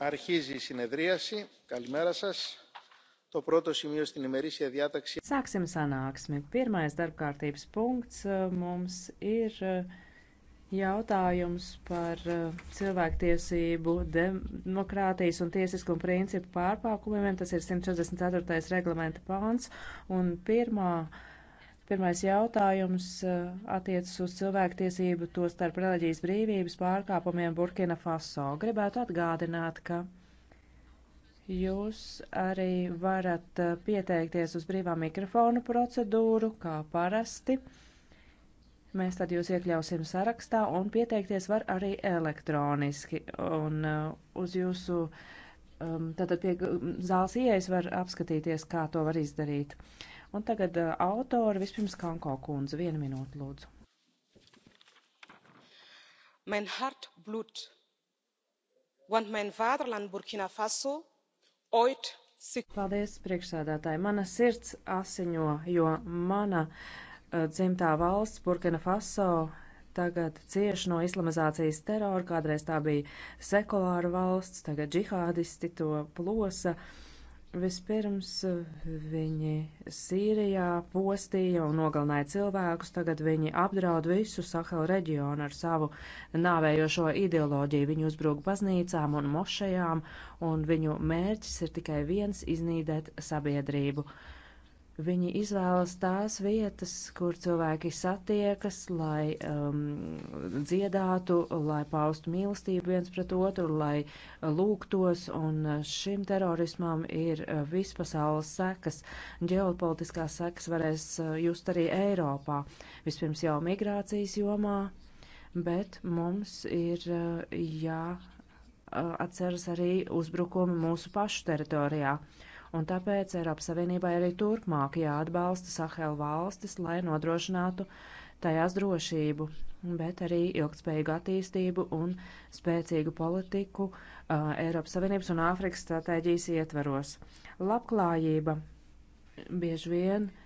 Αρχίζει η συνεδρίαση. Καλημέρα σας. To πρώτο σημείο στην ημερήσια διάταξη. Sāksim sanāksmi. Pirmais darbkārtības punkts mums ir jautājums par cilvēktiesību, demokrātijas un tiesiskuma principu pārpākumiem. Tas ir 144. reglamenta pāns un pirmā Pirmais jautājums eh, attiecas uz cilvēktiesību, to starp reliģijas brīvības pārkāpumiem Burkina Faso. Gribētu atgādināt, ka jūs arī varat eh, pieteikties uz brīvā mikrofonu procedūru, kā parasti. Mēs tad jūs iekļausim sarakstā un pieteikties var arī elektroniski. Un eh, uz jūsu, um, tātad pie zāles ieejas var apskatīties, kā to var izdarīt. Un tagad uh, autori vispirms Kanko kundze. Vienu minūtu lūdzu. Mein Hart blut, want mein Vaterland Burkina Faso oit sik. Paldies, priekšsādātāji. Mana sirds asiņo, jo mana uh, dzimtā valsts Burkina Faso tagad cieši no islamizācijas terora. Kādreiz tā bija sekulāra valsts, tagad džihādisti to plosa. Uh, Vispirms eh, viņi Sīrijā postīja un nogalināja cilvēkus, tagad viņi apdraud visu Sahelu reģionu ar savu nāvējošo ideoloģiju. Viņi uzbrūk baznīcām un mošajām, un viņu mērķis ir tikai viens - iznīdēt sabiedrību. Uh, Viņi izvēlas tās vietas, kur cilvēki satiekas, lai um, dziedātu, lai paustu mīlestību viens pret otru, lai uh, lūgtos, un uh, šim terorismam ir uh, vispasaules sekas. Ģeopolitiskās sekas varēs just arī Eiropā. Vispirms jau migrācijas jomā, bet mums ir jā. Atceras arī uzbrukumi mūsu pašu teritorijā. Uh, un tāpēc Eiropas Savienībai arī turpmāk jāatbalsta Sahel valstis, lai nodrošinātu tajās drošību, bet arī ilgtspējīgu attīstību un spēcīgu politiku uh, Eiropas Savienības un Āfrikas stratēģijas ietvaros. Labklājība bieži vien uh,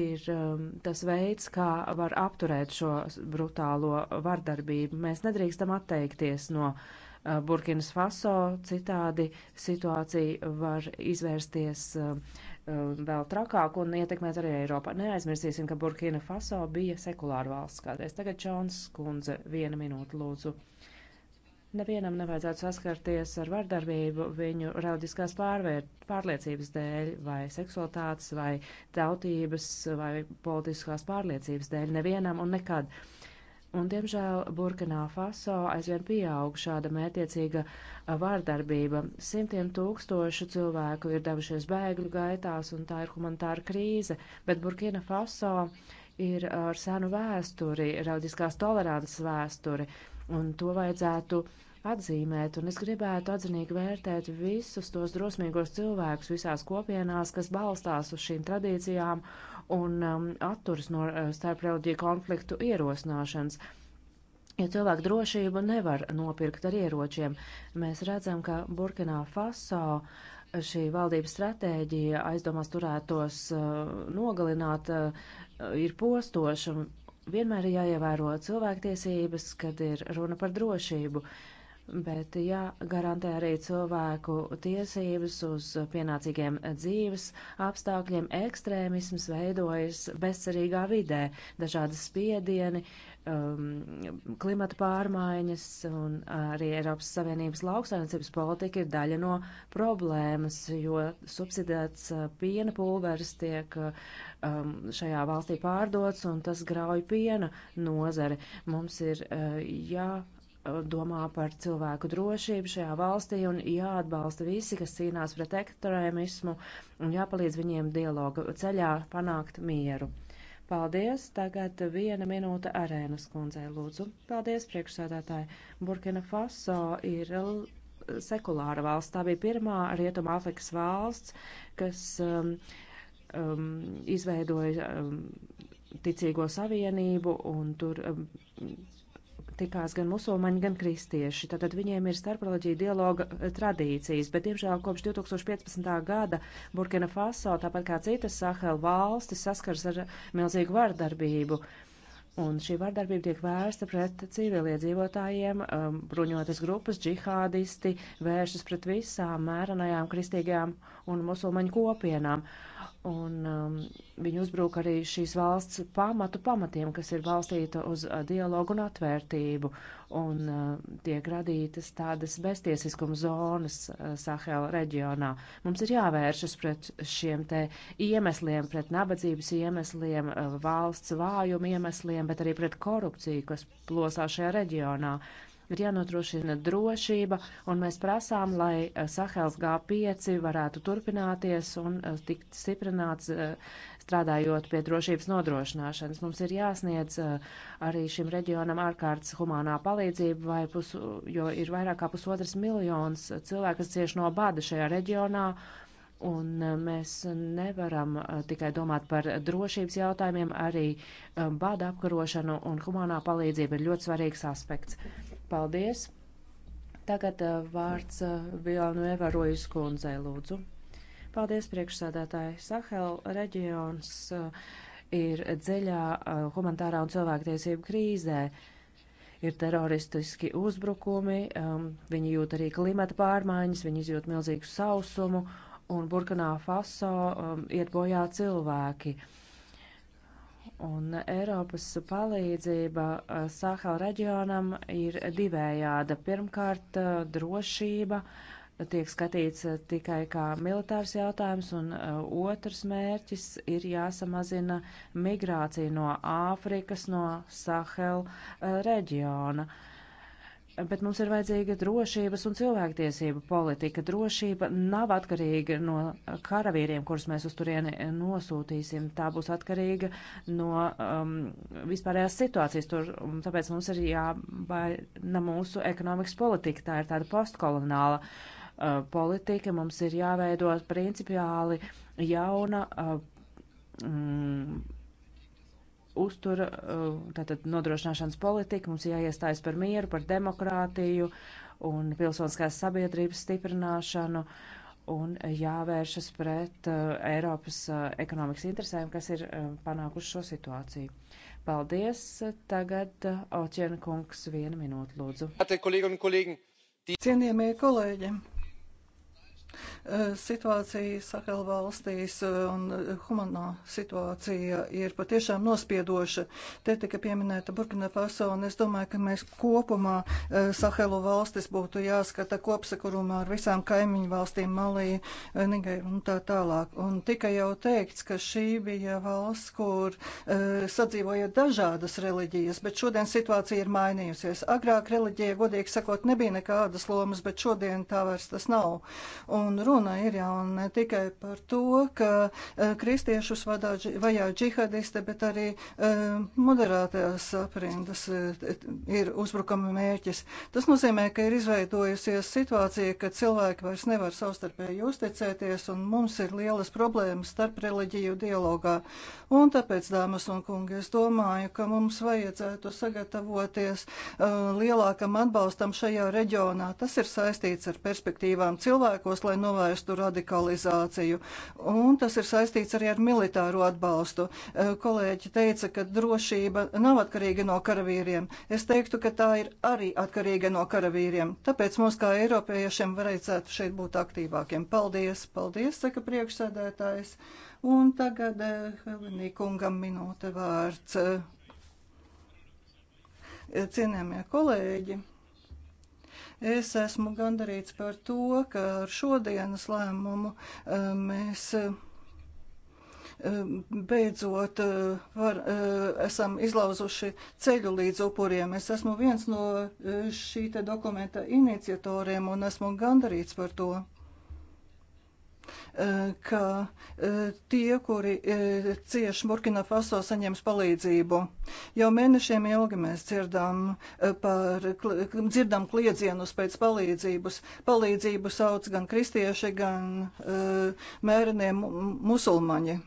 ir um, tas veids, kā var apturēt šo brutālo vardarbību. Mēs nedrīkstam atteikties no uh, Eh, Burkinas Faso. Citādi situācija var izvērsties eh, eh, vēl trakāk un ietekmēt arī Eiropā. Neaizmirsīsim, ka Burkina Faso bija sekulāra valsts kādreiz. Tagad Čons kundze, viena minūte lūdzu. Nevienam nevajadzētu saskarties ar vardarbību viņu reliģiskās pārliecības dēļ, vai seksualitātes, vai tautības, vai politiskās pārliecības dēļ. Nevienam un nekad. Uh, Un, diemžēl, Burkinā Faso aizvien pieaug šāda mētiecīga vārdarbība. Simtiem tūkstošu cilvēku ir devušies bēgļu gaitās, un tā ir humanitāra krīze, bet Burkina Faso ir ar senu vēsturi, raudiskās tolerances vēsturi, un to vajadzētu atzīmēt, un es gribētu atzinīgi vērtēt visus tos drosmīgos cilvēkus visās kopienās, kas balstās uz šīm tradīcijām un um, atturas no uh, starpļaudīju konfliktu ierosināšanas. Jo ja cilvēku drošību nevar nopirkt ar ieročiem. Mēs redzam, ka Burkinā Faso šī valdības stratēģija aizdomās turētos uh, nogalināt uh, ir postoša. Vienmēr ir jāievēro cilvēktiesības, kad ir runa par drošību. Uh, bet jāgarantē arī cilvēku tiesības uz pienācīgiem dzīves apstākļiem. Ekstrēmisms veidojas bezcerīgā vidē, dažādi spiedieni, um, klimata pārmaiņas un arī Eiropas Savienības lauksainicības politika ir daļa no problēmas, jo subsidēts uh, piena pulveris tiek um, šajā valstī pārdots un tas grauj piena nozari. Mums ir uh, jā. Ja jādomā par cilvēku drošību šajā valstī un jāatbalsta visi, kas cīnās pret ekstrēmismu un jāpalīdz viņiem dialoga ceļā panākt mieru. Paldies, tagad viena minūte arēnas kundzei lūdzu. Paldies, priekšsēdētāji. Burkina Faso ir sekulāra valsts. Tā bija pirmā Rietuma Afrikas valsts, kas um, um, izveidoja um, ticīgo savienību un tur um, tikās gan musulmaņi, gan kristieši. Tātad viņiem ir starpreloģija dialoga eh, tradīcijas, bet, diemžēl, kopš 2015. gada Burkina Faso, tāpat kā citas Sahel valstis, saskars ar milzīgu vardarbību. Un šī vardarbība tiek vērsta pret civiliedzīvotājiem, um, bruņotas grupas, džihādisti vēršas pret visām mērenajām kristīgajām un musulmaņu kopienām. Uh, Un um, viņi uzbruk arī šīs valsts pamatu pamatiem, kas ir balstīta uz uh, dialogu un atvērtību, un uh, tiek radītas tādas beztiesiskuma zonas uh, Sahela reģionā. Mums ir jāvēršas pret šiem te iemesliem, pret nabadzības iemesliem, uh, valsts vājuma iemesliem, bet arī pret korupciju, kas plosā šajā reģionā. Uh, ir jānodrošina drošība, un mēs prasām, lai eh, Sahels G5 varētu turpināties un eh, tikt stiprināts eh, strādājot pie drošības nodrošināšanas. Mums ir jāsniedz arī šim reģionam ārkārtas humanā palīdzība, pus, jo ir vairāk kā pusotras miljonus cilvēku, kas cieši no bada šajā reģionā. Un mēs nevaram tikai domāt par drošības jautājumiem, arī bāda apkarošanu un humanā palīdzība ir ļoti svarīgs aspekts. Paldies! Tagad uh, vārds uh, Vilanueva Rojas kundzei lūdzu. Paldies, priekšsādātāji. Sahel reģions uh, ir dziļā humanitārā un cilvēktiesību krīzē. Ir teroristiski uzbrukumi, um, viņi jūt arī klimata pārmaiņas, viņi izjūt milzīgu sausumu, un Burkanā Faso um, iet bojā cilvēki. Uh, Un Eiropas palīdzība uh, Sahel reģionam ir divējāda. Pirmkārt, uh, drošība tiek skatīts uh, tikai kā militārs jautājums, un otrs mērķis ir jāsamazina migrācija no Āfrikas, no Sahel reģiona. Uh, bet mums ir vajadzīga drošības un cilvēktiesība politika. Drošība nav atkarīga no karavīriem, kurus mēs uz turieni nosūtīsim. Tā būs atkarīga no um, vispārējās situācijas. Tur, tāpēc mums ir jābaina mūsu ekonomikas politika. Tā ir tāda postkolonāla uh, politika. Mums ir jāveido principiāli jauna. Uh, mm, uztura, uh, tātad nodrošināšanas politika, mums jāiestājas par mieru, par demokrātiju un pilsoniskās sabiedrības stiprināšanu un jāvēršas pret uh, Eiropas uh, ekonomikas interesēm, kas ir uh, panākuši šo situāciju. Paldies. Tagad uh, Oķēna kungs vienu minūtu lūdzu. Cienījamie kolēģi, Eh, situācija Sahel valstīs eh, un eh, humanā situācija ir patiešām nospiedoša. Te tika pieminēta Burkina Faso, un es domāju, ka mēs kopumā Sahelu valstis būtu jāskata kopsakurumā ar visām kaimiņu valstīm, Malī, Nigeru un tā tālāk. Un tika jau teikts, ka šī bija valsts, kur sadzīvoja dažādas reliģijas, bet šodien situācija ir mainījusies. Agrāk reliģija, godīgi sakot, nebija nekādas lomas, bet šodien tā vairs tas nav. Un Un runa ir jau ne tikai par to, ka e, kristiešus vadā, vajā džihadisti, bet arī e, moderātās aprindas e, ir uzbrukuma mērķis. Tas nozīmē, ka ir izveidojusies situācija, ka cilvēki vairs nevar savstarpēji uzticēties, un mums ir lielas problēmas starp reliģiju dialogā. Un tāpēc, dāmas un kungi, es domāju, ka mums vajadzētu sagatavoties uh, lielākam atbalstam šajā reģionā. Tas ir saistīts ar perspektīvām cilvēkos, lai novērstu radikalizāciju. Un tas ir saistīts arī ar militāro atbalstu. E, kolēģi teica, ka drošība nav atkarīga no karavīriem. Es teiktu, ka tā ir arī atkarīga no karavīriem. Tāpēc mums kā eiropiešiem varētu šeit būt aktīvākiem. Paldies, paldies, saka priekšsēdētājs. Un tagad e, Helenī kungam minūte vārds. E, Cienējamie kolēģi! Es esmu gandarīts par to, ka ar šodienas lēmumu eh, mēs eh, beidzot eh, var, esam izlauzuši ceļu līdz upuriem. Es esmu viens no šī dokumenta iniciatoriem un esmu gandarīts par to ka e, tie, kuri e, cieši Burkina Faso, saņems palīdzību. Jau mēnešiem ilgi mēs dzirdam, e, par, dzirdam kliedzienus pēc palīdzības. Palīdzību sauc gan kristieši, gan mērenie musulmaņi.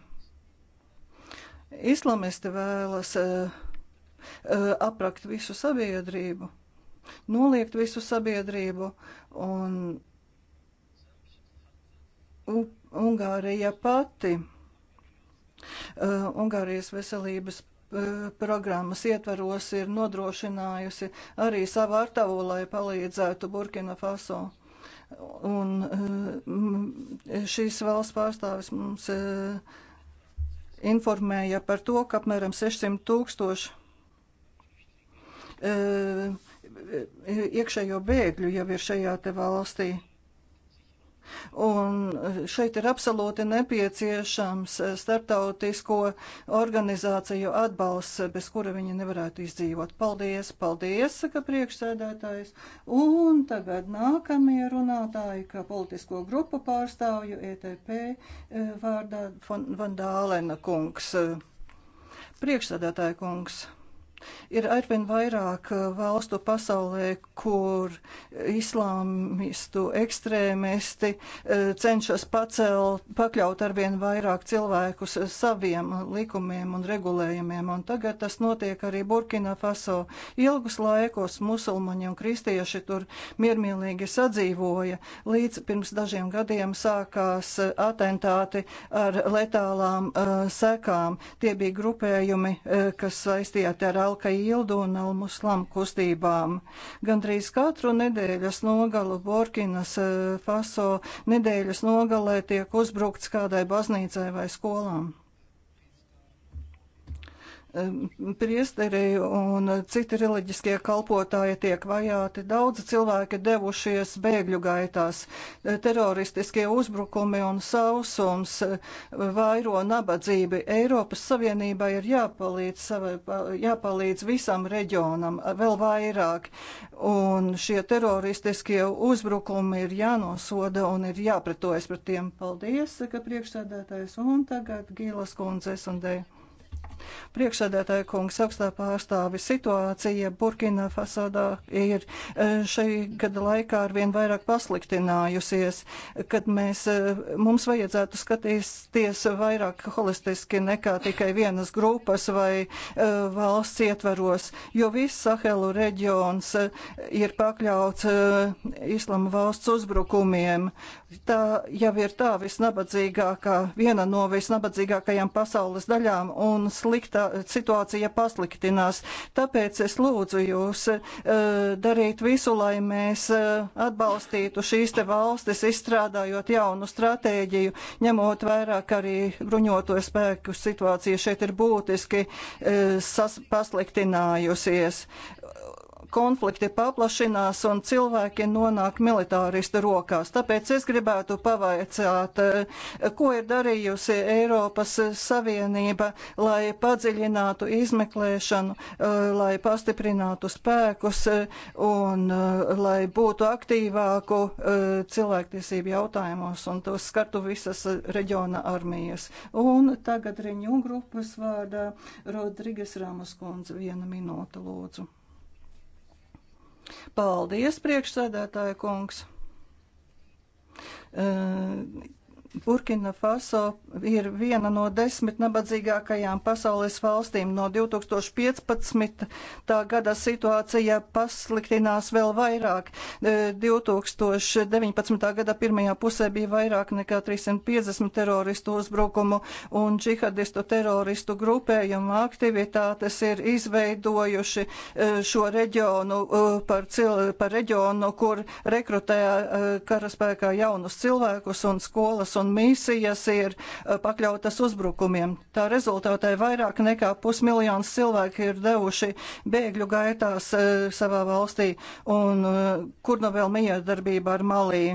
Islamisti vēlas aprakt visu sabiedrību, noliegt visu sabiedrību un un, Ungārija pati. Uh, Ungārijas veselības uh, programmas ietvaros ir nodrošinājusi arī savu artavu, lai palīdzētu Burkina Faso. Un uh, šīs valsts pārstāvis mums uh, informēja par to, ka apmēram 600 tūkstoši iekšējo bēgļu jau ir šajā te valstī. Un šeit ir absolūti nepieciešams starptautisko organizāciju atbalsts, bez kura viņi nevarētu izdzīvot. Paldies, paldies, saka priekšsēdētājs. Un tagad nākamie runātāji, kā politisko grupu pārstāvju ETP eh, vārdā Vandālena kungs. Eh, priekšsēdētāja kungs. Ir arvien vairāk uh, valstu pasaulē, kur islāmistu ekstrēmisti uh, cenšas pacelt, pakļaut arvien vairāk cilvēkus saviem likumiem un regulējumiem, un tagad tas notiek arī Burkina Faso. Ilgus laikos musulmaņi un kristieši tur miermīlīgi sadzīvoja, līdz pirms dažiem gadiem sākās uh, atentāti ar letālām uh, sekām. Tie bija grupējumi, uh, kas saistīti ar Alkaildu un Almuslam kustībām. Gandrīz katru nedēļas nogalu Borkinas eh, Faso nedēļas nogalē tiek uzbrukts kādai baznīcai vai skolām. Um, priesterī un citi reliģiskie kalpotāji tiek vajāti. Daudzi cilvēki devušies bēgļu gaitās. Teroristiskie uzbrukumi un sausums vairo nabadzību. Eiropas Savienībai ir jāpalīdz, jāpalīdz visam reģionam vēl vairāk. Un šie teroristiskie uzbrukumi ir jānosoda un ir jāpretojas pret tiem. Paldies, ka priekšsēdētājs un tagad Gīlas kundzes un dēļ. Priekšsēdētāja kungs augstā pārstāvi situācija Burkina fasādā ir e, šī gada laikā arvien vairāk pasliktinājusies, kad mēs, e, mums vajadzētu skatīties vairāk holistiski nekā tikai vienas grupas vai e, valsts ietveros, jo viss Sahelu reģions ir pakļauts islama valsts uzbrukumiem. Tā jau ir tā visnabadzīgākā, viena no visnabadzīgākajām pasaules daļām un slimībām sliktā, situācija pasliktinās. Tāpēc es lūdzu jūs eh, darīt visu, lai mēs eh, atbalstītu šīs te valstis, izstrādājot jaunu stratēģiju, ņemot vairāk arī bruņoto spēku situācija šeit ir būtiski eh, pasliktinājusies konflikti paplašinās un cilvēki nonāk militāristu rokās. Tāpēc es gribētu pavaicāt, eh, ko ir darījusi Eiropas Savienība, lai padziļinātu izmeklēšanu, eh, lai pastiprinātu spēkus eh, un lai būtu aktīvāku cilvēktiesību jautājumos un tos skartu visas reģiona armijas. Un tagad riņu grupas vārdā Rodrigas Ramos kundze viena minūte lūdzu. Paldies, priekšsēdētāja kungs! Burkina Faso ir viena no desmit nabadzīgākajām pasaules valstīm. No 2015. gada situācija pasliktinās vēl vairāk. 2019. E, gada pirmajā pusē bija vairāk nekā 350 teroristu uzbrukumu, un džihadistu teroristu grupējumu aktivitātes ir izveidojuši e, šo reģionu e, par, cil, par reģionu, kur rekrutē karaspēkā jaunus cilvēkus un skolas un un misijas ir eh, pakļautas uzbrukumiem. Tā rezultātē vairāk nekā pusmiljons cilvēku ir devuši bēgļu gaitās eh, savā valstī un eh, kur nu vēl miedarbība ar Malī.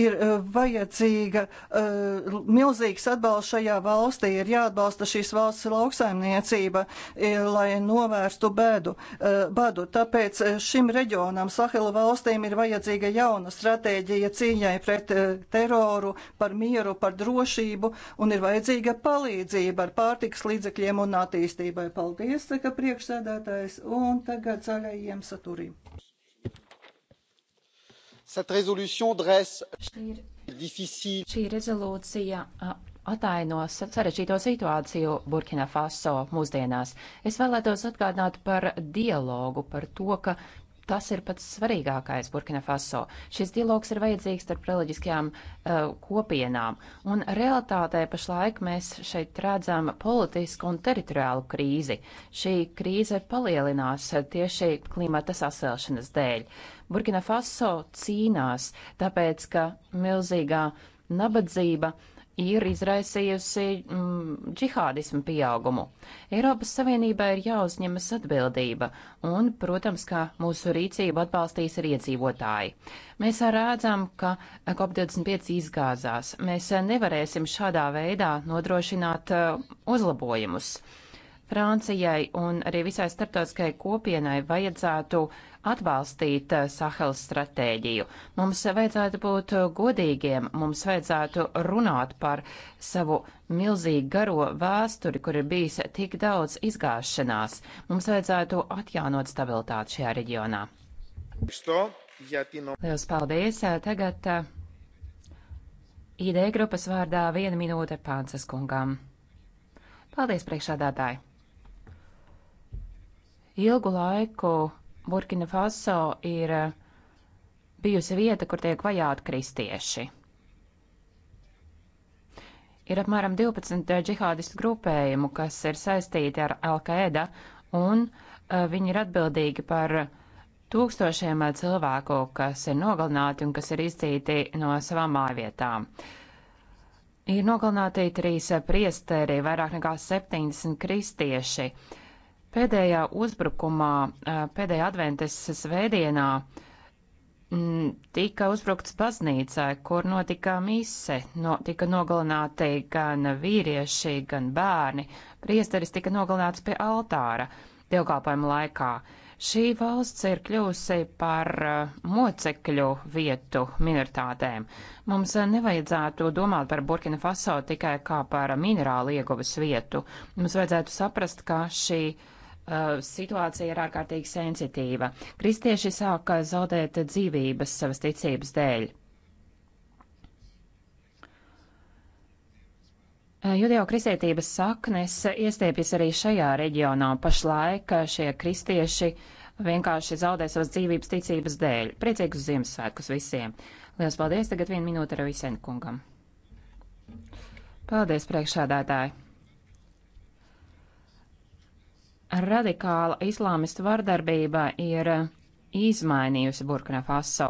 Ir eh, vajadzīga eh, milzīgs atbalsts šajā valstī, ir jāatbalsta šīs valsts lauksaimniecība, eh, lai novērstu bēdu, badu. Tāpēc šim reģionam, Sahela valstīm, ir vajadzīga jauna stratēģija cīņai pret teroru, par mieru, par drošību un ir vajadzīga palīdzība ar pārtiks līdzekļiem un attīstībai. Paldies, saka priekšsēdētājs, un tagad zaļajiem saturīm. Šī, ir, šī rezolūcija ataino sarežģīto situāciju Burkina Faso mūsdienās. Es vēlētos atgādināt par dialogu, par to, ka Tas ir pats svarīgākais Burkina Faso. Šis dialogs ir vajadzīgs starp reliģiskajām uh, kopienām, un realitātē pašlaik mēs šeit redzam politisku un teritoriālu krīzi. Šī krīze palielinās tieši klimata sasilšanas dēļ. Burkina Faso cīnās, tāpēc ka milzīgā nabadzība uh, ir izraisījusi mm, džihādismu pieaugumu. Eiropas Savienībai ir jāuzņemas atbildība, un, protams, ka mūsu rīcību atbalstīs arī iedzīvotāji. Mēs redzam, ka COP25 izgāzās. Mēs nevarēsim šādā veidā nodrošināt uh, uzlabojumus. Francijai un arī visai starptautiskajai kopienai vajadzētu uh, atbalstīt eh, Sahels stratēģiju. Mums vajadzētu būt eh, godīgiem, mums vajadzētu runāt par savu milzīgi garo vēsturi, kur ir bijis tik daudz izgāšanās. Mums vajadzētu atjaunot stabilitāti šajā reģionā. Lielas paldies! Eh, tagad ID grupas vārdā viena minūte Pānces kungām. Paldies, priekšādātāji! Ilgu laiku Burkina Faso ir eh, bijusi vieta, kur tiek vajāti kristieši. Ir apmēram 12 eh, džihādistu grupējumu, kas ir saistīti ar Al-Qaeda, un eh, viņi ir atbildīgi par tūkstošiem cilvēku, kas ir nogalināti un kas ir izcīti no savām mājvietām. Ir nogalināti trīs priesteri, vairāk nekā 70 kristieši. Uh, Pēdējā uzbrukumā, pēdējā adventes svētdienā mm, tika uzbrukts baznīcai, kur notika mise, no, tika nogalināti gan vīrieši, gan bērni. Priesteris tika nogalināts pie altāra dievkalpojuma laikā. Šī valsts ir kļūsi par mocekļu vietu minoritātēm. Mums nevajadzētu domāt par Burkina Faso tikai kā par minerālu ieguves vietu. Mums vajadzētu saprast, ka šī Eh, situācija ir ārkārtīgi sensitīva. Kristieši sāka zaudēt dzīvības savas ticības dēļ. Eh, judeo-kristietības saknes iestiepjas arī šajā reģionā. Pašlaik eh, šie kristieši vienkārši zaudē savas dzīvības ticības dēļ. Priecīgus Ziemassvētkus visiem! Lielas paldies! Tagad viena minūte arī Visenkungam. Paldies, priekšādātāji! radikāla islāmistu vardarbība ir izmainījusi Burkina Faso.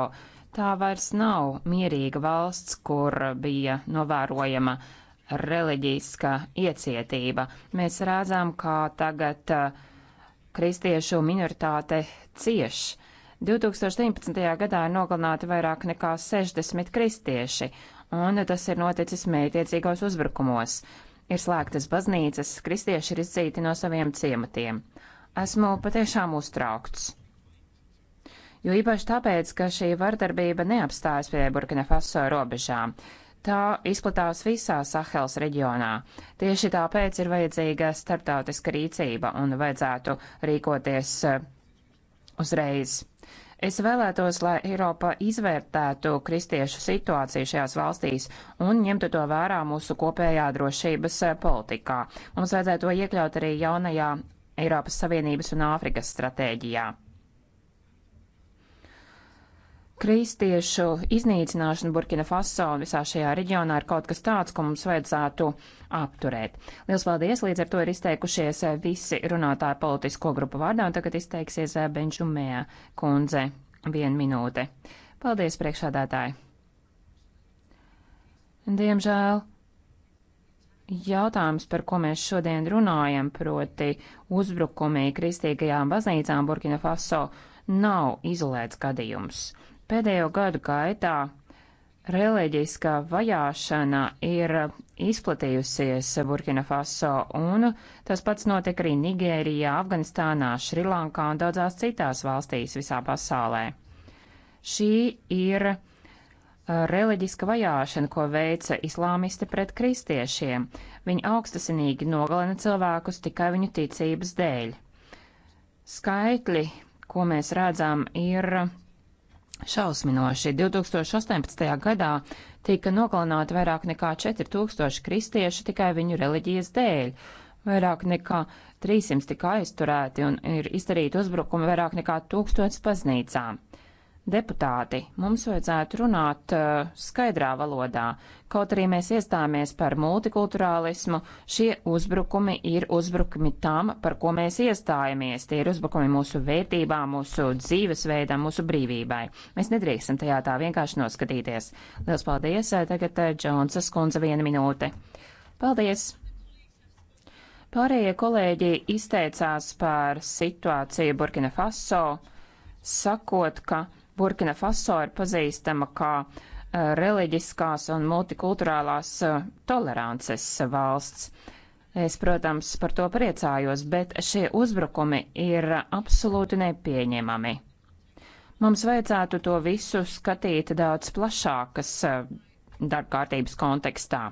Tā vairs nav mierīga valsts, kur bija novērojama reliģiska iecietība. Mēs redzam, kā tagad uh, kristiešu minoritāte cieš. 2019. gadā ir nogalināti vairāk nekā 60 kristieši, un tas ir noticis mētiecīgos uzbrukumos. Ir slēgtas baznīcas, kristieši ir izdzīti no saviem ciematiem. Esmu patiešām uztraukts. Jo īpaši tāpēc, ka šī vardarbība neapstājas pie Burkina Faso robežām. Tā izplatās visā Sahels reģionā. Tieši tāpēc ir vajadzīga starptautiska rīcība un vajadzētu rīkoties eh, uzreiz. Es vēlētos, lai Eiropa izvērtētu kristiešu situāciju šajās valstīs un ņemtu to vērā mūsu kopējā drošības eh, politikā. Mums vajadzētu to iekļaut arī jaunajā Eiropas Savienības un Āfrikas stratēģijā. Kristiešu iznīcināšana Burkina Faso un visā šajā reģionā ir kaut kas tāds, ko mums vajadzētu apturēt. Lielas paldies! Līdz ar to ir izteikušies visi runātāji politisko grupu vārdā, un tagad izteiksies Benžumēja kundze. Viena minūte. Paldies, priekšādātāji! Diemžēl jautājums, par ko mēs šodien runājam, proti uzbrukumi kristīgajām baznīcām Burkina Faso, nav izolēts gadījums. Pēdējo gadu gaitā reliģiskā vajāšana ir izplatījusies Burkina Faso, un tas pats notiek arī Nigērijā, Afganistānā, Šrilankā un daudzās citās valstīs visā pasaulē. Šī ir reliģiska vajāšana, ko veica islāmisti pret kristiešiem. Viņi augstasinīgi nogalina cilvēkus tikai viņu ticības dēļ. Skaitļi, ko mēs redzam, ir šausminoši. 2018. gadā tika nogalināti vairāk nekā 4000 kristieši tikai viņu reliģijas dēļ. Vairāk nekā 300 tika aizturēti un ir izdarīti uzbrukumi vairāk nekā 1000 baznīcām. Deputāti, mums vajadzētu runāt uh, skaidrā valodā. Kaut arī mēs iestājāmies par multikulturālismu, šie uzbrukumi ir uzbrukumi tam, par ko mēs iestājamies. Tie ir uzbrukumi mūsu vērtībām, mūsu dzīvesveidam, mūsu brīvībai. Mēs nedrīkstam tajā tā vienkārši noskatīties. Lielas paldies! Eh, tagad eh, Džonsas kundze viena minūte. Paldies! Pārējie kolēģi izteicās par situāciju Burkina Faso, sakot, ka Burkina Faso ir pazīstama kā reliģiskās un multikulturālās tolerances valsts. Es, protams, par to priecājos, bet šie uzbrukumi ir absolūti nepieņemami. Mums vajadzētu to visu skatīt daudz plašākas darbkārtības kontekstā.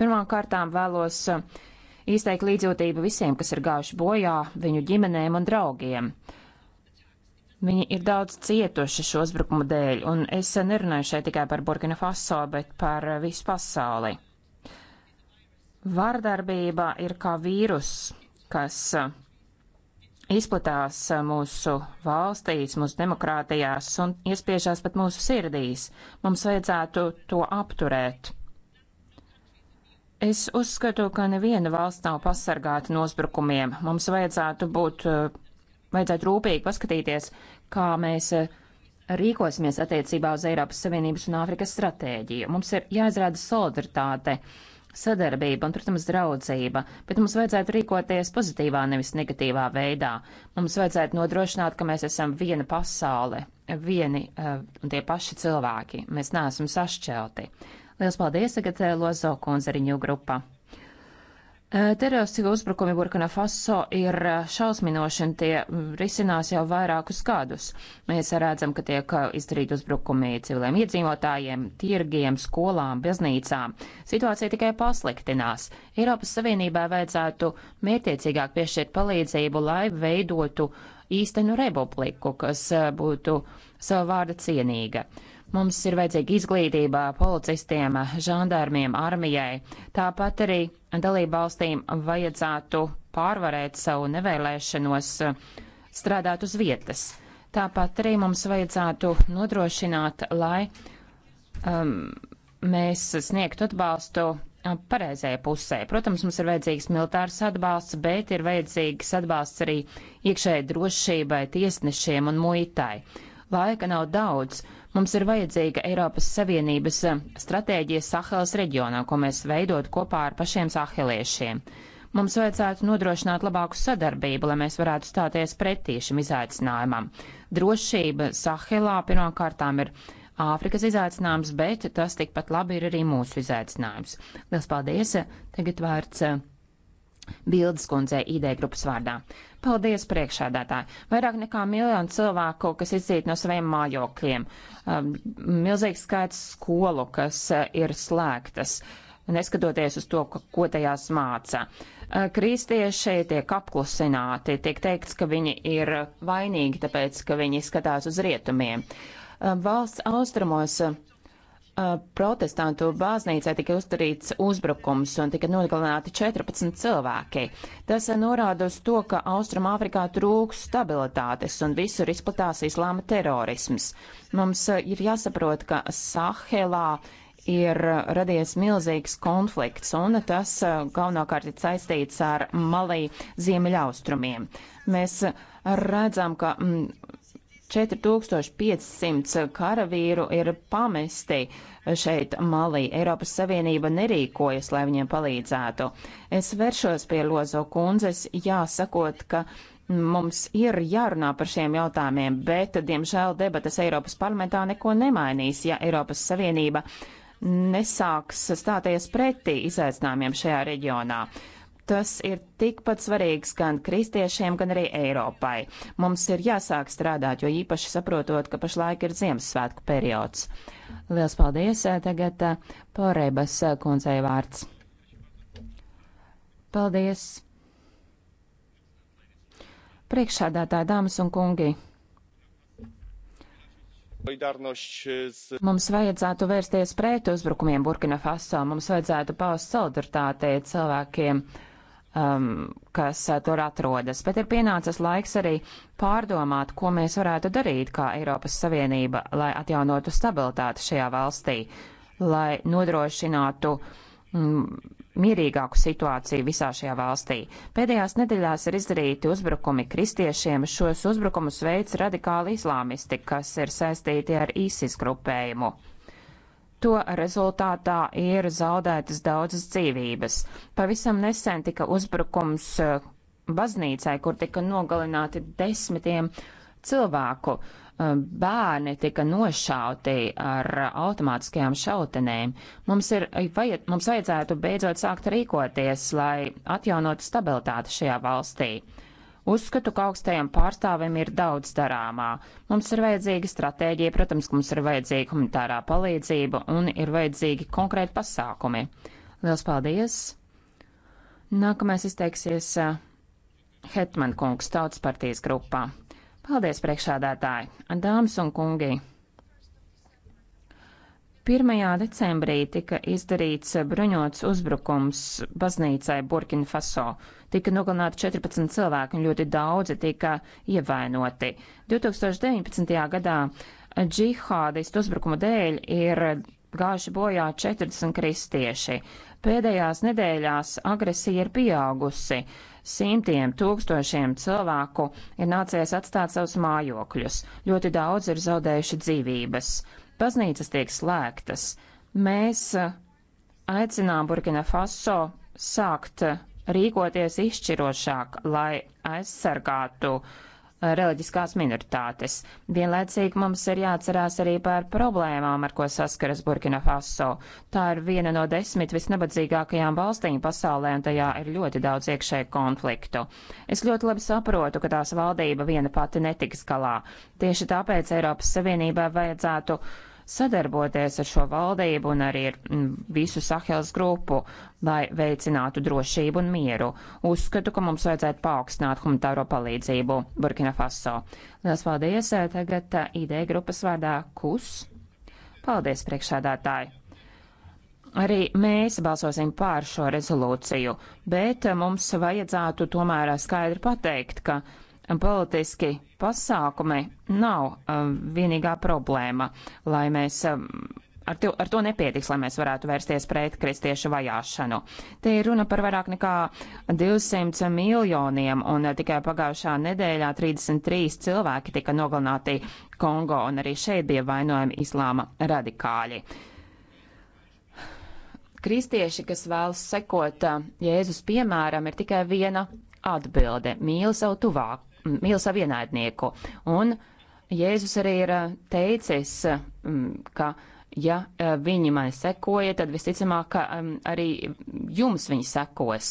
Pirmkārtām vēlos izteikt līdzjūtību visiem, kas ir gājuši bojā, viņu ģimenēm un draugiem. Viņi ir daudz cietuši šo uzbrukumu dēļ, un es nerunāju šeit tikai par Burkina Faso, bet par visu pasauli. Vārdarbība ir kā vīrus, kas izplatās mūsu valstīs, mūsu demokrātijās un iespiežās pat mūsu sirdīs. Mums vajadzētu to apturēt. Es uzskatu, ka neviena valsts nav pasargāta no uzbrukumiem. Mums vajadzētu būt vajadzētu rūpīgi paskatīties, kā mēs eh, rīkosimies attiecībā uz Eiropas Savienības un Āfrikas stratēģiju. Mums ir jāizrāda solidaritāte, sadarbība un, protams, draudzība, bet mums vajadzētu rīkoties pozitīvā, nevis negatīvā veidā. Mums vajadzētu nodrošināt, ka mēs esam viena pasaule, vieni uh, un tie paši cilvēki. Mēs neesam sašķelti. Lielas paldies, tagad eh, Lozo Konzariņu grupa. Teroristiskā uzbrukumi Burkina Faso ir šausminoši un tie risinās jau vairākus gadus. Mēs redzam, ka tiek izdarīti uzbrukumi civiliem iedzīvotājiem, tirgiem, skolām, baznīcām. Situācija tikai pasliktinās. Eiropas Savienībā vajadzētu mērtiecīgāk piešķirt palīdzību, lai veidotu īstenu republiku, kas būtu savu vārdu cienīga. Mums ir vajadzīga izglītība policistiem, žandārmiem, armijai, tāpat arī dalību valstīm vajadzētu pārvarēt savu nevēlēšanos strādāt uz vietas. Tāpat arī mums vajadzētu nodrošināt, lai um, mēs sniegtu atbalstu uh, pareizajai pusē. Protams, mums ir vajadzīgs militārs atbalsts, bet ir vajadzīgs atbalsts arī iekšējai drošībai, tiesnešiem un muitai. Laika nav daudz. Mums ir vajadzīga Eiropas Savienības eh, stratēģija Sahels reģionā, ko mēs veidot kopā ar pašiem saheliešiem. Mums vajadzētu nodrošināt labāku sadarbību, lai mēs varētu stāties pretī šim izaicinājumam. Drošība Sahelā pirmkārtām ir Āfrikas izaicinājums, bet tas tikpat labi ir arī mūsu izaicinājums. Lielas paldies! Tagad vārds eh, Bildes kundzei ID grupas vārdā. Paldies, priekšādātāji! Vairāk nekā miljonu cilvēku, kas izdzīt no saviem mājokļiem, um, milzīgs skaits skolu, kas uh, ir slēgtas, neskatoties uz to, ko tajās māca. Uh, kristieši tiek apklusināti, tiek teikts, ka viņi ir vainīgi, tāpēc, ka viņi skatās uz rietumiem. Uh, valsts austrumos Eh, protestantu baznīcai tika uzdarīts uzbrukums un tika nogalināti 14 cilvēki. Tas eh, norāda uz to, ka Austrumāfrikā trūks stabilitātes un visur izplatās islāma terorisms. Mums eh, ir jāsaprot, ka Sahelā ir radies milzīgs konflikts, un tas galvenokārt ir saistīts ar Malī ziemeļaustrumiem. Mēs redzam, ka mm, 4500 karavīru ir pamesti šeit malī. Eiropas Savienība nerīkojas, lai viņiem palīdzētu. Es vēršos pie Lozo kundzes, jāsakot, ka mums ir jārunā par šiem jautājumiem, bet, diemžēl, debatas Eiropas parlamentā neko nemainīs, ja Eiropas Savienība nesāks stāties pretī izaicinājumiem šajā reģionā. Tas ir tikpat svarīgs gan kristiešiem, gan arī Eiropai. Mums ir jāsāk strādāt, jo īpaši saprotot, ka pašlaik ir Ziemassvētku periods. Lielas paldies! Eh, tagad eh, Porebas eh, kundzei vārds. Paldies! Priekšādātāji, dāmas un kungi! Mums vajadzētu vērsties pret uzbrukumiem Burkina Faso, mums vajadzētu paust solidaritāti cilvēkiem um, kas uh, tur atrodas, bet ir pienācis laiks arī pārdomāt, ko mēs varētu darīt kā Eiropas Savienība, lai atjaunotu stabilitāti šajā valstī, lai nodrošinātu mm, mierīgāku situāciju visā šajā valstī. Pēdējās nedēļās ir izdarīti uzbrukumi kristiešiem, šos uzbrukumus veids radikāli islāmisti, kas ir saistīti ar ISIS grupējumu. To rezultātā ir zaudētas daudzas dzīvības. Pavisam nesen tika uzbrukums eh, baznīcai, kur tika nogalināti desmitiem cilvēku. Eh, bērni tika nošauti ar automātiskajām šautenēm. Mums, ir, eh, vajad, mums vajadzētu beidzot sākt rīkoties, lai atjaunotu stabilitāti šajā valstī. Uzskatu, ka augstajam pārstāvim ir daudz darāmā. Mums ir vajadzīga stratēģija, protams, ka mums ir vajadzīga humanitārā palīdzība un ir vajadzīgi konkrēti pasākumi. Liels paldies! Nākamais izteiksies eh, Hetman kungs tautas partijas grupā. Paldies, priekšādātāji! Dāmas un kungi! 1. decembrī tika izdarīts bruņots uzbrukums baznīcai Burkina Faso. Tika nogalināti 14 cilvēki un ļoti daudzi tika ievainoti. 2019. gadā džihādistu uzbrukuma dēļ ir gājuši bojā 40 kristieši. Pēdējās nedēļās agresija ir pieaugusi. Simtiem tūkstošiem cilvēku ir nācies atstāt savus mājokļus. Ļoti daudz ir zaudējuši dzīvības baznīcas tiek slēgtas. Mēs eh, aicinām Burkina Faso sākt eh, rīkoties izšķirošāk, lai aizsargātu uh, reliģiskās minoritātes. Vienlaicīgi mums ir jāatcerās arī par problēmām, ar ko saskaras Burkina Faso. Tā ir viena no desmit visnabadzīgākajām valstīm pasaulē, un tajā ir ļoti daudz iekšēju konfliktu. Es ļoti labi saprotu, ka tās valdība viena pati netiks galā. Tieši tāpēc Eiropas Savienībai vajadzētu uh, sadarboties ar šo valdību un arī ar mm, visu Sahels grupu, lai veicinātu drošību un mieru. Uzskatu, ka mums vajadzētu paaugstināt humanitāro palīdzību Burkina Faso. Lielas paldies! Eh, tagad eh, ideja grupas vārdā KUS. Paldies, priekšādātāji! Arī mēs balsosim pār šo rezolūciju, bet eh, mums vajadzētu tomēr skaidri pateikt, ka politiski pasākumi nav um, vienīgā problēma, lai mēs. Um, Ar to, ar to nepietiks, lai mēs varētu vērsties pret kristiešu vajāšanu. Te ir runa par vairāk nekā 200 miljoniem, un uh, tikai pagājušā nedēļā 33 cilvēki tika nogalināti Kongo, un arī šeit bija vainojami islāma radikāļi kristieši, kas vēlas sekot uh, Jēzus piemēram, ir tikai viena atbilde - mīli savu tuvāk, mīl savu ienaidnieku. Un Jēzus arī ir eh, teicis, mm, ka ja eh, viņi mani sekoja, tad visticamāk, ka mm, arī jums viņi sekos.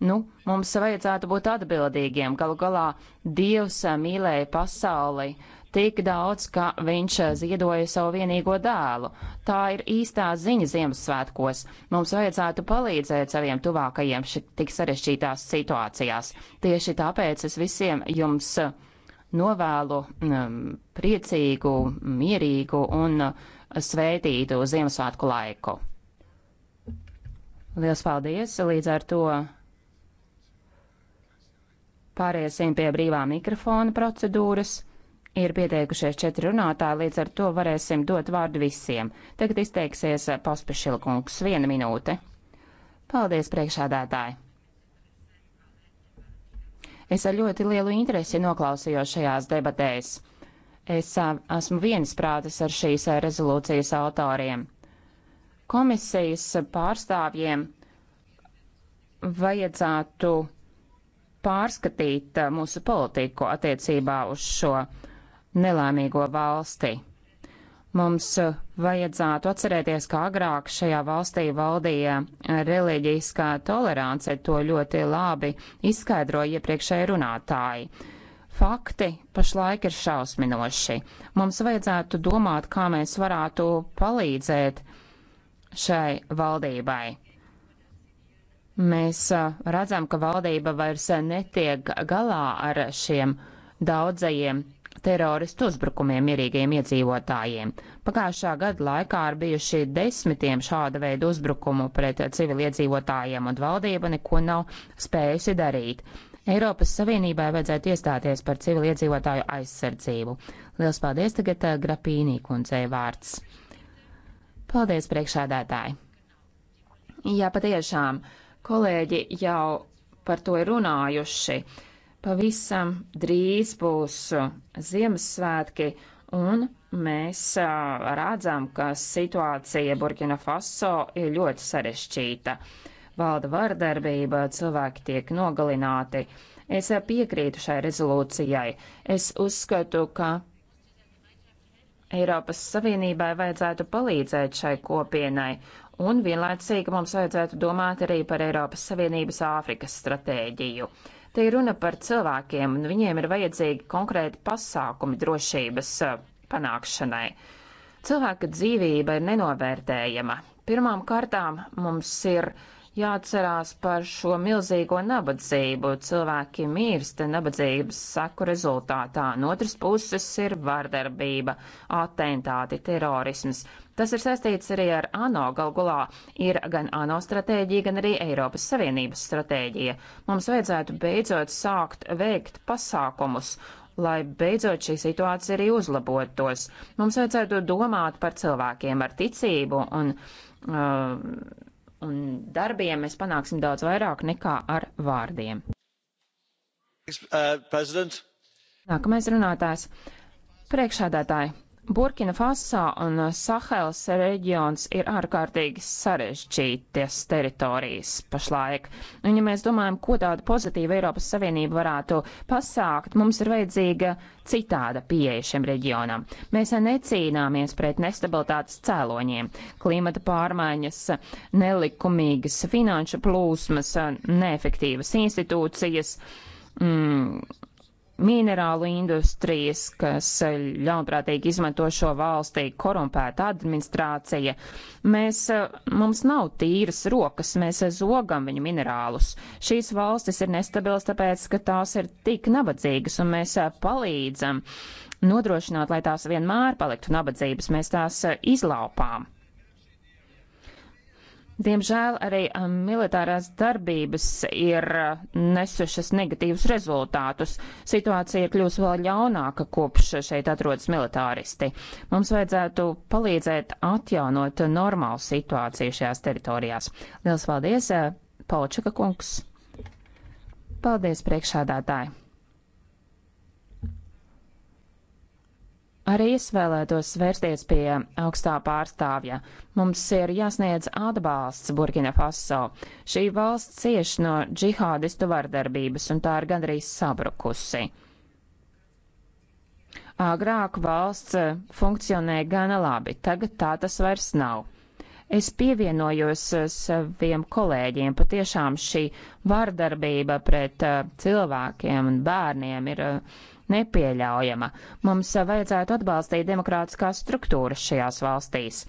Nu, mums vajadzētu būt atbildīgiem. Galu galā Dievs eh, mīlēja pasauli tik daudz, ka viņš eh, ziedoja savu vienīgo dēlu. Tā ir īstā ziņa Ziemassvētkos. Mums vajadzētu palīdzēt saviem tuvākajiem tik sarežģītās situācijās. Tieši tāpēc es visiem jums eh, novēlu um, priecīgu, mierīgu un eh, sveitītu Ziemassvētku laiku. Lielas paldies! Līdz ar to pāriesim pie brīvā mikrofona procedūras. Ir pieteikušies četri runātāji, līdz ar to varēsim dot vārdu visiem. Tagad izteiksies pospešilkungs. Viena minūte. Paldies, priekšādātāji! Es ar ļoti lielu interesi noklausījos šajās debatēs. Es esmu viensprātis ar šīs rezolūcijas autoriem. Komisijas pārstāvjiem vajadzētu pārskatīt mūsu politiku attiecībā uz šo nelēmīgo valsti. Mums uh, vajadzētu atcerēties, ka agrāk šajā valstī valdīja reliģiskā tolerance, to ļoti labi izskaidroja iepriekšēji runātāji. Fakti pašlaik ir šausminoši. Mums vajadzētu domāt, kā mēs varētu palīdzēt šai valdībai. Mēs uh, redzam, ka valdība vairs netiek galā ar šiem daudzajiem teroristu uzbrukumiem mierīgiem iedzīvotājiem. Pagājušā gada laikā ir bijuši desmitiem šāda veida uzbrukumu pret civiliedzīvotājiem, un valdība neko nav spējusi darīt. Eiropas Savienībai vajadzētu iestāties par civiliedzīvotāju aizsardzību. Lielas paldies tagad eh, Grapīnī kundzei vārds. Paldies, priekšādētāji! Jā, patiešām, kolēģi jau par to ir runājuši. Uh, Pavisam drīz būs uh, Ziemassvētki, un mēs uh, redzam, ka situācija Burkina Faso ir ļoti sarešķīta. Valda vardarbība, cilvēki tiek nogalināti. Es uh, piekrītu šai rezolūcijai. Es uzskatu, ka Eiropas Savienībai vajadzētu palīdzēt šai kopienai, un vienlaicīgi mums vajadzētu domāt arī par Eiropas Savienības Āfrikas stratēģiju. Te ir runa par cilvēkiem, un viņiem ir vajadzīgi konkrēti pasākumi drošības eh, panākšanai. Cilvēka dzīvība ir nenovērtējama. Pirmām kārtām mums ir jāatcerās par šo milzīgo nabadzību. Cilvēki mirsta nabadzības seku rezultātā. No otras puses ir vardarbība, atentāti, terorisms. Tas ir saistīts arī ar ANO. Galgulā ir gan ANO stratēģija, gan arī Eiropas Savienības stratēģija. Mums vajadzētu beidzot sākt veikt pasākumus lai beidzot šī situācija arī uzlabotos. Mums vajadzētu domāt par cilvēkiem ar ticību un, uh, un darbiem mēs panāksim daudz vairāk nekā ar vārdiem. Uh, president. Nākamais runātājs. Priekšādātāji. Burkina Fasā un Sahels reģions ir ārkārtīgi sarežģītas teritorijas pašlaik. Un, ja mēs domājam, ko tāda pozitīva Eiropas Savienība varētu pasākt, mums ir vajadzīga citāda pieeja šim reģionam. Mēs necīnāmies pret nestabilitātes cēloņiem - klimata pārmaiņas, nelikumīgas finanšu plūsmas, neefektīvas institūcijas. Mm, minerālu industrijas, kas eh, ļaunprātīgi izmanto šo valstī, korumpēta administrācija. Mēs, eh, mums nav tīras rokas, mēs eh, zogam viņu minerālus. Šīs valstis ir nestabilas, tāpēc, ka tās ir tik nabadzīgas, un mēs palīdzam nodrošināt, lai tās vienmēr paliktu nabadzības, mēs tās izlaupām. Diemžēl arī um, militārās darbības ir uh, nesušas negatīvus rezultātus. Situācija ir kļūst vēl ļaunāka, kopš šeit atrodas militāristi. Mums vajadzētu palīdzēt atjaunot normālu situāciju šajās teritorijās. Liels paldies, uh, Paučaka kungs! Paldies, priekšādātāji! Arī es vēlētos vērsties pie augstā pārstāvja. Mums ir jāsniedz atbalsts Burkina Faso. Šī valsts cieš no džihādistu vardarbības, un tā ir gandrīz sabrukusi. Agrāk valsts funkcionēja gana labi, tagad tā tas vairs nav. Es pievienojos saviem kolēģiem. Patiešām šī vardarbība pret eh, cilvēkiem un bērniem ir eh, nepieļaujama. Mums vajadzētu atbalstīt demokrātiskās struktūras šajās valstīs.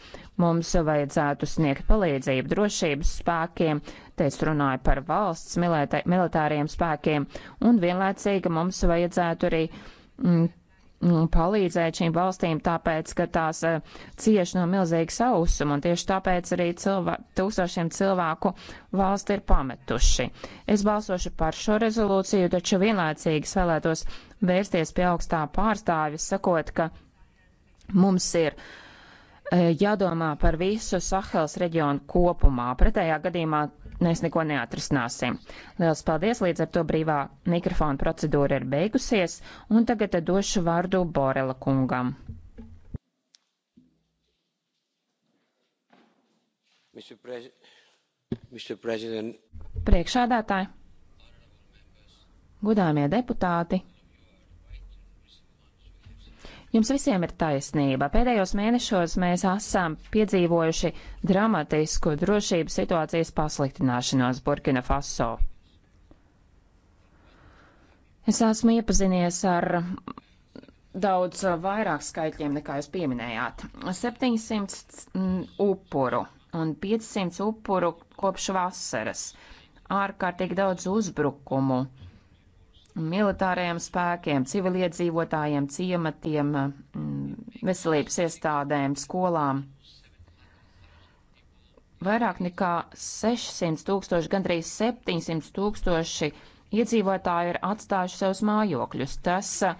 Mums vajadzētu sniegt palīdzību drošības spēkiem, te es runāju par valsts militāriem spēkiem, un vienlaicīgi mums vajadzētu arī mm, mm palīdzēt šīm valstīm, tāpēc, ka tās eh, cieš no milzīgas ausuma, un tieši tāpēc arī cilvē, tūkstošiem cilvēku valsti ir pametuši. Es balsošu par šo rezolūciju, taču vienlaicīgi vēlētos vērsties pie augstā pārstāvis, sakot, ka mums ir e, jādomā par visu Sahels reģionu kopumā. Pretējā gadījumā mēs neko neatrisināsim. Lielas paldies, līdz ar to brīvā mikrofona procedūra ir beigusies, un tagad došu vārdu Borela kungam. Mr. Prez... Mr. Priekšādātāji, gudāmie deputāti, Jums visiem ir taisnība. Pēdējos mēnešos mēs esam piedzīvojuši dramatisku drošības situācijas pasliktināšanos Burkina Faso. Es esmu iepazinies ar daudz vairāk skaitļiem, nekā jūs pieminējāt. 700 upuru un 500 upuru kopš vasaras. Ārkārtīgi daudz uzbrukumu militārajiem spēkiem, civiliedzīvotājiem, ciematiem, mm, veselības iestādēm, skolām. Vairāk nekā 600 tūkstoši, gandrīz 700 tūkstoši iedzīvotāji ir atstājuši savus mājokļus. Tas uh,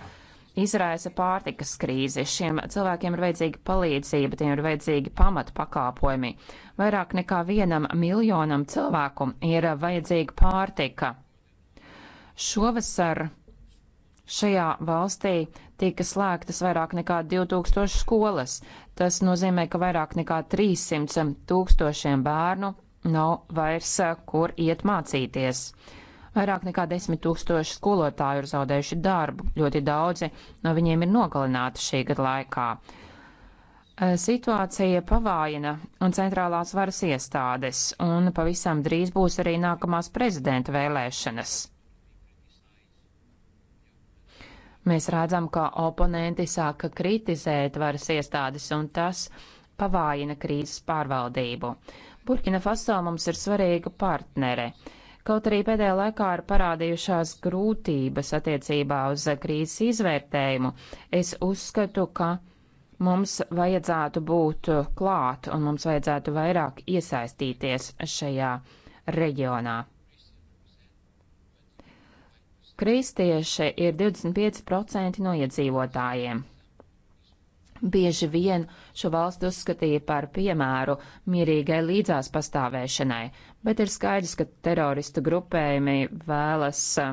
izraisa pārtikas krīzi. Šiem cilvēkiem ir vajadzīga palīdzība, tiem ir vajadzīgi pamata pakāpojumi. Vairāk nekā vienam miljonam cilvēku ir vajadzīga pārtika. Šovasar šajā valstī tika slēgtas vairāk nekā 2000 skolas. Tas nozīmē, ka vairāk nekā 300 tūkstošiem bērnu nav vairs eh, kur iet mācīties. Vairāk nekā 10 tūkstoši skolotāju ir zaudējuši darbu, ļoti daudzi no viņiem ir nogalināti šī gada laikā. Eh, situācija pavājina un centrālās varas iestādes, un pavisam drīz būs arī nākamās prezidenta vēlēšanas. Mēs redzam, ka oponenti sāka kritizēt varas iestādes, un tas pavājina krīzes pārvaldību. Burkina Faso mums ir svarīga partnere. Kaut arī pēdējā laikā ir parādījušās grūtības attiecībā uz krīzes izvērtējumu, es uzskatu, ka mums vajadzētu būt klāt un mums vajadzētu vairāk iesaistīties šajā reģionā. Kristieši ir 25% no iedzīvotājiem. Bieži vien šo valstu uzskatīja par piemēru mierīgai līdzās pastāvēšanai, bet ir skaidrs, ka teroristu grupējumi vēlas uh,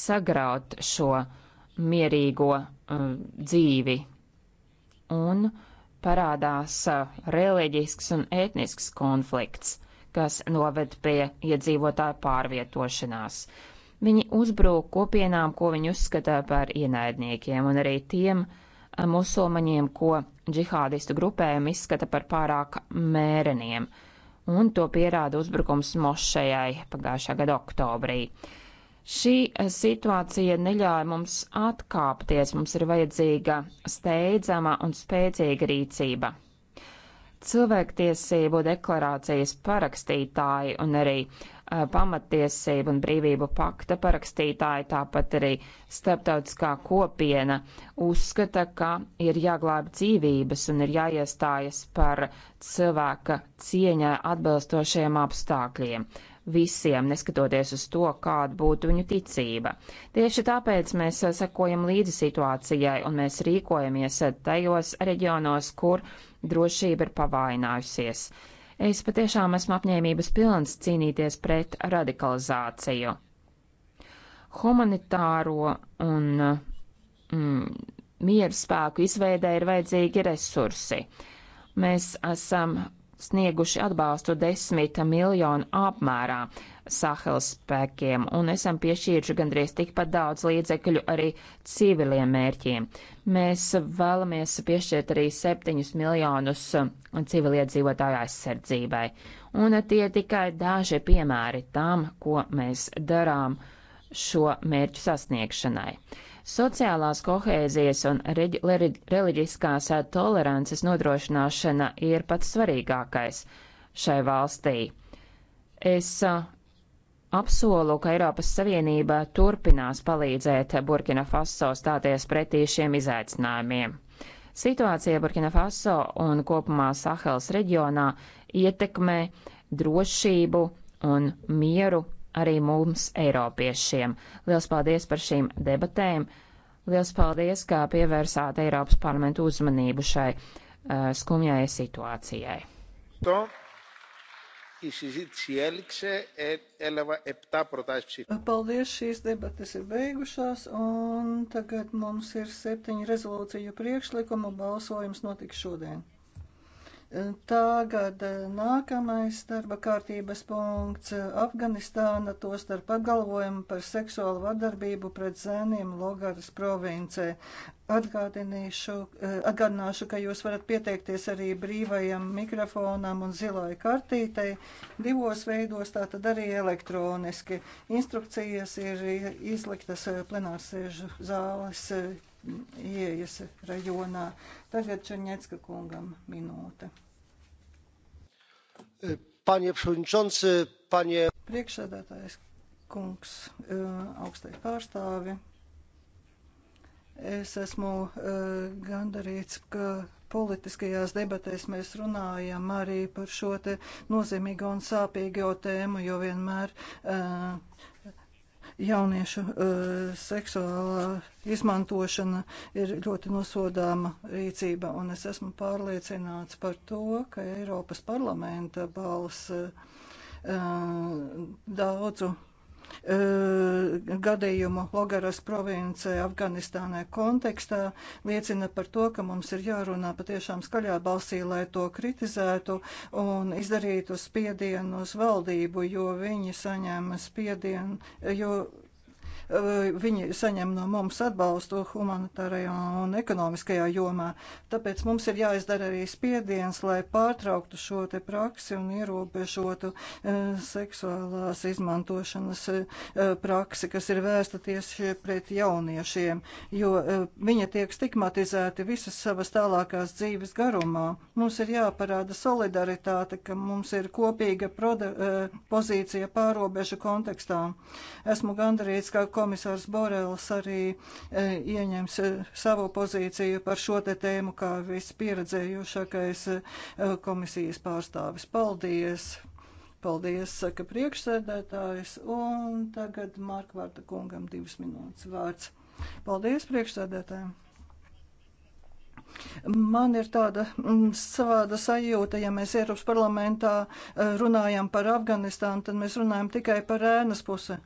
sagraut šo mierīgo um, dzīvi. Un parādās uh, reliģisks un etnisks konflikts, kas noved pie iedzīvotāju pārvietošanās. Viņi uzbrūk kopienām, ko viņi uzskata par ienaidniekiem, un arī tiem eh, musulmaņiem, ko džihādistu grupējumi izskata par pārāk mēreniem. Un to pierāda uzbrukums mošejai pagājušā gada oktobrī. Šī eh, situācija neļauj mums atkāpties, mums ir vajadzīga steidzama un spēcīga rīcība. Cilvēktiesību deklarācijas parakstītāji un arī Uh, pamatiesību un brīvību pakta parakstītāji, tāpat arī starptautiskā kopiena uzskata, ka ir jāglāba dzīvības un ir jāiestājas par cilvēka cieņā atbilstošiem apstākļiem. Visiem, neskatoties uz to, kāda būtu viņu ticība. Tieši tāpēc mēs uh, sekojam līdzi situācijai un mēs rīkojamies tajos reģionos, kur drošība ir pavainājusies. Es patiešām esmu apņēmības pilns cīnīties pret radikalizāciju. Humanitāro un mm, mieru spēku izveidē ir vajadzīgi resursi. Mēs esam snieguši atbalstu desmit miljonu apmērā Sahels spēkiem un esam piešķīruši gandrīz tikpat daudz līdzekļu arī civiliem mērķiem. Mēs vēlamies piešķirt arī septiņus miljonus civiliedzīvotāju aizsardzībai. Un tie tikai daži piemēri tam, ko mēs darām šo mērķu sasniegšanai. Sociālās kohēzijas un reliģiskās eh, tolerances nodrošināšana ir pats svarīgākais šai valstī. Es eh, apsolu, ka Eiropas Savienība turpinās palīdzēt Burkina Faso stāties pretī šiem izaicinājumiem. Situācija Burkina Faso un kopumā Sahels reģionā ietekmē drošību un mieru arī mums, Eiropiešiem. Lielas paldies par šīm debatēm. Lielas paldies, kā pievērsāt Eiropas parlamentu uzmanību šai uh, skumjai situācijai. To. Η συζήτηση έληξε, έλαβα 7 προτάσεις ψήφου. Paldies, šīs debates ir beigušās, un tagad mums ir septiņi rezolūciju priekšlikumu, balsojums notiks šodien. Tagad eh, nākamais darba kārtības punkts - Afganistāna, to starp apgalvojumu par seksuālu vardarbību pret zēniem Logaras provincē. Atgādināšu, eh, atgādināšu, ka jūs varat pieteikties arī brīvajam mikrofonam un zilai kartītei divos veidos, tātad arī elektroniski. Instrukcijas ir izliktas eh, plenārsēžu zāles ieejas rajonā. Tagad Černiecka kungam minūte. Panie Pšunčonsi, panie. Priekšsēdētājs kungs, e, augstai pārstāvi. Es esmu e, gandarīts, ka politiskajās debatēs mēs runājam arī par šo te nozīmīgo un sāpīgo tēmu, jo vienmēr uh, jauniešu eh, seksuālā izmantošana ir ļoti nosodāma rīcība, un es esmu pārliecināts par to, ka Eiropas parlamenta balss eh, daudzu Eh, gadījumu Logaras provincē Afganistānē kontekstā liecina par to, ka mums ir jārunā patiešām skaļā balsī, lai to kritizētu un izdarītu spiedienu uz valdību, jo viņi saņēma spiedienu, jo Viņi saņem no mums atbalstu humanitārajā un ekonomiskajā jomā. Tāpēc mums ir jāizdara arī spiediens, lai pārtrauktu šo te praksi un ierobežotu seksuālās izmantošanas praksi, kas ir vērsta tieši pret jauniešiem, jo viņa tiek stigmatizēti visas savas tālākās dzīves garumā. Mums ir jāparāda solidaritāte, ka mums ir kopīga pozīcija pārobežu kontekstā. Esmu gandarīts, ka komisārs Borels arī e, ieņems e, savu pozīciju par šo te tēmu kā vispieredzējušākais e, komisijas pārstāvis. Paldies! Paldies, saka priekšsēdētājs, un tagad Markvārda kungam divas minūtes vārds. Paldies priekšsēdētājiem! Man ir tāda mm, savāda sajūta, ja mēs Eiropas parlamentā runājam par Afganistānu, tad mēs runājam tikai par ēnas pusi.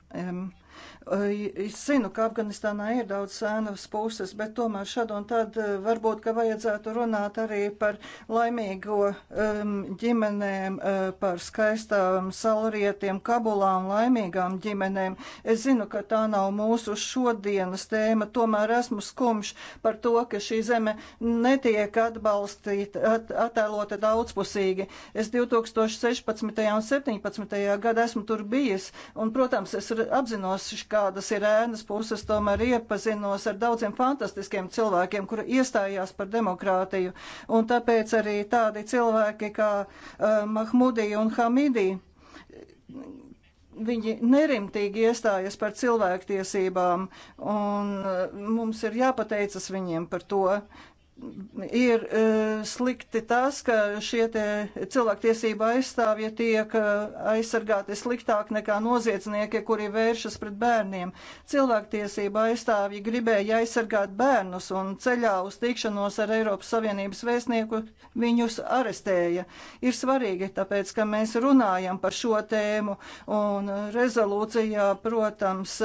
Es zinu, ka Afganistānā ir daudz sēnas puses, bet tomēr šad un tad varbūt, ka vajadzētu runāt arī par laimīgo um, ģimenēm, par skaistām salrietiem, kabulām, laimīgām ģimenēm. Es zinu, ka tā nav mūsu šodienas tēma, tomēr esmu skumš par to, ka šī zeme netiek atbalstīta, at, attēlota daudzpusīgi. Es 2016. un 2017. gadā esmu tur bijis, un, protams, es apzinos, kādas ir ēnas puses, tomēr iepazinos ar daudziem fantastiskiem cilvēkiem, kuri iestājās par demokrātiju. Un tāpēc arī tādi cilvēki kā uh, eh, Mahmudī un Hamidī viņi nerimtīgi iestājas par cilvēktiesībām, un eh, mums ir jāpateicas viņiem par to ir e, slikti tas, ka šie cilvēktiesība aizstāvji tiek e, aizsargāti sliktāk nekā noziedznieki, kuri vēršas pret bērniem. Cilvēktiesība aizstāvji gribēja aizsargāt bērnus un ceļā uz tikšanos ar Eiropas Savienības vēstnieku viņus arestēja. Ir svarīgi, tāpēc, ka mēs runājam par šo tēmu un rezolūcijā, protams,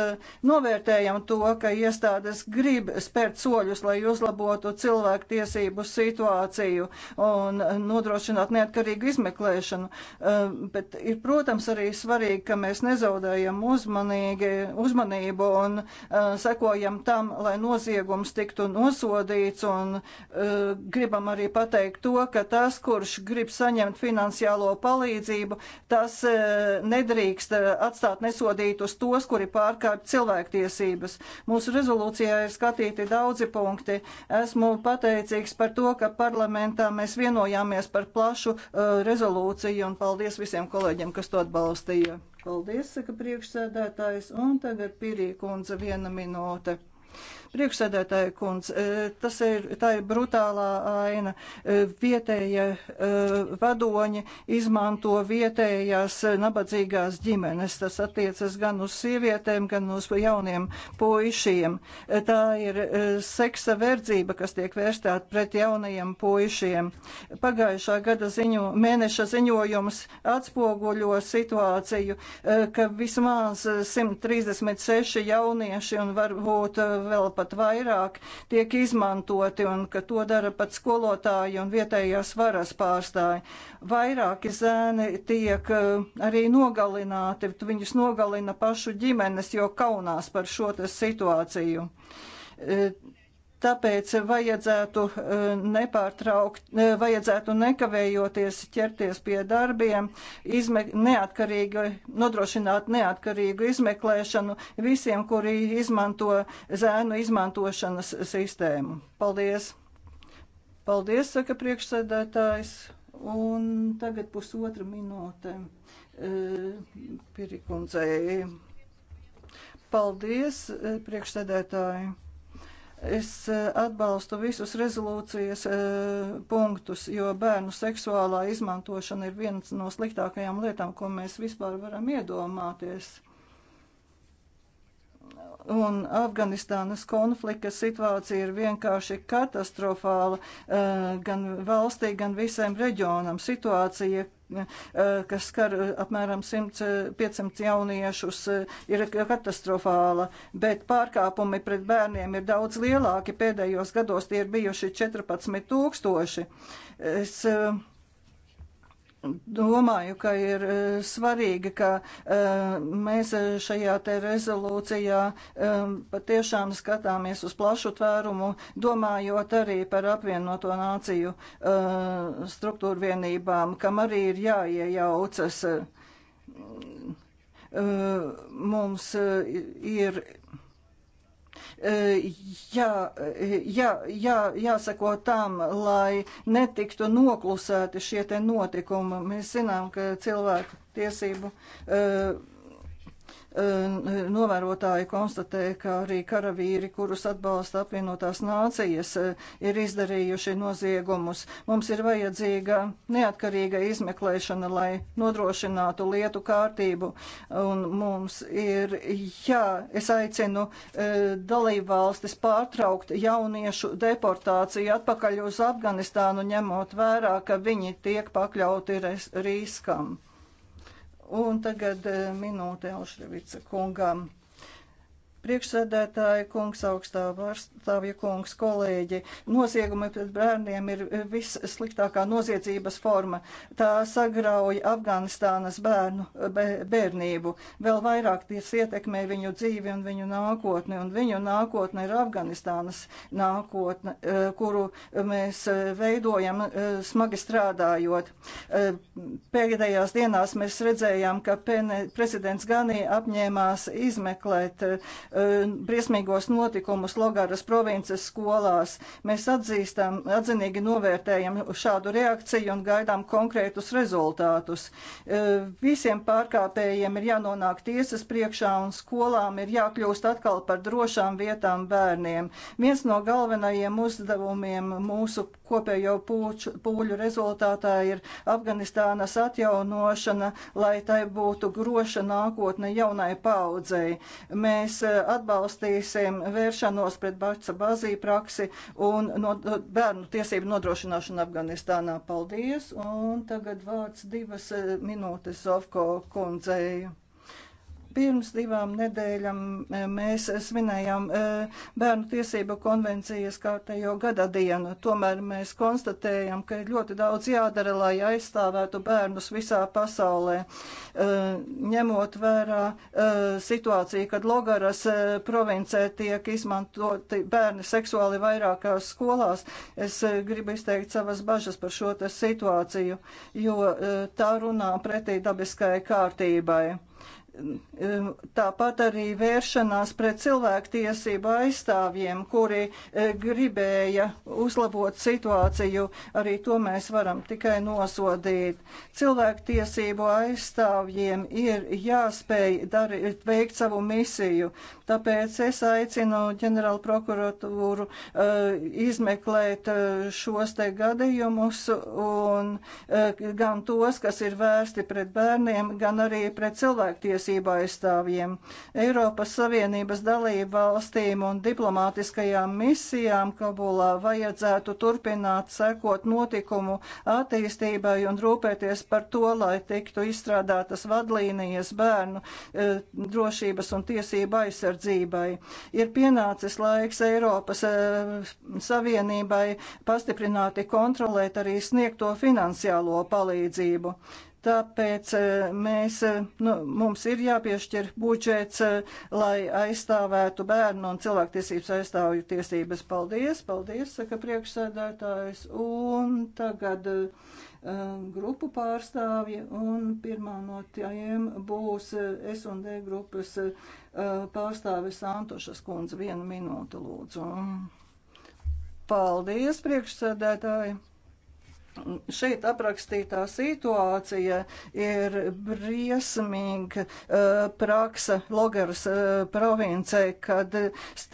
novērtējam to, ka iestādes grib spērt soļus, lai uzlabotu cilvēku cilvēktiesību situāciju un nodrošināt neatkarīgu izmeklēšanu. Eh, bet ir, protams, arī svarīgi, ka mēs nezaudējam uzmanīgi, uzmanību un eh, sekojam tam, lai noziegums tiktu nosodīts un eh, gribam arī pateikt to, ka tas, kurš grib saņemt finansiālo palīdzību, tas nedrīkst atstāt nesodītus tos, kuri pārkāpj cilvēktiesības. Mūsu rezolūcijā ir skatīti daudzi punkti. Esmu pat pateicīgs par to, ka parlamentā mēs vienojāmies par plašu uh, rezolūciju un paldies visiem kolēģiem, kas to atbalstīja. Paldies, saka priekšsēdētājs, un tagad Pirī kundze viena minūte. Priekšsēdētāja kundze, e, tas ir, tā ir brutālā aina. E, vietējie e, vadoņi izmanto vietējās nabadzīgās ģimenes. Tas attiecas gan uz sievietēm, gan uz jauniem puišiem. Tā ir seksa verdzība, kas tiek vērstēta pret jaunajiem puišiem. Pagājušā gada ziņo, mēneša ziņojums atspoguļo situāciju, ka vismaz 136 jaunieši un varbūt vēl pat pat vairāk tiek izmantoti un ka to dara pat skolotāji un vietējās varas pārstāji. Vairāki zēni tiek eh, arī nogalināti, viņus nogalina pašu ģimenes, jo kaunās par šo situāciju eh, Tāpēc vajadzētu eh, nepārtraukt, eh, vajadzētu nekavējoties ķerties pie darbiem, izme, neatkarīgi, nodrošināt neatkarīgu izmeklēšanu visiem, kuri izmanto zēnu izmantošanas sistēmu. Paldies! Paldies, saka priekšsēdētājs. Un tagad pusotra minūte eh, Pirikundzei. Paldies, priekšsēdētāji! Es eh, atbalstu visus rezolūcijas eh, punktus, jo bērnu seksuālā izmantošana ir viens no sliktākajām lietām, ko mēs vispār varam iedomāties. Un Afganistānas konflikta situācija ir vienkārši katastrofāla eh, gan valstī, gan visiem reģionam. Situācija Eh, kas skar eh, apmēram 100, 500 eh, jauniešus, ir katastrofāla, bet pārkāpumi pret bērniem ir daudz lielāki. Pēdējos gados tie ir bijuši 14 tūkstoši. Es, Domāju, ka ir e, svarīgi, ka e, mēs e, šajā te rezolūcijā patiešām skatāmies uz plašu tvērumu, domājot arī par apvienoto nāciju struktūru vienībām, kam arī ir jāiejaucas. Mums ir jā, jā, jā, jāsako tam, lai netiktu noklusēti šie te notikumi. Mēs zinām, ka cilvēku tiesību. Uh, novērotāji konstatē, ka arī karavīri, kurus atbalsta apvienotās nācijas, ir izdarījuši noziegumus. Mums ir vajadzīga neatkarīga izmeklēšana, lai nodrošinātu lietu kārtību. Un mums ir, jā, es aicinu e, dalību valstis pārtraukt jauniešu deportāciju atpakaļ uz Afganistānu, ņemot vērā, ka viņi tiek pakļauti riskam. Un tagad eh, minūte Elšrevica kungam. Priekšsēdētāja kungs, augstā pārstāvja kungs, kolēģi, noziegumi pret bērniem ir vissliktākā noziedzības forma. Tā sagrauja Afganistānas bērnu bērnību. Vēl vairāk tas ietekmē viņu dzīvi un viņu nākotni, un viņu nākotne ir Afganistānas nākotne, eh, kuru mēs eh, veidojam eh, smagi strādājot. Pēdējās dienās mēs redzējām, ka prezidents Ganī apņēmās izmeklēt Eh, briesmīgos notikumus Logaras provinces skolās. Mēs atzīstam, atzinīgi novērtējam šādu reakciju un gaidām konkrētus rezultātus. Eh, visiem pārkāpējiem ir jānonāk tiesas priekšā un skolām ir jākļūst atkal par drošām vietām bērniem. Viens no galvenajiem uzdevumiem mūsu kopējo pūču, pūļu rezultātā ir Afganistānas atjaunošana, lai tai būtu groša nākotne jaunai paudzei. Mēs eh, atbalstīsim vēršanos pret Bača Bazī praksi un no, bērnu tiesību nodrošināšanu Afganistānā. Paldies! Un tagad vārds divas eh, minūtes Zovko kundzei. Pirms divām nedēļām e, mēs svinējām e, Bērnu tiesību konvencijas kārtējo gada dienu. Tomēr mēs konstatējam, ka ir ļoti daudz jādara, lai aizstāvētu bērnus visā pasaulē. E, ņemot vērā situāciju, kad Logaras provincē tiek izmantoti bērni seksuāli vairākās skolās, es gribu izteikt savas bažas par šo situāciju, jo tā runā pretī dabiskai kārtībai. Tāpat arī vēršanās pret cilvēktiesību aizstāvjiem, kuri e, gribēja uzlabot situāciju, arī to mēs varam tikai nosodīt. Cilvēktiesību aizstāvjiem ir jāspēj darīt, veikt savu misiju, tāpēc es aicinu ģenerālu prokuratūru e, izmeklēt e, šos te gadījumus un gan tos, kas ir vērsti pret bērniem, gan arī pret cilvēktiesību tiesību aizstāvjiem. Eiropas Savienības dalību valstīm un diplomātiskajām misijām Kabulā vajadzētu turpināt sekot notikumu attīstībai un rūpēties par to, lai tiktu izstrādātas vadlīnijas bērnu e, drošības un tiesību aizsardzībai. Ir pienācis laiks Eiropas e, Savienībai pastiprināti kontrolēt arī sniegto finansiālo palīdzību. Tāpēc e, mēs, e, nu, mums ir jāpiešķir budžets, e, lai aizstāvētu bērnu un cilvēktiesības aizstāvju tiesības. Paldies, paldies, saka priekšsēdētājs. Un tagad grupu pārstāvji, un pirmā no tiem būs S&D grupas pārstāvis Antošas kundze. Vienu minūtu lūdzu. Paldies, priekšsēdētāji! šeit aprakstītā situācija ir briesmīga uh, praksa Logaras uh, provincē, kad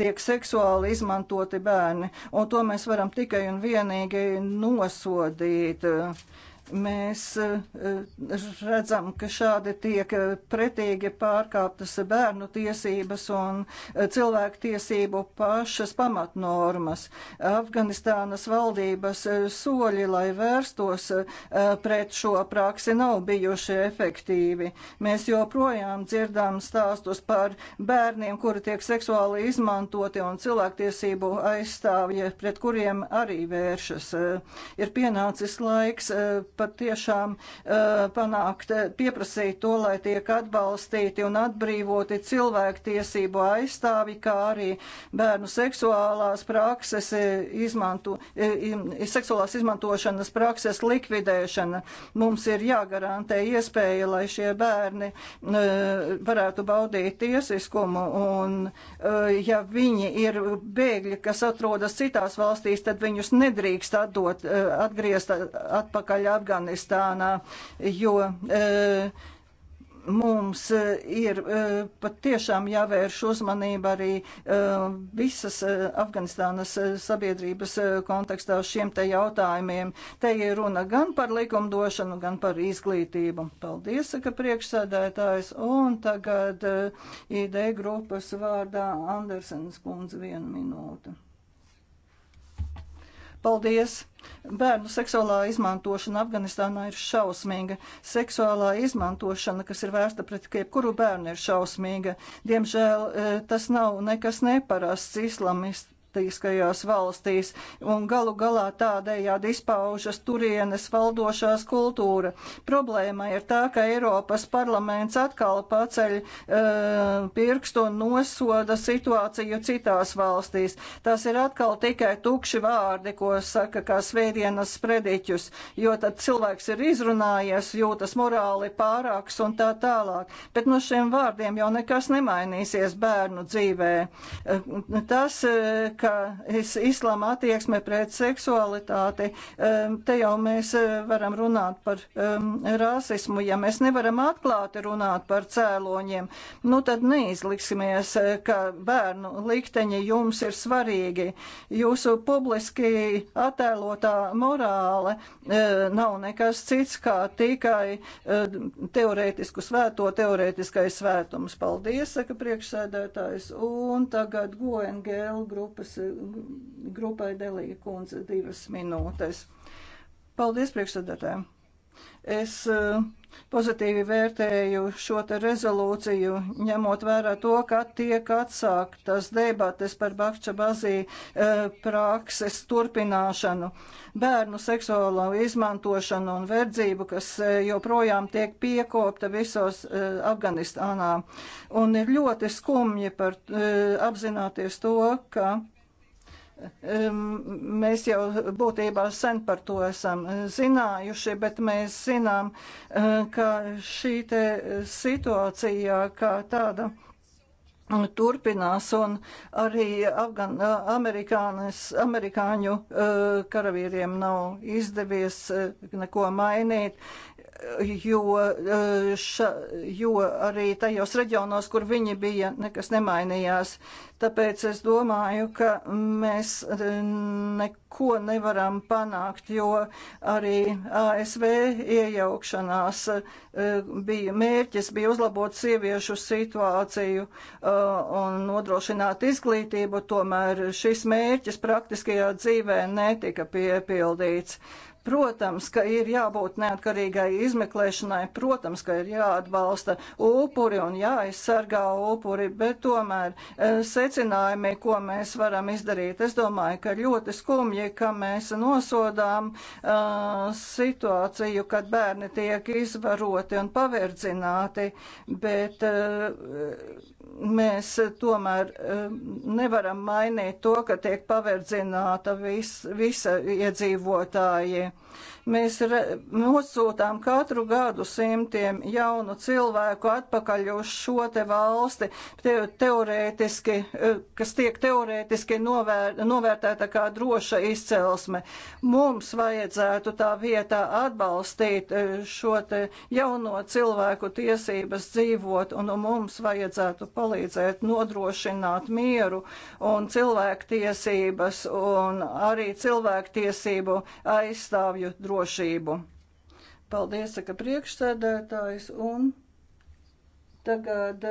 tiek seksuāli izmantoti bērni, un to mēs varam tikai un vienīgi nosodīt. Uh, Mēs eh, redzam, ka šādi tiek eh, pretīgi pārkāptas bērnu tiesības un eh, cilvēku tiesību pašas pamatnormas. Afganistānas valdības soļi, lai vērstos pret šo praksi, nav bijuši efektīvi. Mēs joprojām dzirdām stāstus par bērniem, kuri tiek seksuāli izmantoti un cilvēktiesību aizstāvji, pret kuriem arī vēršas. Ir pienācis laiks patiešām eh, panākt, eh, pieprasīt to, lai tiek atbalstīti un atbrīvoti cilvēktiesību aizstāvi, kā arī bērnu seksuālās prakses eh, izmanto, seksuālās izmantošanas prakses likvidēšana. Mums ir jāgarantē iespēja, lai šie bērni varētu baudīt tiesiskumu un, ja viņi ir bēgļi, kas atrodas citās valstīs, tad viņus nedrīkst atdot, atgriezt atpakaļ Afganistānā, jo e, mums e, ir e, patiešām jāvērš uzmanība arī visas Afganistānas sabiedrības kontekstā šiem te jautājumiem. Te ir runa gan par likumdošanu, gan par izglītību. Paldies, ka priekšsēdētājs. Un tagad ID grupas vārdā Andersens kundze vienu minūtu. Paldies! Bērnu seksuālā izmantošana Afganistānā ir šausmīga. Seksuālā izmantošana, kas ir vērsta pret jebkuru bērnu, ir šausmīga. Diemžēl eh, tas nav nekas neparasts islamists baltiskajās valstīs, un galu galā tādējādi izpaužas turienes valdošās kultūra. Problēma ir tā, ka Eiropas parlaments atkal paceļ e, pirkstu un nosoda situāciju citās valstīs. Tas ir atkal tikai tukši vārdi, ko saka kā svētdienas sprediķus, jo tad cilvēks ir izrunājies, jūtas morāli pārāks un tā tālāk. Bet no šiem vārdiem jau nekas nemainīsies bērnu dzīvē. Eh, tas, eh, ka es islama attieksme pret seksualitāti, um, te jau mēs uh, varam runāt par um, rasismu, ja mēs nevaram atklāti runāt par cēloņiem, nu tad neizliksimies, uh, ka bērnu likteņi jums ir svarīgi. Jūsu publiski attēlotā morāle uh, nav nekas cits kā tikai teorētisku svēto teorētiskais svētums. Paldies, saka priekšsēdētājs. Un tagad GNGL grupas Gojas eh, grupai Delija kundze divas minūtes. Paldies priekšsadatēm! Es eh, pozitīvi vērtēju šo te rezolūciju, ņemot vērā to, ka tiek atsāktas debates par Bakča bazī eh, prakses turpināšanu, bērnu seksuālo izmantošanu un verdzību, kas joprojām tiek piekopta visos Afganistānā. Un ir ļoti skumji par apzināties to, ka Mēs jau būtībā sen par to esam zinājuši, bet mēs zinām, eh, ka šī situācija kā tāda turpinās, un arī Afgan, amerikāņu eh, karavīriem nav izdevies eh, neko mainīt jo, eh, ša, jo arī tajos reģionos, kur viņi bija, nekas nemainījās. Tāpēc es domāju, ka mēs eh, neko nevaram panākt, jo arī ASV iejaukšanās eh, bija mērķis, bija uzlabot sieviešu situāciju un nodrošināt izglītību, tomēr šis mērķis praktiskajā dzīvē netika piepildīts. Protams, ka ir jābūt neatkarīgai izmeklēšanai, protams, ka ir jāatbalsta upuri un jāaizsargā upuri, bet tomēr e, secinājumi, ko mēs varam izdarīt, es domāju, ka ļoti skumji, ka mēs nosodām uh, situāciju, kad bērni tiek izvaroti un paverdzināti, bet uh, mēs eh, tomēr eh, nevaram mainīt to, ka tiek paverdzināta vis, visa iedzīvotāji. Mēs nosūtām katru gadu simtiem jaunu cilvēku atpakaļ uz šo te valsti, te, teorētiski, e, kas tiek teorētiski novēr, novērtēta kā droša izcelsme. Mums vajadzētu tā vietā atbalstīt e, šo te jauno cilvēku tiesības dzīvot, un mums vajadzētu palīdzēt nodrošināt mieru un cilvēktiesības un arī cilvēktiesību aizstāvju drošību drošību. Paldies, saka priekšsēdētājs, un tagad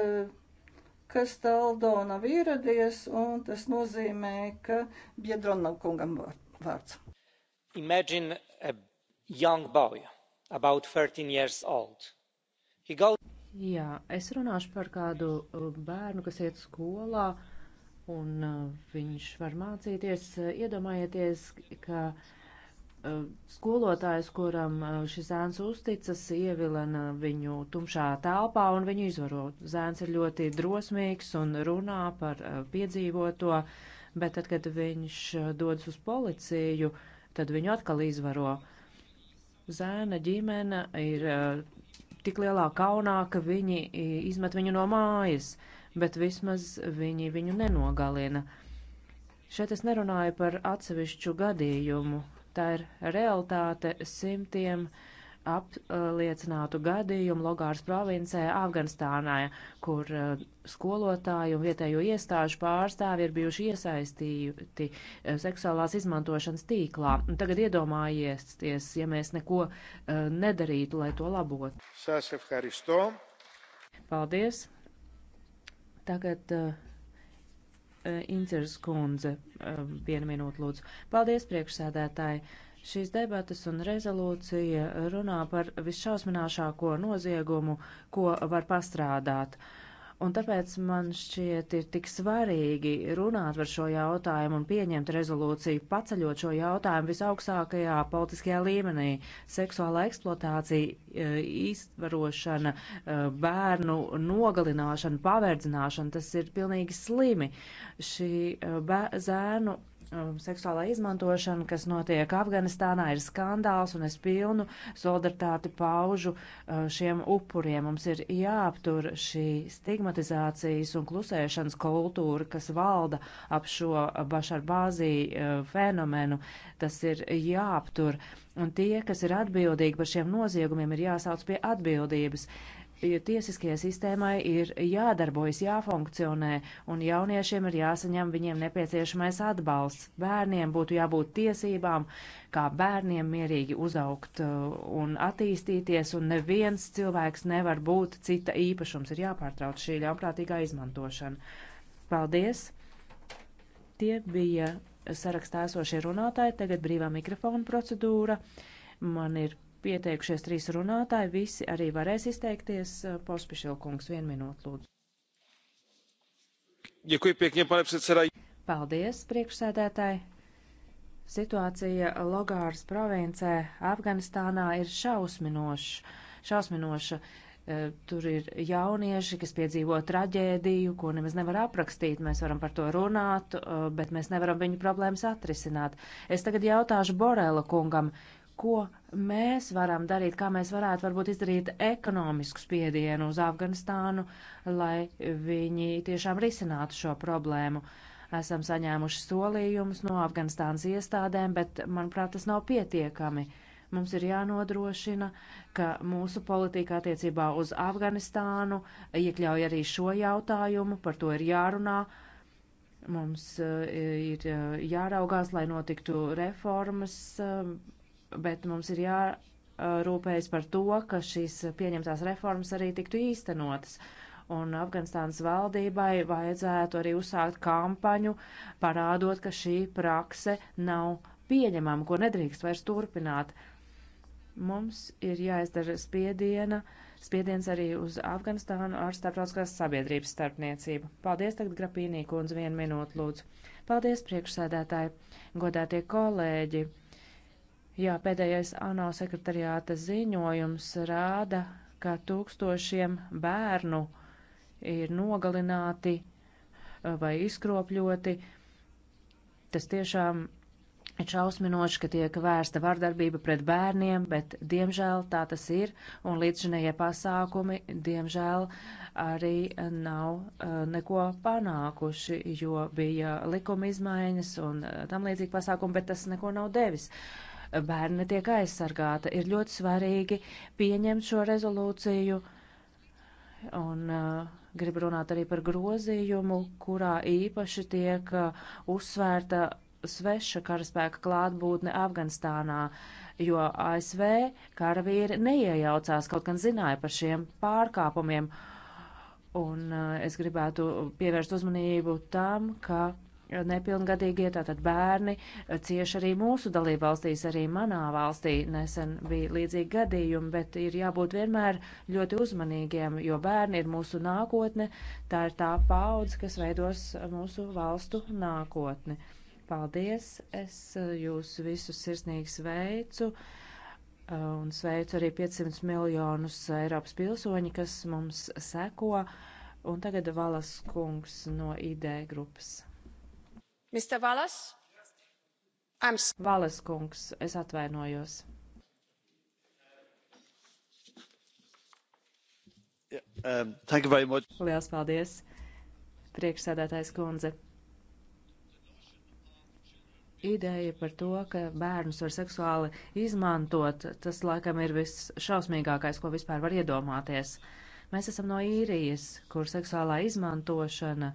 kas eh, taldo nav ieradies, un tas nozīmē, ka Biedronam kungam vārds. Imagine a young boy, about 13 years old. He goes... Jā, es runāšu par kādu eh, bērnu, kas iet skolā, un eh, viņš var mācīties. Iedomājieties, ka Eh, skolotājs, kuram eh, šis zēns uzticas, ievilina viņu tumšā telpā un viņu izvaro. Zēns ir ļoti drosmīgs un runā par eh, piedzīvoto, bet tad, kad viņš dodas uz policiju, tad viņu atkal izvaro. Zēna ģimene ir tik lielā kaunā, ka viņi izmet viņu no mājas, bet vismaz viņi viņu nenogalina. Šeit es nerunāju par atsevišķu gadījumu, Tā ir realitāte simtiem apliecinātu gadījumu Logāras provincē Afganistānā, kur eh, skolotāju un vietējo iestāžu pārstāvi ir bijuši iesaistīti eh, seksuālās izmantošanas tīklā. Un tagad iedomājieties, ja mēs neko eh, nedarītu, lai to labotu. Paldies! Tagad uh, Eh, Incers kundze, eh, vienu minūtu lūdzu. Paldies, priekšsēdētāji! Šīs debatas un rezolūcija runā par visšausmināšāko noziegumu, ko var pastrādāt. Uh, Un tāpēc man šķiet ir tik svarīgi runāt par šo jautājumu un pieņemt rezolūciju, paceļot šo jautājumu visaugstākajā politiskajā līmenī - seksuālā eksploatācija, e, izvarošana, e, bērnu nogalināšana, paverdzināšana. Tas ir pilnīgi slimi. Šī e, zēnu Um, seksuālā izmantošana, kas notiek Afganistānā, ir skandāls, un es pilnu solidaritāti paužu uh, šiem upuriem. Mums ir jāaptur šī stigmatizācijas un klusēšanas kultūra, kas valda ap šo uh, bašarbāzī uh, fenomenu. Tas ir jāaptur, un tie, kas ir atbildīgi par šiem noziegumiem, ir jāsauc pie atbildības. Uh, tiesiskajai sistēmai ir jādarbojas, jāfunkcionē, un jauniešiem ir jāsaņem viņiem nepieciešamais atbalsts. Bērniem būtu jābūt tiesībām, kā bērniem mierīgi uzaugt uh, un attīstīties, un neviens cilvēks nevar būt cita īpašums. Ir jāpārtrauc šī ļaunprātīgā izmantošana. Paldies! Tie bija sarakstā esošie runātāji, tagad brīvā mikrofona procedūra. Man ir pieteikušies trīs runātāji, visi arī varēs izteikties. Eh, Pospišilkungs, vien minūte, lūdzu. Děkuji pěkně, pane předsedají. Paldies, priekšsēdētāji. Situācija Logāras provincē Afganistānā ir šausminoša. šausminoša. Eh, tur ir jaunieši, kas piedzīvo traģēdiju, ko nemaz nevar aprakstīt. Mēs varam par to runāt, eh, bet mēs nevaram viņu problēmas atrisināt. Es tagad jautāšu Borela kungam, ko mēs varam darīt, kā mēs varētu varbūt izdarīt ekonomisku spiedienu uz Afganistānu, lai viņi tiešām risinātu šo problēmu. Esam saņēmuši solījumus no Afganistānas iestādēm, bet, manuprāt, tas nav pietiekami. Mums ir jānodrošina, ka mūsu politika attiecībā uz Afganistānu iekļauj arī šo jautājumu, par to ir jārunā. Mums eh, ir eh, jāraugās, lai notiktu reformas eh, bet mums ir jārūpējas par to, ka šīs pieņemtās reformas arī tiktu īstenotas. Un Afganistānas valdībai vajadzētu arī uzsākt kampaņu, parādot, ka šī prakse nav pieņemama, ko nedrīkst vairs turpināt. Mums ir jāizdara spiediena, spiediens arī uz Afganistānu ar starptautiskās sabiedrības starpniecību. Paldies, tagad Grapīnī kundze, vienu minūtu lūdzu. Paldies, priekšsēdētāji, godātie kolēģi. Jā, pēdējais ANO sekretariāta ziņojums rāda, ka tūkstošiem bērnu ir nogalināti eh, vai izkropļoti. Tas tiešām ir šausminoši, ka tiek vērsta vardarbība pret bērniem, bet diemžēl tā tas ir, un līdzšinējie pasākumi diemžēl arī nav eh, neko panākuši, jo bija likuma izmaiņas un eh, tam līdzīgi pasākumi, bet tas neko nav devis. Uh, bērni tiek aizsargāta. Ir ļoti svarīgi pieņemt šo rezolūciju un uh, gribu runāt arī par grozījumu, kurā īpaši tiek uh, uzsvērta sveša karaspēka klātbūtne Afganistānā, jo ASV karavīri neiejaucās, kaut gan zināja par šiem pārkāpumiem. Un uh, es gribētu pievērst uzmanību tam, ka nepilngadīgie, tātad bērni, cieši arī mūsu dalībvalstīs, arī manā valstī nesen bija līdzīgi gadījumi, bet ir jābūt vienmēr ļoti uzmanīgiem, jo bērni ir mūsu nākotne, tā ir tā paudze, kas veidos mūsu valstu nākotni. Paldies, es jūs visus sirsnīgi sveicu un sveicu arī 500 miljonus Eiropas pilsoņi, kas mums seko. Un tagad Valas kungs no ID grupas. Valas kungs, es atvainojos. Yeah, um, Lielas paldies, priekšsēdētājs kundze. Ideja par to, ka bērnus var seksuāli izmantot, tas laikam ir visšausmīgākais, ko vispār var iedomāties. Uh, Mēs esam no īrijas, kur seksuālā izmantošana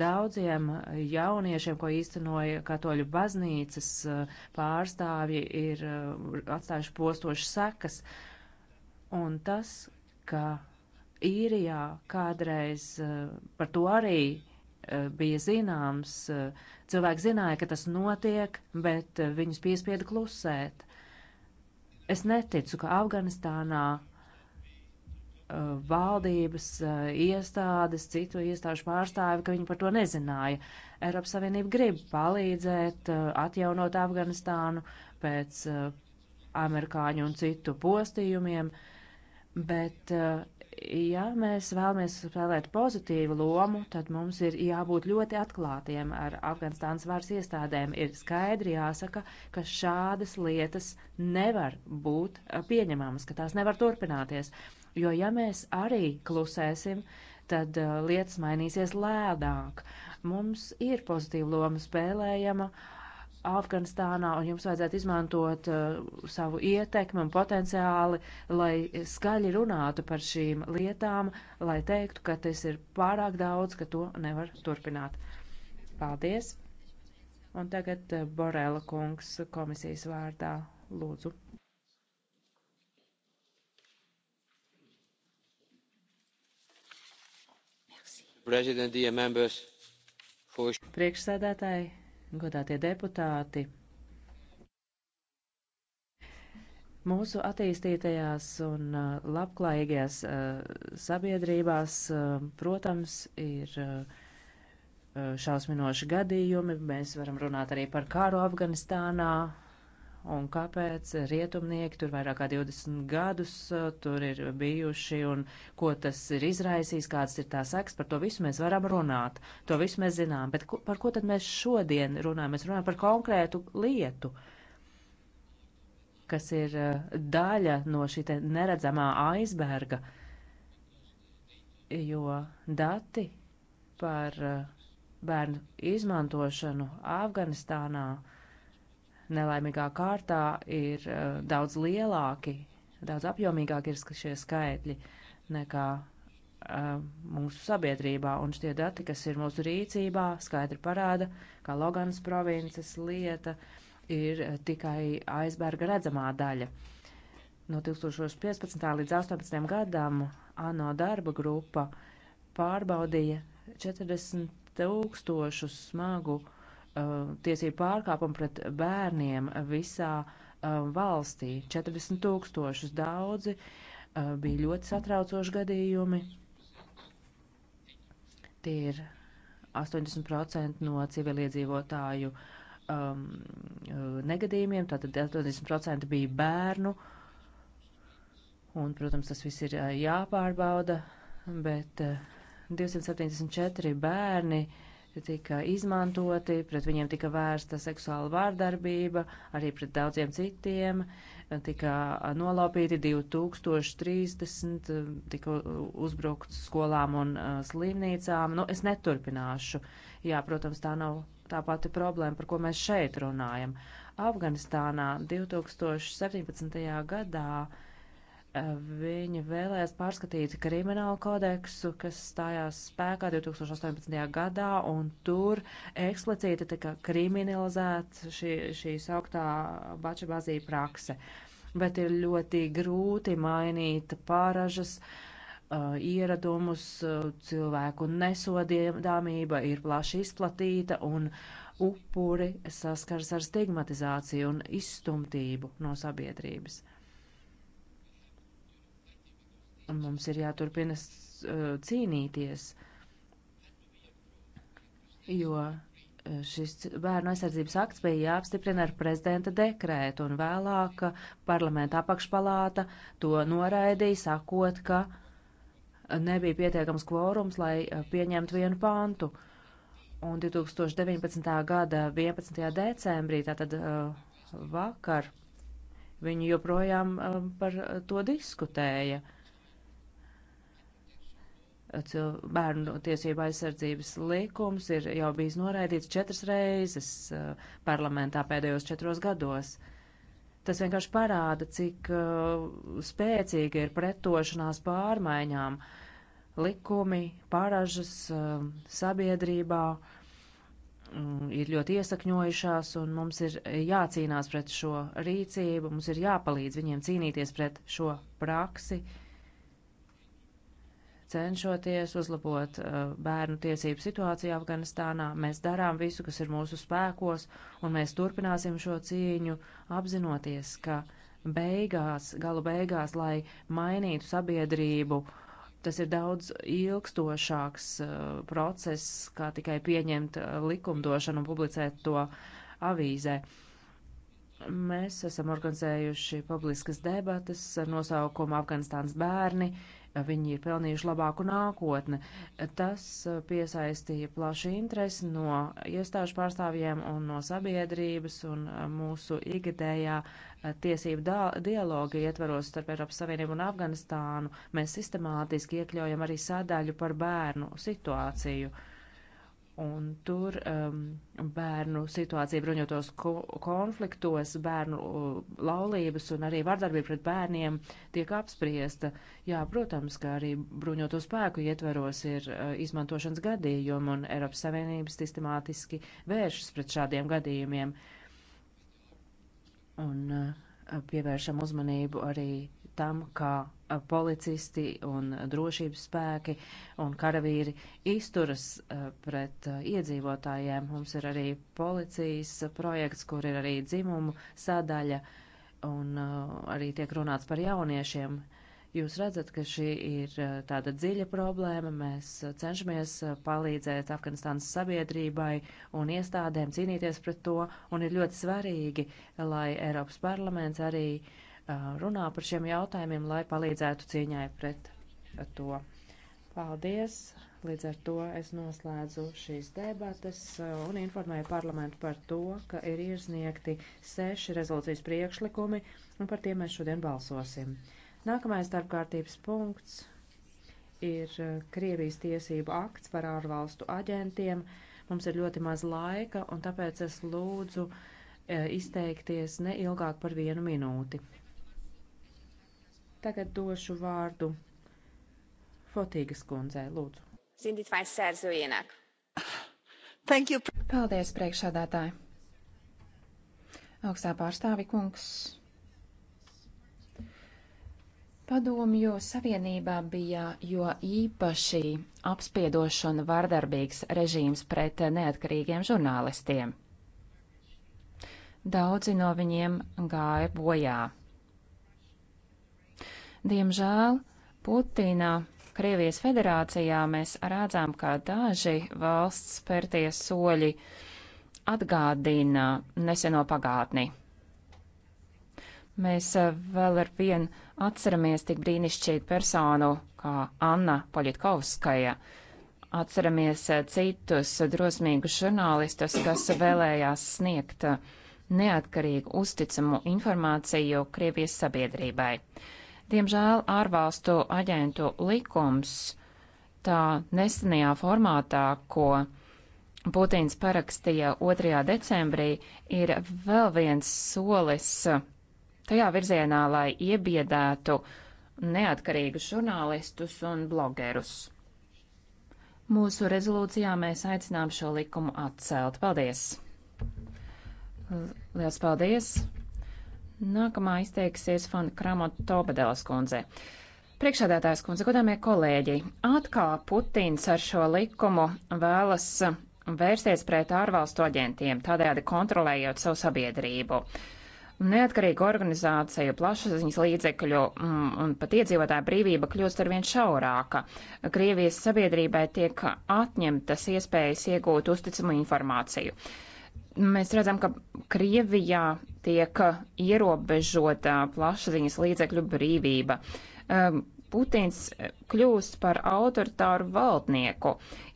daudziem jauniešiem, ko īstenoja katoļu baznīcas eh, pārstāvji, ir eh, atstājuši postošas sekas. Un tas, ka īrijā kādreiz eh, par to arī bija zināms, cilvēki zināja, ka tas notiek, bet viņus piespieda klusēt. Es neticu, ka Afganistānā Eh, valdības eh, iestādes, citu iestāžu pārstāvi, ka viņi par to nezināja. Eiropas Savienība grib palīdzēt eh, atjaunot Afganistānu pēc amerikāņu un citu postījumiem, bet ja mēs vēlamies spēlēt pozitīvu lomu, tad mums ir jābūt ļoti atklātiem ar Afganistānas varas iestādēm. Ir skaidri jāsaka, ka šādas lietas nevar būt pieņemamas, ka tās nevar turpināties jo ja mēs arī klusēsim, tad uh, lietas mainīsies lēnāk. Mums ir pozitīva loma spēlējama Afganistānā, un jums vajadzētu izmantot uh, savu ietekmi un potenciāli, lai skaļi runātu par šīm lietām, lai teiktu, ka tas ir pārāk daudz, ka to nevar turpināt. Paldies! Un tagad uh, Borela kungs komisijas vārdā lūdzu. Priekšsēdētāji, godātie deputāti, mūsu attīstītajās un uh, labklājīgajās uh, sabiedrībās, uh, protams, ir šausminoši gadījumi. Mēs varam runāt arī par kāru Afganistānā, un kāpēc rietumnieki tur vairāk kā 20 gadus uh, tur ir bijuši un ko tas ir izraisījis, kādas ir tās seks, par to visu mēs varam runāt, to visu mēs zinām, bet ko, par ko tad mēs šodien runājam? Mēs runājam par konkrētu lietu kas ir uh, daļa no šī neredzamā aizberga, jo dati par uh, bērnu izmantošanu Afganistānā uh, nelaimīgā kārtā ir uh, daudz lielāki, daudz apjomīgāki ir šie skaitļi nekā uh, mūsu sabiedrībā. Un šie dati, kas ir mūsu rīcībā, skaidri parāda, ka Loganas provinces lieta ir eh, tikai aizberga redzamā daļa. No 2015. līdz 18. gadam ANO darba grupa pārbaudīja 40 tūkstošu smagu uh, Uh, tiesību pārkāpumu pret bērniem visā uh, valstī - 40 tūkstošus daudzi, uh, bija ļoti satraucoši gadījumi. Tie ir 80% no civiliedzīvotāju um, negadījumiem, tātad 80% bija bērnu. Un, protams, tas viss ir jāpārbauda, bet 274 bērni uh, tika izmantoti, pret viņiem tika vērsta seksuāla vārdarbība, arī pret daudziem citiem, tika nolaupīti 2030, tika uzbrukts skolām un slimnīcām. Nu, es neturpināšu. Jā, protams, tā nav tā pati problēma, par ko mēs šeit runājam. Afganistānā 2017. gadā Viņa vēlēs pārskatīt kriminālu kodeksu, kas stājās spēkā 2018. gadā, un tur eksplicīti tika kriminalizēta šī, šī sauktā bača bazīja prakse. Bet ir ļoti grūti mainīt pāražas, uh, ieradumus, uh, cilvēku nesodāmība ir plaši izplatīta, un upuri saskars ar stigmatizāciju un izstumtību no sabiedrības. Mums ir jāturpina uh, cīnīties, jo uh, šis bērnu aizsardzības akts bija jāapstiprina ar prezidenta dekrētu, un vēlāk uh, parlamenta apakšpalāta to noraidīja, sakot, ka nebija pietiekams kvorums, lai pieņemtu vienu pantu. Un 2019. gada 11. decembrī, tātad vakar, viņi joprojām um, par to diskutēja bērnu tiesību aizsardzības likums ir jau bijis noraidīts četras reizes uh, parlamentā pēdējos četros gados. Tas vienkārši parāda, cik uh, spēcīga ir pretošanās pārmaiņām likumi, pāražas uh, sabiedrībā mm, ir ļoti iesakņojušās, un mums ir jācīnās pret šo rīcību, mums ir jāpalīdz viņiem cīnīties pret šo praksi, uh, cenšoties uzlabot eh, bērnu tiesību situāciju Afganistānā. Mēs darām visu, kas ir mūsu spēkos, un mēs turpināsim šo cīņu, apzinoties, ka beigās, galu beigās, lai mainītu sabiedrību, tas ir daudz ilgstošāks eh, process, kā tikai pieņemt eh, likumdošanu un publicēt to avīzē. Mēs esam organizējuši publiskas debatas ar nosaukumu Afganistāns bērni. Uh, Viņi ir pelnījuši labāku nākotni. Tas eh, piesaistīja plašu interesi no iestāžu pārstāvjiem un no sabiedrības un eh, mūsu ikgadējā eh, tiesību dialoga ietvaros starp Eiropas Savienību un Afganistānu. Mēs sistemātiski iekļaujam arī sadaļu par bērnu situāciju. Uh, Un tur um, bērnu situācija bruņotos ko konfliktos, bērnu uh, laulības un arī vardarbība pret bērniem tiek apspriesta. Jā, protams, ka arī bruņoto spēku ietveros ir uh, izmantošanas gadījumi un Eiropas Savienības sistemātiski vēršas pret šādiem gadījumiem. Un uh, pievēršam uzmanību arī tam, kā policisti un drošības spēki un karavīri izturas pret iedzīvotājiem. Mums ir arī policijas projekts, kur ir arī dzimumu sadaļa un arī tiek runāts par jauniešiem. Jūs redzat, ka šī ir tāda dziļa problēma. Mēs cenšamies palīdzēt Afganistānas sabiedrībai un iestādēm cīnīties pret to, un ir ļoti svarīgi, lai Eiropas parlaments arī uh, runā par šiem jautājumiem, lai palīdzētu cīņai pret to. Paldies! Līdz ar to es noslēdzu šīs debates un informēju parlamentu par to, ka ir iesniegti seši rezolūcijas priekšlikumi, un par tiem mēs šodien balsosim. Nākamais darbkārtības punkts ir Krievijas tiesību akts par ārvalstu aģentiem. Mums ir ļoti maz laika, un tāpēc es lūdzu izteikties ne ilgāk par vienu minūti. Tagad došu vārdu Fotīgas kundzei, lūdzu. Zinditvány szerzőjének. Thank you. Paldies, priekšādātāji. Augstā pārstāvi kungs. Padomju Savienībā bija jo īpaši apspiedošs un vardarbīgs režīms pret neatkarīgiem žurnālistiem. Daudzi no viņiem gāja bojā. Diemžēl Putina Krievijas federācijā mēs rādzām, kā daži valsts spērtie soļi atgādina neseno pagātni. Mēs eh, vēl ar vienu atceramies tik brīnišķīgu personu kā Anna Poļitkovskaja. Atceramies eh, citus drosmīgus žurnālistus, kas vēlējās sniegt eh, neatkarīgu, uzticamu informāciju Krievijas sabiedrībai. Diemžēl ārvalstu aģentu likums tā nesenajā formātā, ko Putins parakstīja 2. decembrī, ir vēl viens solis tajā virzienā, lai iebiedētu neatkarīgus žurnālistus un blogerus. Mūsu rezolūcijā mēs aicinām šo likumu atcelt. Paldies! Lielas paldies! Nākamā izteiksies Fana Kramota Tobadelas kundze. Priekšādātājs kundze, godāmie kolēģi, atkal Putins ar šo likumu vēlas vērsties pret ārvalstu aģentiem, tādējādi kontrolējot savu sabiedrību. Neatkarīgu organizāciju, plašsaziņas līdzekļu mm, un pat iedzīvotāju brīvība kļūst arvien šaurāka. Krievijas sabiedrībai tiek atņemtas iespējas iegūt uzticamu informāciju. Mēs redzam, ka Krievijā tiek ierobežota plašsaziņas līdzekļu brīvība. Um, Putins eh, kļūst par autoritāru valdnieku.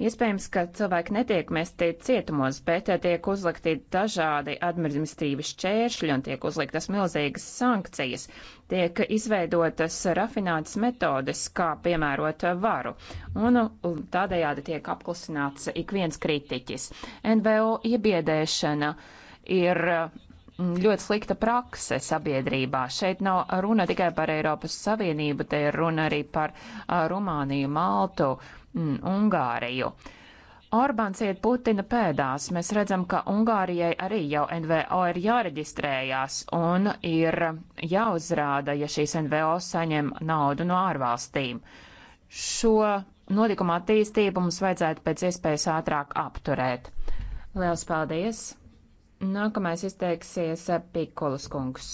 Iespējams, ka cilvēki netiek mesti cietumos, bet eh, tiek uzlikti dažādi administrīvas čēršļi un tiek uzliktas milzīgas sankcijas. Tiek izveidotas rafinētas metodes, kā piemērot varu, un tādējādi tiek apklusināts ik viens kritiķis. NVO iebiedēšana ir eh, ļoti slikta prakse sabiedrībā. Šeit nav runa tikai par Eiropas Savienību, te ir runa arī par Rumāniju, Maltu, mm, Ungāriju. Orbāns iet Putina pēdās. Mēs redzam, ka Ungārijai arī jau NVO ir jāreģistrējās un ir jāuzrāda, ja šīs NVO saņem naudu no ārvalstīm. Šo notikumu attīstību mums vajadzētu pēc iespējas ātrāk apturēt. Liels paldies! Nākamais izteiksies Pikolas kungs.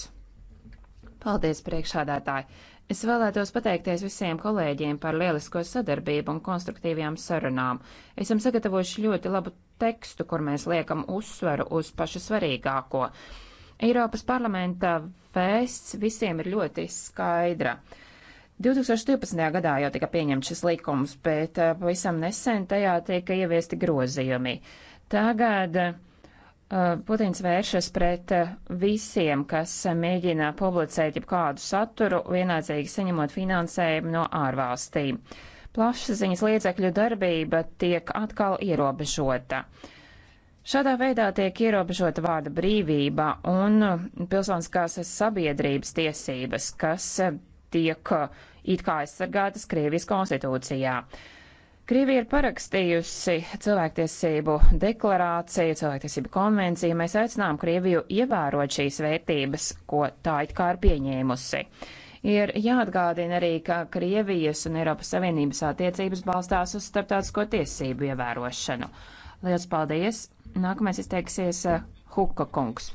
Paldies, priekšādātāji! Es vēlētos pateikties visiem kolēģiem par lielisko sadarbību un konstruktīvajām sarunām. Esam sagatavojuši ļoti labu tekstu, kur mēs liekam uzsvaru uz pašu svarīgāko. Eiropas parlamenta vēsts visiem ir ļoti skaidra. 2012. gadā jau tika pieņemts šis likums, bet eh, pavisam nesen tajā tika ieviesti grozījumi. Tagad uh, Eh, Putins vēršas pret eh, visiem, kas eh, mēģina publicēt jau kādu saturu, vienādzīgi saņemot finansējumu no ārvalstīm. Plašsaziņas līdzekļu darbība tiek atkal ierobežota. Šādā veidā tiek ierobežota vārda brīvība un pilsoniskās sabiedrības tiesības, kas tiek it kā aizsargātas Krievijas konstitūcijā. Uh, Krievija ir parakstījusi cilvēktiesību deklarāciju, cilvēktiesību konvenciju. Mēs aicinām Krieviju ievērot šīs vērtības, ko tā it kā ir pieņēmusi. Ir jāatgādina arī, ka Krievijas un Eiropas Savienības attiecības balstās uz starptautisko tiesību ievērošanu. Lielas paldies! Nākamais izteiksies Huka kungs.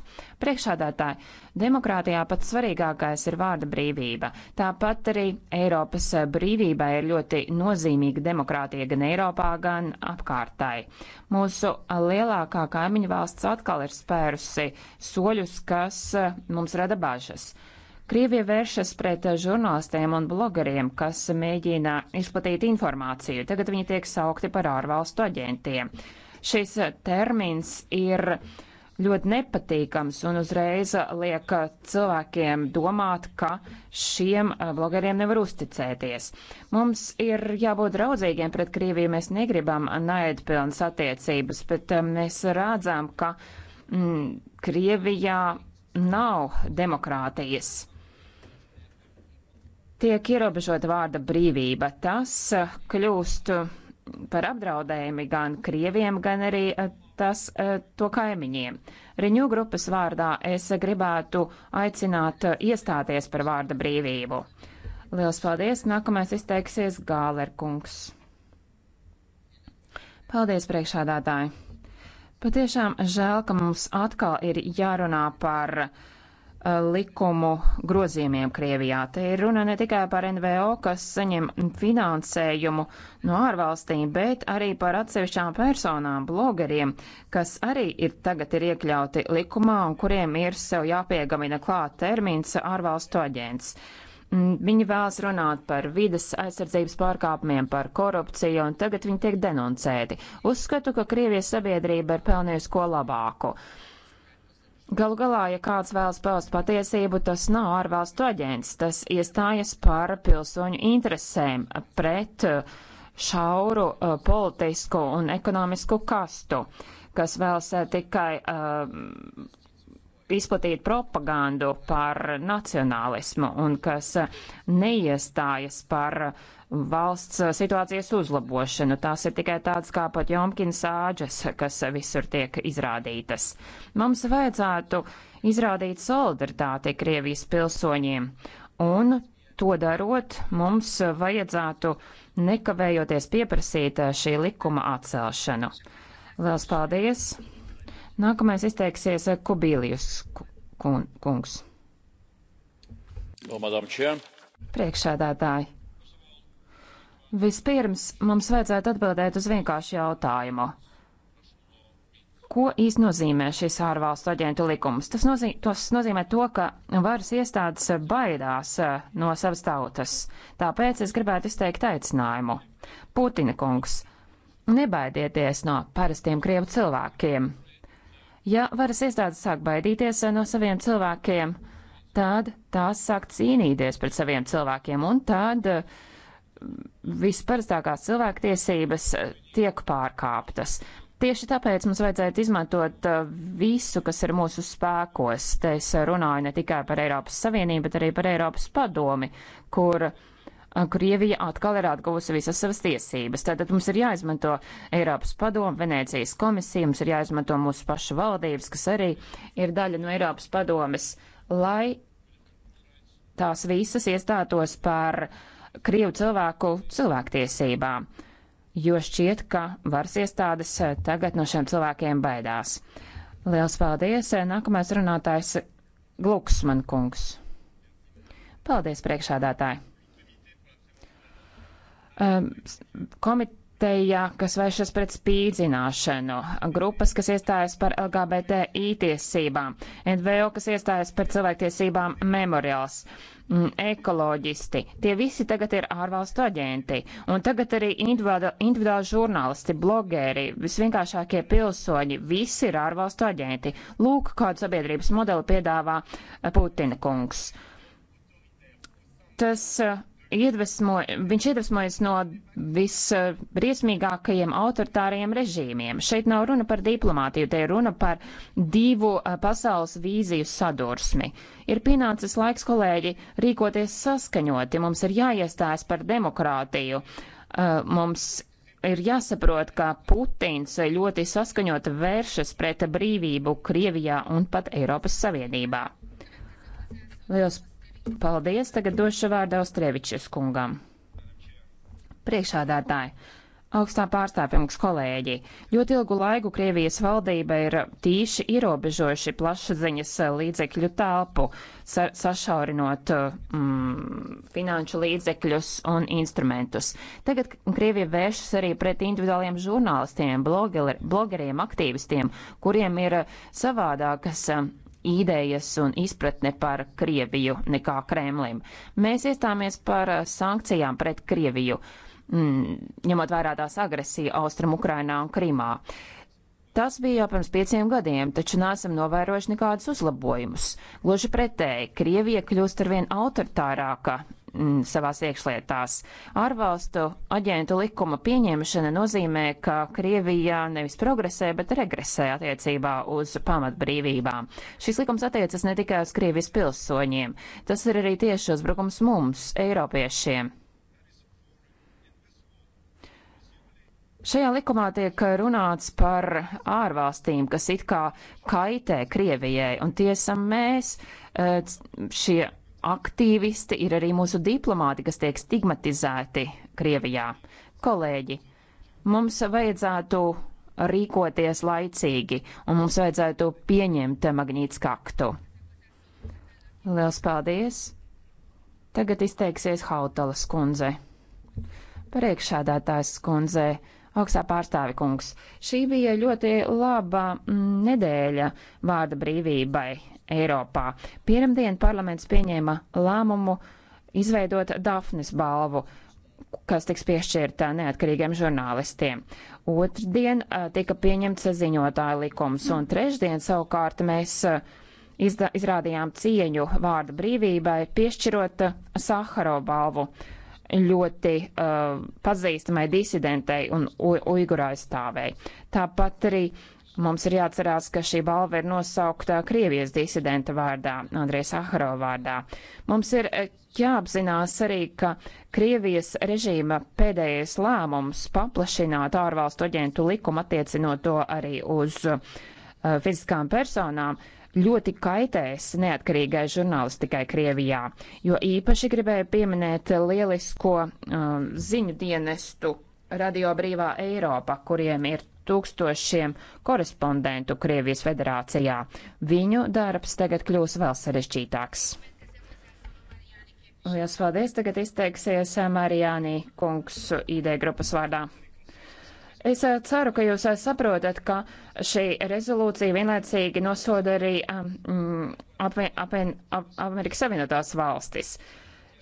Priekšādātāji, demokrātijā pats svarīgākais ir vārda brīvība. Tāpat arī Eiropas brīvībai ir ļoti nozīmīga demokrātija gan Eiropā, gan apkārtai. Mūsu lielākā kaimiņu valsts atkal ir spērusi soļus, kas mums rada bažas. Krievija vēršas pret žurnālistiem un blogeriem, kas mēģina izplatīt informāciju. Tagad viņi tiek saukti par ārvalstu aģentiem. Šis termins ir uh, ļoti nepatīkams un uzreiz uh, liek uh, cilvēkiem domāt, ka šiem uh, blogeriem nevar uzticēties. Mums ir jābūt draudzīgiem pret Krieviju, mēs negribam naidpilnas attiecības, bet um, mēs rādzām, ka mm, Krievijā nav demokrātijas tiek ierobežota vārda brīvība. Tas kļūst par apdraudējumi gan krieviem, gan arī tas eh, to kaimiņiem. Riņu grupas vārdā es gribētu aicināt eh, iestāties par vārda brīvību. Lielas paldies! Nākamais izteiksies Gālerkungs. Paldies, priekšādātāji! Patiešām žēl, ka mums atkal ir jārunā par uh, Eh, likumu grozījumiem Krievijā. Te ir runa ne tikai par NVO, kas saņem finansējumu no ārvalstīm, bet arī par atsevišķām personām, blogeriem, kas arī ir tagad ir iekļauti likumā un kuriem ir sev jāpiegamina klāt termins ārvalstu aģents. Mm, viņi vēlas runāt par vidas aizsardzības pārkāpumiem, par korupciju, un tagad viņi tiek denoncēti. Uzskatu, ka Krievijas sabiedrība ir pelnījusi ko labāku. Uh, Galu galā, ja kāds vēlas paust patiesību, tas nav ārvalstu aģents, tas iestājas par pilsoņu interesēm pret eh, šauru uh, politisku un ekonomisku kastu, kas vēlas uh, tikai uh, izplatīt propagandu par nacionālismu un kas neiestājas par uh, valsts eh, situācijas uzlabošanu. Tās ir tikai tādas kā pat Jomkins āģes, kas visur tiek izrādītas. Mums vajadzētu izrādīt solidaritāti Krievijas pilsoņiem, un to darot mums vajadzētu nekavējoties pieprasīt eh, šī likuma atcelšanu. Lielas paldies! Nākamais izteiksies eh, Kubīlijus kungs. No, Priekšādātāji. Vispirms mums vajadzētu atbildēt uz vienkāršu jautājumu. Ko īsti nozīmē šis ārvalstu aģentu likums? Tas, nozī tas nozīmē to, ka varas iestādes baidās eh, no savas tautas. Tāpēc es gribētu izteikt aicinājumu. Putina kungs, nebaidieties no parastiem krievu cilvēkiem. Ja varas iestādes sāk baidīties eh, no saviem cilvēkiem, tad tās sāk cīnīties pret saviem cilvēkiem, un tad uh, visparastākās cilvēktiesības tiek pārkāptas. Tieši tāpēc mums vajadzētu izmantot uh, visu, kas ir mūsu spēkos. Te es runāju ne tikai par Eiropas Savienību, bet arī par Eiropas padomi, kur uh, Krievija atkal ir atguvusi visas savas tiesības. Tātad mums ir jāizmanto Eiropas padomu, Venēcijas komisija, mums ir jāizmanto mūsu pašu valdības, kas arī ir daļa no Eiropas padomes, lai tās visas iestātos par uh, Krievu cilvēku cilvēktiesībām, jo šķiet, ka varas iestādes eh, tagad no šiem cilvēkiem baidās. Liels paldies! Eh, nākamais runātājs Gluksman kungs. Paldies, priekšādātāji! Um, ehm, komit vietējā, kas vēršas pret spīdzināšanu, grupas, kas iestājas par LGBTI tiesībām, NVO, kas iestājas par cilvēktiesībām memoriāls. Mm, ekoloģisti. Tie visi tagad ir ārvalstu aģenti. Un tagad arī individuāli žurnālisti, blogēri, visvienkāršākie pilsoņi, visi ir ārvalstu aģenti. Lūk, kādu sabiedrības modeli piedāvā eh, Putina kungs. Tas uh, iedvesmo, viņš iedvesmojas no visbriesmīgākajiem autoritāriem režīmiem. Šeit nav runa par diplomātiju, te ir runa par divu eh, pasaules vīziju sadursmi. Ir pienācis laiks, kolēģi, rīkoties saskaņoti, mums ir jāiestājas par demokrātiju. Eh, mums ir jāsaprot, ka Putins ļoti saskaņot vēršas pret brīvību Krievijā un pat Eiropas Savienībā. Liels Paldies, tagad došu vārdu Austrievičs kungam. Priekšādātāji, augstā pārstāvjums kolēģi, ļoti ilgu laiku Krievijas valdība ir tīši ierobežojuši plašsaziņas līdzekļu telpu, sa sašaurinot mm, finanšu līdzekļus un instrumentus. Tagad Krievija vēršas arī pret individuāliem žurnālistiem, bloger, blogeriem, aktīvistiem, kuriem ir savādākas. Mm, idejas un izpratne par Krieviju nekā Kremlim. Mēs iestāmies par eh, sankcijām pret Krieviju, mm, ņemot vērā tās agresiju Austrum Ukrainā un Krimā. Tas bija jau pirms pieciem gadiem, taču nesam novērojuši nekādus uzlabojumus. Gluži pretēji, Krievija kļūst arvien autoritārāka, mm, savās iekšlietās. Ārvalstu aģentu likuma pieņemšana nozīmē, ka Krievija nevis progresē, bet regresē attiecībā uz pamatbrīvībām. Šis likums attiecas ne tikai uz Krievijas pilsoņiem, tas ir arī tieši uzbrukums mums, Eiropiešiem. Šajā likumā tiek runāts par ārvalstīm, kas it kā kaitē Krievijai, un tiesa mēs eh, šie aktīvisti, ir arī mūsu diplomāti, kas tiek stigmatizēti Krievijā. Kolēģi, mums vajadzētu rīkoties laicīgi, un mums vajadzētu pieņemt Magnītisku aktu. Lielas paldies! Tagad izteiksies Hautalas kundze. Priekšādātājs kundze, augstā pārstāvi kungs. Šī bija ļoti laba mm, nedēļa vārda brīvībai. Eiropā. Pirmdien parlaments pieņēma lēmumu izveidot Dafnes balvu kas tiks piešķirta neatkarīgiem žurnālistiem. Otrdien tika pieņemts ziņotāja likums, un trešdien savukārt mēs izda, izrādījām cieņu vārda brīvībai, piešķirot Saharo balvu ļoti uh, pazīstamai disidentei un uigurā aizstāvēji. Tāpat arī uh, Mums ir jāatcerās, ka šī balva ir nosaukta Krievijas disidenta vārdā, Andrija Saharova vārdā. Mums ir eh, jāapzinās arī, ka Krievijas režīma pēdējais lēmums paplašināt ārvalstu aģentu likumu attiecinot to arī uz uh, fiziskām personām ļoti kaitēs neatkarīgai žurnālistikai Krievijā, jo īpaši gribēju pieminēt lielisko um, ziņu dienestu Radio Brīvā Eiropa, kuriem ir tūkstošiem korespondentu Krievijas federācijā. Viņu darbs tagad kļūs vēl sarežģītāks. Lielas paldies! Tagad izteiksies Marijāni Kungs ID grupas vārdā. Es eh, ceru, ka jūs eh, saprotat, ka šī rezolūcija vienlaicīgi nosoda arī um, eh, mm, apvien, apvien, ap, Amerikas Savienotās valstis.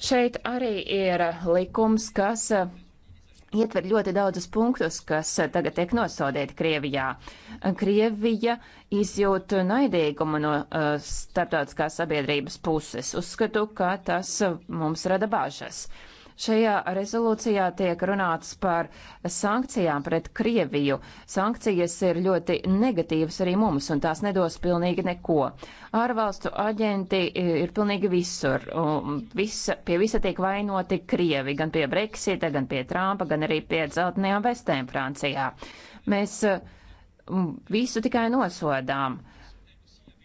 Šeit arī ir likums, kas uh, ietver ļoti daudzus punktus, kas tagad tiek nosodīti Krievijā. Krievija izjūt naidīgumu no uh, starptautiskās sabiedrības puses. Uzskatu, ka tas mums rada bāžas. Uh, Šajā rezolūcijā tiek runāts par sankcijām pret Krieviju. Sankcijas ir ļoti negatīvas arī mums, un tās nedos pilnīgi neko. Ārvalstu aģenti ir pilnīgi visur. Visa, pie visa tiek vainoti Krievi, gan pie Brexita, gan pie Trumpa, gan arī pie dzeltenajām vestēm Francijā. Mēs mm, visu tikai nosodām. Uh,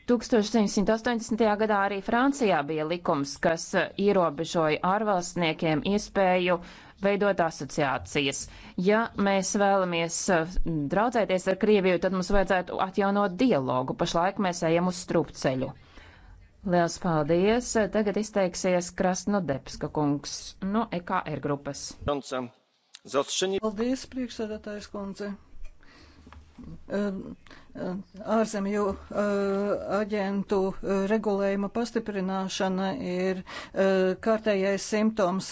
1980. gadā arī Francijā bija likums, kas ierobežoja ārvalstniekiem iespēju veidot asociācijas. Ja mēs vēlamies uh, draudzēties ar Krieviju, tad mums vajadzētu atjaunot dialogu. Pašlaik mēs ejam uz strupceļu. Liels paldies! Tagad izteiksies Krasnodebska kungs no EKR grupas. Paldies, priekšsēdētājs kundze! Um, Ārzemju aģentu regulējuma pastiprināšana ir kārtējais simptoms,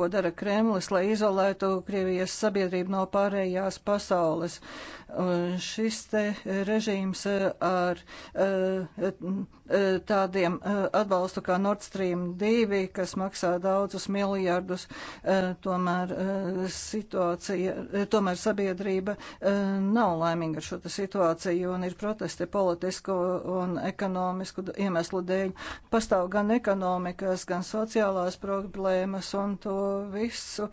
ko dara Kremlis, lai izolētu Krievijas sabiedrību no pārējās pasaules. Šis te režīms eh, ar eh, eh, tādiem atbalstu kā Nord Stream 2, kas maksā daudzus miljardus, tomēr situācija, tomēr sabiedrība nav laimīga ar šo situāciju un ir protesti politisko un ekonomisku iemeslu dēļ. Pastāv gan ekonomikas, gan sociālās problēmas un to visu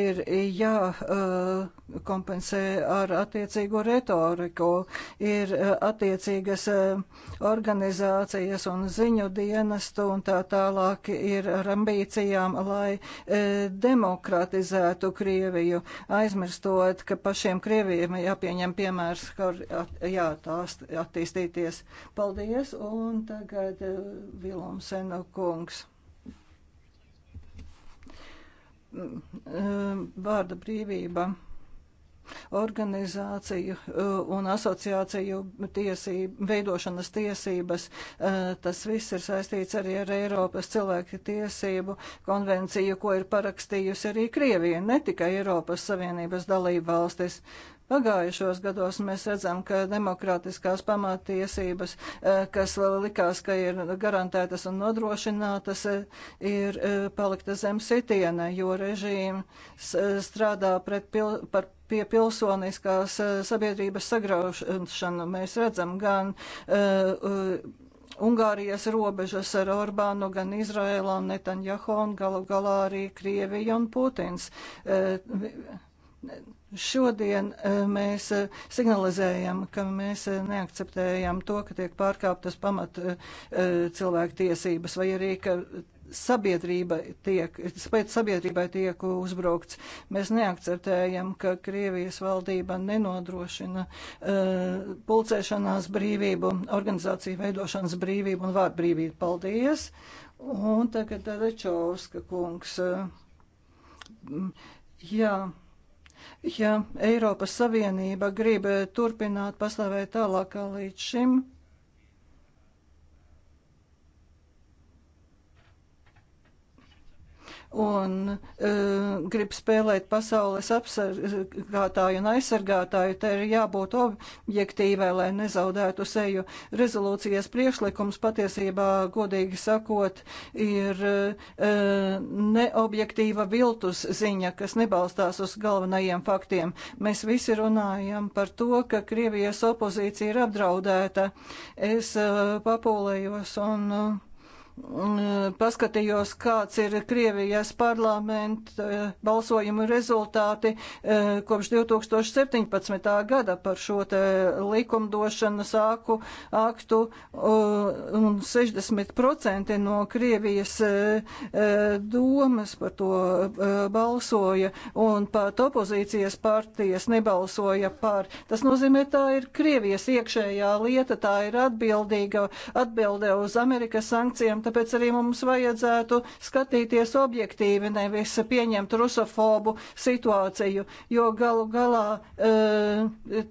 ir jākompensē ar attiecīgu agresīvu retoriku. Ir eh, attiecīgas eh, organizācijas un ziņu dienestu un tā tālāk ir ar ambīcijām, lai eh, demokratizētu Krieviju, aizmirstot, ka pašiem Krievijiem jāpieņem piemērs, kā jātāst, attīstīties. Paldies, un tagad Vilumsena kungs mm, vārda brīvība organizāciju uh, un asociāciju tiesību, veidošanas tiesības. Uh, tas viss ir saistīts arī ar Eiropas cilvēku tiesību konvenciju, ko ir parakstījusi arī Krievija, ne tikai Eiropas Savienības dalība valstis. Pagājušos gados mēs redzam, ka demokrātiskās pamatiesības, uh, kas likās, ka ir garantētas un nodrošinātas, ir palikta zem sitiena, jo režīms strādā pret, pil, par, pie pilsoniskās eh, sabiedrības sagraušanu. Mēs redzam gan uh, Ungārijas robežas ar Orbānu, gan Izraēlā un Netanjahu un galu galā arī Krievija un Putins. Uh, Šodien mēs signalizējam, ka mēs neakceptējam to, ka tiek pārkāptas pamat cilvēku tiesības vai arī, ka sabiedrībai tiek, pēc sabiedrībai tiek uzbrukts. Mēs neakceptējam, ka Krievijas valdība nenodrošina uh, pulcēšanās brīvību, organizāciju veidošanas brīvību un vārdu brīvību. Paldies! Un tagad Rečovska kungs. Uh, jā. Ja Eiropas Savienība grib eh, turpināt pastāvēt tālāk kā līdz šim, un uh, grib spēlēt pasaules apsargātāju un aizsargātāju, te ir jābūt objektīvai, lai nezaudētu seju. Rezolūcijas priekšlikums patiesībā, godīgi sakot, ir uh, neobjektīva viltus ziņa, kas nebalstās uz galvenajiem faktiem. Mēs visi runājam par to, ka Krievijas opozīcija ir apdraudēta. Es uh, papūlējos un. Uh, E, paskatījos, kāds ir Krievijas parlamenta e, balsojumu rezultāti e, kopš 2017. gada par šo te likumdošanas aku, aktu, un 60% no Krievijas domas par to balsoja, un pat opozīcijas partijas nebalsoja par. Tas nozīmē, tā ir Krievijas iekšējā lieta, tā ir atbildīga atbilde uz Amerikas sankcijām tāpēc arī mums vajadzētu skatīties objektīvi, nevis pieņemt rusofobu situāciju, jo galu galā. Uh,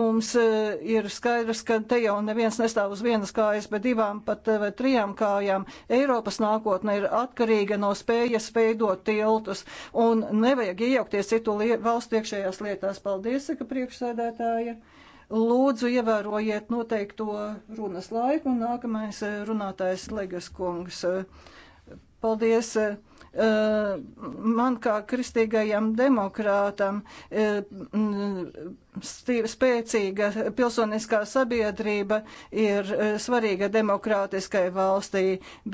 mums eh, ir skaidrs, ka te jau neviens nestāv uz vienas kājas, bet divām pat eh, vai trijām kājām. Eiropas nākotne ir atkarīga no spējas veidot tiltus un nevajag iejaukties citu valstu iekšējās lietās. Paldies, saka priekšsēdētāja. Lūdzu, ievērojiet noteikto runas laiku. Nākamais eh, runātājs Legas kungs. Paldies! Eh, eh, man kā kristīgajam demokrātam spēcīga pilsoniskā sabiedrība ir svarīga demokrātiskai valstī,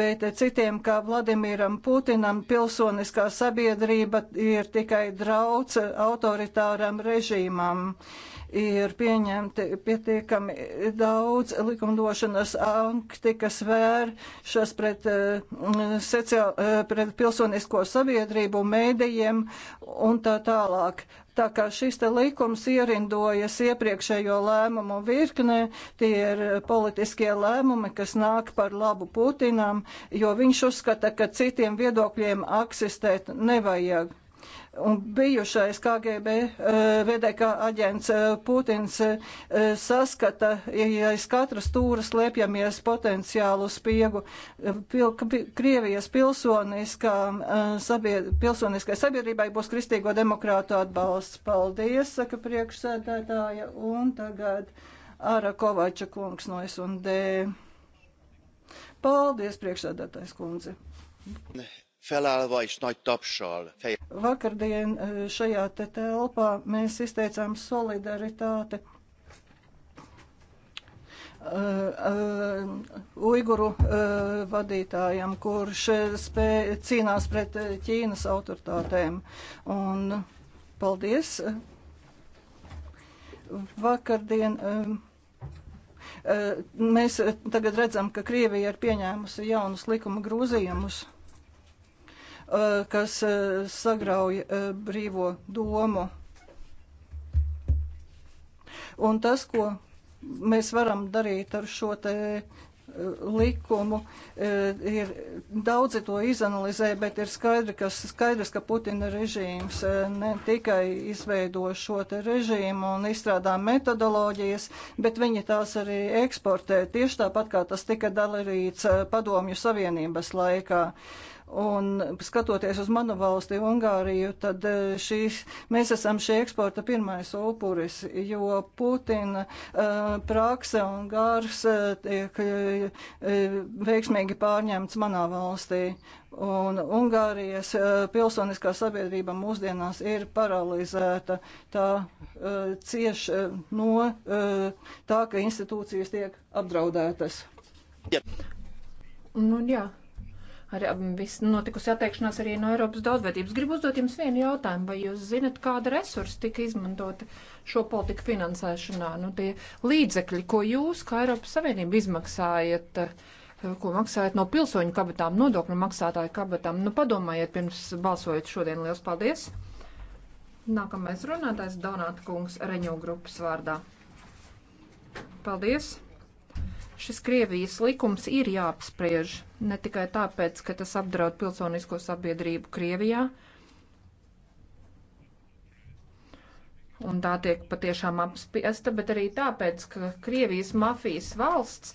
bet citiem kā Vladimiram Putinam pilsoniskā sabiedrība ir tikai drauds autoritāram režīmam. Uh, ir pieņemti pietiekami daudz likumdošanas akti, kas vēršas pret, eh, eh, pret pilsonisko sabiedrību, mēdījiem un tā tālāk. Tā kā šis te likums ierindojas iepriekšējo lēmumu virknē, tie ir politiskie lēmumi, kas nāk par labu Putinam, jo viņš uzskata, ka citiem viedokļiem eksistēt nevajag. Un bijušais KGB eh, VDK aģents eh, Putins eh, saskata, ja aiz katras stūra slēpjamies potenciālu spiegu Krievijas pilsoniskām, sabied, pilsoniskai sabiedrībai būs kristīgo demokrātu atbalsts. Paldies, saka priekšsēdētāja, un tagad Ara Kovača kungs no S&D. Paldies, priekšsēdētājs kundze felállva és nagy tapsal. Fej... Vakardien šajā te telpā mēs izteicām solidaritāti Uiguru vadītājam, kurš spē, cīnās pret Ķīnas autoritātēm. Un paldies! Vakardien mēs tagad redzam, ka Krievija ir pieņēmusi jaunus likuma grūzījumus. Eh, kas eh, sagrauj eh, brīvo domu. Un tas, ko mēs varam darīt ar šo te likumu. Ir, daudzi to izanalizē, bet ir skaidri, ka, skaidrs, ka Putina režīms ne tikai izveido šo te režīmu un izstrādā metodoloģijas, bet viņi tās arī eksportē tieši tāpat, kā tas tika darīts Padomju Savienības laikā. Uh, Un skatoties uz manu valsti, Ungāriju, tad e, šīs, mēs esam šī eksporta pirmais upuris, jo Putina uh, prakse un gars uh, tiek uh, veiksmīgi pārņemts manā valstī. Un Ungārijas pilsoniskā sabiedrība mūsdienās ir paralizēta. Tā cieš no tā, ka institūcijas tiek apdraudētas. Jā. Nu, jā. Ar um, visu notikusi atteikšanās arī no Eiropas daudzveidības. Gribu uzdot jums vienu jautājumu. Vai jūs zinat, kāda resursa tika izmantota šo politiku finansēšanā? Nu, tie līdzekļi, ko jūs, kā Eiropas Savienība, izmaksājat, uh, ko maksājat no pilsoņu kabatām, nodokļu maksātāju kabatām. Nu, padomājiet pirms balsojot šodien. Liels paldies! Nākamais runātājs Donāta Kungs Reņo grupas vārdā. Paldies! Šis Krievijas likums ir jāapspriež ne tikai tāpēc, ka tas apdraud pilsonisko sabiedrību Krievijā, un tā tiek patiešām apspiesta, bet arī tāpēc, ka Krievijas mafijas valsts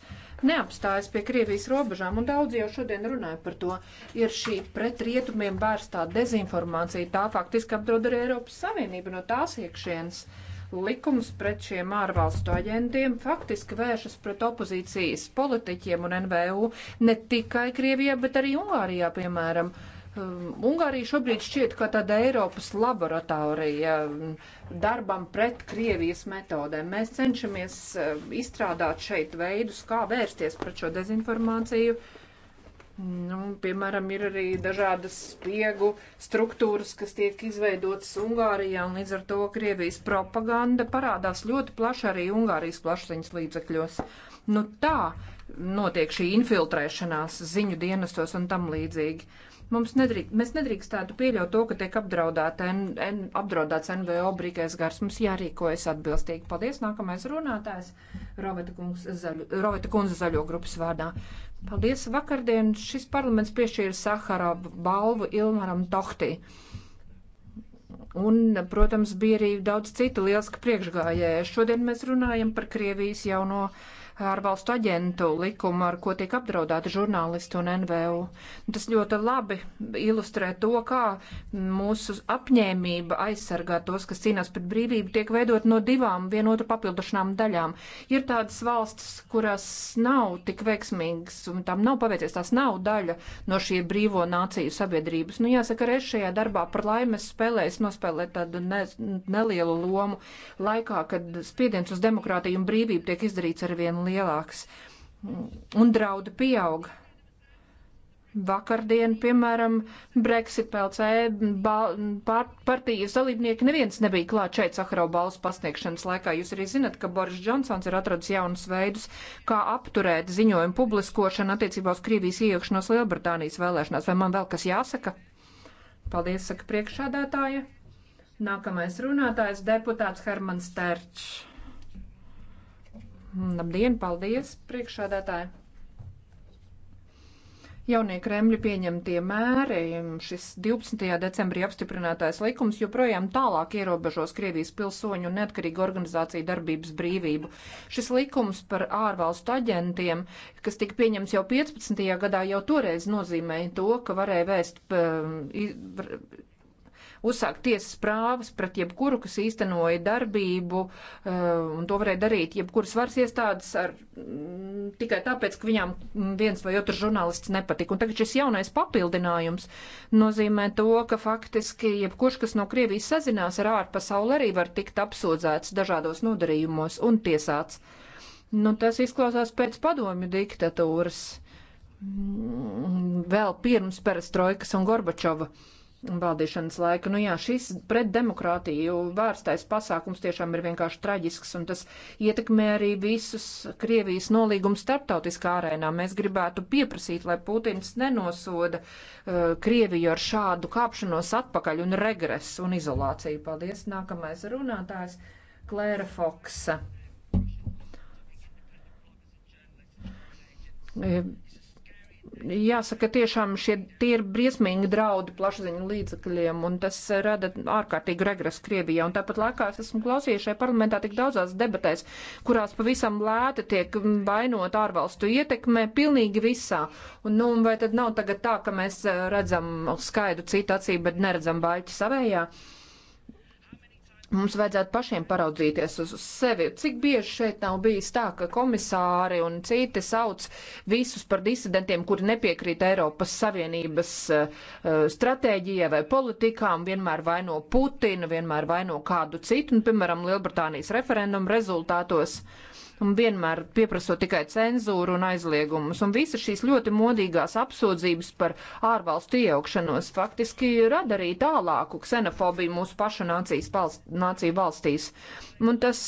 neapstājas pie Krievijas robežām, un daudz jau šodien runāja par to, ir šī pret rietumiem vērstā dezinformācija, tā faktiski apdraud arī Eiropas Savienību no tās iekšienes. Uh, likums pret šiem ārvalstu aģentiem faktiski vēršas pret opozīcijas politiķiem un NVU ne tikai Krievijā, bet arī Ungārijā, piemēram. Um, Ungārija šobrīd šķiet kā tāda Eiropas laboratorija um, darbam pret Krievijas metodēm. Mēs cenšamies uh, izstrādāt šeit veidus, kā vērsties pret šo dezinformāciju. Uh, Nu, piemēram, ir arī dažādas spiegu struktūras, kas tiek izveidotas Ungārijā, un līdz ar to Krievijas propaganda parādās ļoti plaši arī Ungārijas plašsaziņas līdzekļos. Nu, tā notiek šī infiltrēšanās ziņu dienestos un tam līdzīgi. Mums nedrīk, mēs nedrīkstētu pieļaut to, ka tiek apdraudēta, en, en, apdraudēts NVO brīkais gars. Mums jārīkojas atbilstīgi. Paldies, nākamais runātājs, Roveta, kungs, zaļu, Roveta kundze zaļo grupas vārdā. Paldies! Vakardien šis parlaments piešķīra Saharova balvu Ilmaram Tohtī. Un, protams, bija arī daudz citu lieliski priekšgājēju. Šodien mēs runājam par Krievijas jauno. No ārvalstu aģentu likumu, ar ko tiek apdraudēti žurnālisti un NVU. Tas ļoti labi ilustrē to, kā mūsu apņēmība aizsargāt tos, kas cīnās pret brīvību, tiek veidot no divām vienotru papildušanām daļām. Ir tādas valstis, kurās nav tik veiksmīgas un tam nav paveicies, tās nav daļa no šie brīvo nāciju sabiedrības. Nu, jāsaka, arī šajā darbā par laimes spēlēs nospēlēt tādu ne, nelielu lomu laikā, kad spiediens uz demokrātiju un brīvību tiek izdarīts ar vienu lielāks un draudu pieaug. Vakardien, piemēram, Brexit PLC par, partijas dalībnieki neviens nebija klāt šeit Sahara balvas pasniegšanas laikā. Jūs arī zinat, ka Boris Džonsons ir atradis jaunus veidus, kā apturēt ziņojumu publiskošanu attiecībā uz Krievijas iejaukšanos Lielbritānijas vēlēšanās. Vai man vēl kas jāsaka? Paldies, saka priekšādātāja. Nākamais runātājs deputāts Hermans Terčs. Mm, labdien, paldies, priekšādātāji! Jaunie Kremļa pieņemtie mēri, šis 12. decembrī apstiprinātais likums joprojām tālāk ierobežos Krievijas pilsoņu un neatkarīgu organizāciju darbības brīvību. Šis likums par ārvalstu aģentiem, kas tika pieņemts jau 15. gadā, jau toreiz nozīmēja to, ka varēja vēst um, uzsākt tiesas prāvas pret jebkuru, kas īstenoja darbību, eh, un to varēja darīt jebkuras varas iestādes ar, mm, tikai tāpēc, ka viņām mm, viens vai otrs žurnālists nepatika. Un tagad šis jaunais papildinājums nozīmē to, ka faktiski jebkurš, kas no Krievijas sazinās ar ārpasauli, arī var tikt apsūdzēts dažādos nodarījumos un tiesāts. Nu, tas izklausās pēc padomju diktatūras, mm, vēl pirms perestroikas un Gorbačova. Uh, Valdīšanas laika. Nu jā, šis pret demokrātiju vērstais pasākums tiešām ir vienkārši traģisks, un tas ietekmē arī visus Krievijas nolīgumus starptautiskā arēnā. Mēs gribētu pieprasīt, lai Putins nenosoda uh, Krieviju ar šādu kāpšanos atpakaļ un regresu un izolāciju. Paldies, nākamais runātājs Klēra Foksa. Uh, jāsaka, tiešām šie tie ir briesmīgi draudi plašsaziņu līdzakļiem, un tas rada ārkārtīgu regresu Krievijā. Un tāpat laikā es esmu klausījies šajā parlamentā tik daudzās debatēs, kurās pavisam lēti tiek vainot ārvalstu ietekmē pilnīgi visā. Un, nu, vai tad nav tagad tā, ka mēs redzam skaidu citu acī, bet neredzam baļķi savējā? Mums vajadzētu pašiem paraudzīties uz, uz sevi. Cik bieži šeit nav bijis tā, ka komisāri un citi sauc visus par disidentiem, kuri nepiekrīt Eiropas Savienības uh, stratēģijai vai politikām, vienmēr vaino Putinu, vienmēr vaino kādu citu, un, nu, piemēram, Lielbritānijas referendumu rezultātos. Uh, un vienmēr pieprasot tikai cenzūru un aizliegumus. Un visas šīs ļoti modīgās apsūdzības par ārvalstu iejaukšanos faktiski rada arī tālāku ksenofobiju mūsu pašu nācijas valst, nāciju valstīs. Un tas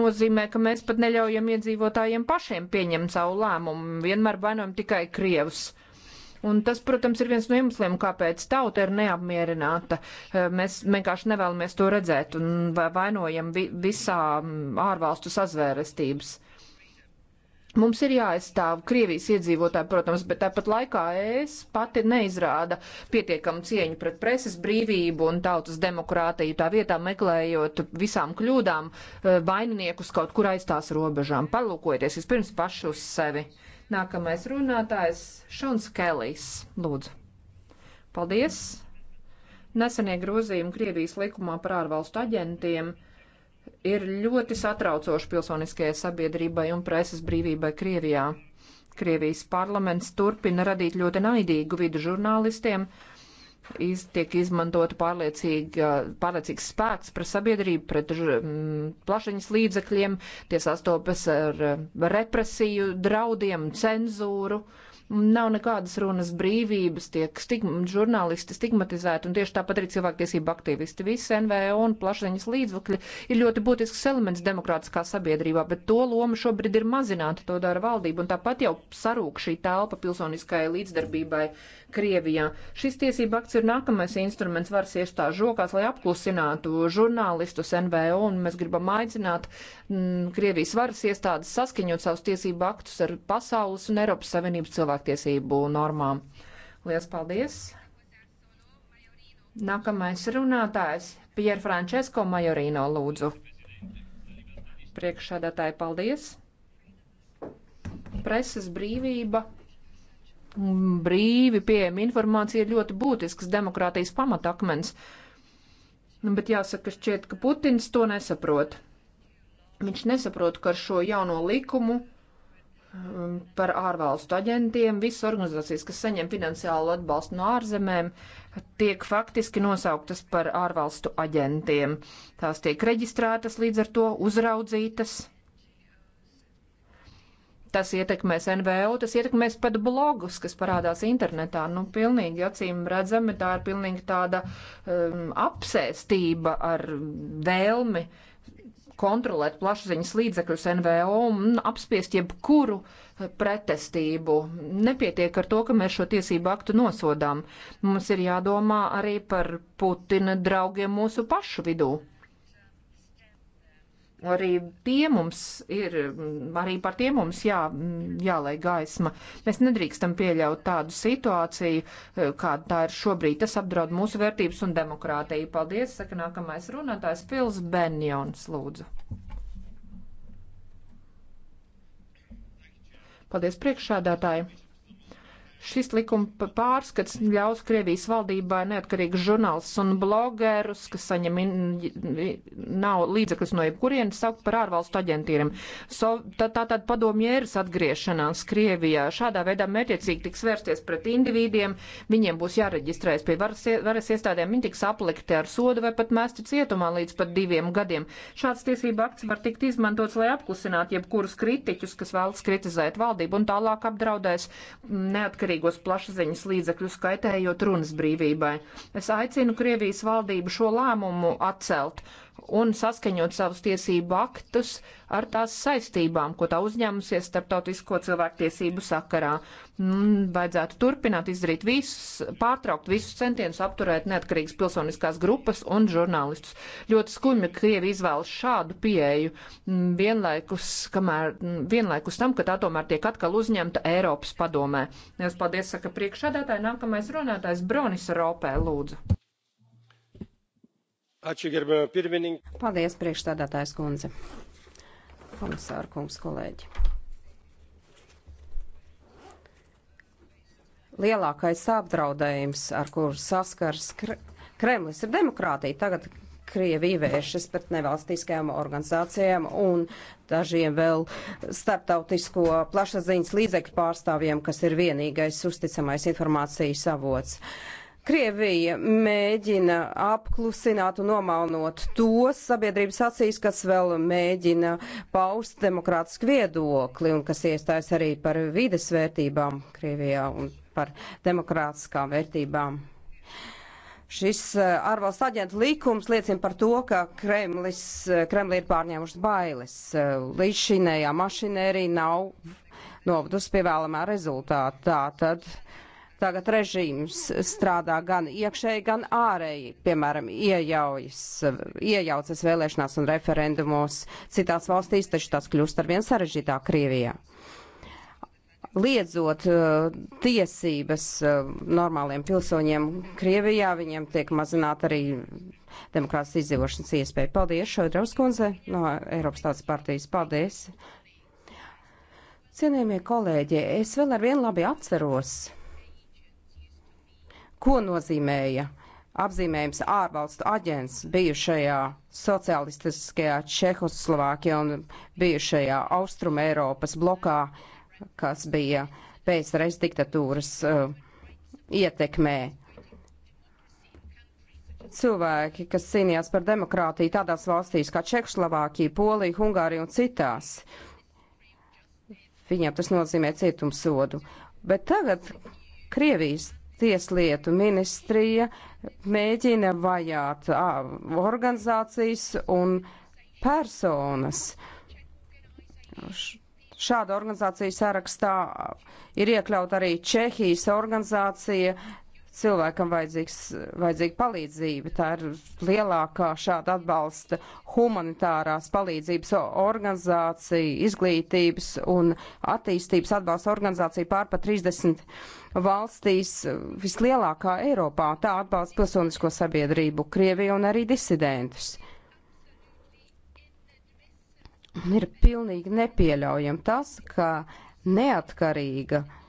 nozīmē, ka mēs pat neļaujam iedzīvotājiem pašiem pieņemt savu lēmumu, vienmēr vainojam tikai Krievus. Un tas, protams, ir viens no iemesliem, kāpēc tauta ir neapmierināta. Eh, mēs vienkārši nevēlamies to redzēt un vainojam vi visā mm, ārvalstu sazvērestības. Mums ir jāaizstāv Krievijas iedzīvotāji, protams, bet tāpat laikā es pati neizrāda pietiekamu cieņu pret preses brīvību un tautas demokrātiju, tā vietā meklējot visām kļūdām eh, vaininiekus kaut kur aizstās robežām. Palūkojieties vispirms paši uz sevi. Nākamais runātājs Šons Kelijs. Lūdzu. Paldies! Nesenie grozījumi Krievijas likumā par ārvalstu aģentiem ir ļoti satraucoši pilsoniskajai sabiedrībai un preses brīvībai Krievijā. Krievijas parlaments turpina radīt ļoti naidīgu vidu žurnālistiem iz, tiek izmantota pārliecīgs spēks pret sabiedrību, pret mm, plašiņas līdzekļiem, tie sastopas ar represiju, draudiem, cenzūru. Nav nekādas runas brīvības, tiek stigma, žurnālisti stigmatizēti, un tieši tāpat arī cilvēktiesība aktīvisti. Visi NVO un plašsaziņas līdzvakļi ir ļoti būtisks elements demokrātiskā sabiedrībā, bet to loma šobrīd ir mazināta, to dara valdība, un tāpat jau sarūk šī telpa pilsoniskai līdzdarbībai, Krievijā. Šis tiesība akts ir nākamais instruments varas iestāžu rokās, lai apklusinātu žurnālistus NVO, un mēs gribam aicināt m, mm, Krievijas varas iestādes saskaņot savus tiesību aktus ar pasaules un Eiropas Savienības cilvēktiesību normām. Lielas paldies! Nākamais runātājs - Pierfrancesko Majorino lūdzu. Priekšādātāji, paldies! Preses brīvība brīvi pieejama informācija ir ļoti būtisks demokrātijas pamatakmens. Bet jāsaka, šķiet, ka Putins to nesaprot. Viņš nesaprot, ka ar šo jauno likumu um, par ārvalstu aģentiem visas organizācijas, kas saņem finansiālu atbalstu no ārzemēm, tiek faktiski nosauktas par ārvalstu aģentiem. Tās tiek reģistrētas līdz ar to, uzraudzītas Tas ietekmēs NVO, tas ietekmēs pat blogus, kas parādās internetā. Nu, pilnīgi acīm redzami, tā ir pilnīgi tāda um, apsēstība ar vēlmi kontrolēt plašsaziņas līdzekļus NVO un apspiest jebkuru uh, pretestību. Nepietiek ar to, ka mēs šo tiesību aktu nosodām. Mums ir jādomā arī par Putina draugiem mūsu pašu vidū. Arī tie mums ir, arī par tiem mums jā, jālai gaisma. Mēs nedrīkstam pieļaut tādu situāciju, kāda tā ir šobrīd. Tas apdraud mūsu vērtības un demokrātiju. Paldies, saka nākamais runātājs Pils Benjons, lūdzu. Paldies priekšādātāji. Šis likuma pārskats ļaus Krievijas valdībai neatkarīgus žurnālistus un blogerus, kas saņem in, nav līdzekļus no jebkurienes, saukt par ārvalstu aģentīriem. So, tā tā tad padomjēras atgriešanās Krievijā. Šādā veidā mērķiecīgi tiks vērsties pret individiem, viņiem būs jāreģistrējas pie varas, varas iestādēm, viņi tiks aplikti ar sodu vai pat mēsti cietumā līdz pat diviem gadiem. Šāds tiesība akts var tikt izmantots, lai apklusinātu jebkurus kritiķus, kas vēlas kritizēt valdību un tālāk apdraudēs neatkarīgi svarīgos plašsaziņas līdzekļus, kaitējot runas brīvībai. Es aicinu Krievijas valdību šo lēmumu atcelt un saskaņot savus tiesību aktus ar tās saistībām, ko tā uzņēmusies starptautisko cilvēktiesību sakarā. Mm, vajadzētu turpināt izdarīt visus, pārtraukt visus centienus apturēt neatkarīgas pilsoniskās grupas un žurnālistus. Ļoti skumji, ka Krievi izvēlas šādu pieeju mm, vienlaikus, kamēr, mm, vienlaikus tam, ka tā tomēr tiek atkal uzņemta Eiropas padomē. Es paldies, saka priekšādātāji, nākamais runātājs Bronis Ropē, lūdzu. Atšķirība pirmininkā. Paldies, priekšstādātājs kundze. Komisāra kungs, kolēģi. Lielākais apdraudējums, ar kur saskars Kremlis, ir demokrātija. Tagad Krievija vēršas pret nevalstiskajām organizācijām un dažiem vēl starptautisko plašsaziņas līdzekļu pārstāvjiem, kas ir vienīgais uzticamais informācijas avots. Uh, Krievija mēģina apklusināt un nomalnot tos sabiedrības acīs, kas vēl mēģina paust demokrātisku viedokli un kas iestājas arī par vides vērtībām Krievijā un par demokrātiskām vērtībām. Šis eh, ārvalstu aģentu likums liecina par to, ka Kremlis, eh, Kremli ir pārņēmušas bailes. Eh, līdz šinējā mašinērija nav novadusi pie vēlamā rezultāta. Tātad Tagad režīms strādā gan iekšēji, gan ārēji, piemēram, iejaujas, iejaucas vēlēšanās un referendumos citās valstīs, taču tas kļūst arvien sarežģītāk Krievijā liedzot uh, tiesības uh, normāliem pilsoņiem Krievijā, viņiem tiek mazināta arī demokrātas izdzīvošanas iespēja. Paldies, Šodraus kundze no Eiropas tautas partijas. Paldies! Cienījamie kolēģi, es vēl ar vienu labi atceros Ko nozīmēja apzīmējums ārvalstu aģents bijušajā socialistiskajā Čehoslovākijā un bijušajā Austrum Eiropas blokā, kas bija pēc reiz diktatūras uh, ietekmē? cilvēki, kas cīnījās par demokrātiju tādās valstīs kā Čehoslovākija, Polija, Hungārija un citās. Viņiem tas nozīmē cietumsodu. Bet tagad Krievijas Tieslietu ministrija mēģina vajāt organizācijas un personas. Šāda organizācija sarakstā ir iekļaut arī Čehijas organizācija cilvēkam vajadzīga palīdzība. Tā ir lielākā šāda atbalsta humanitārās palīdzības organizācija, izglītības un attīstības atbalsta organizācija pārpa 30 valstīs vislielākā Eiropā. Tā atbalsta pilsonisko sabiedrību, Krieviju un arī disidentus. Ir pilnīgi nepieļaujam tas, ka neatkarīga uh,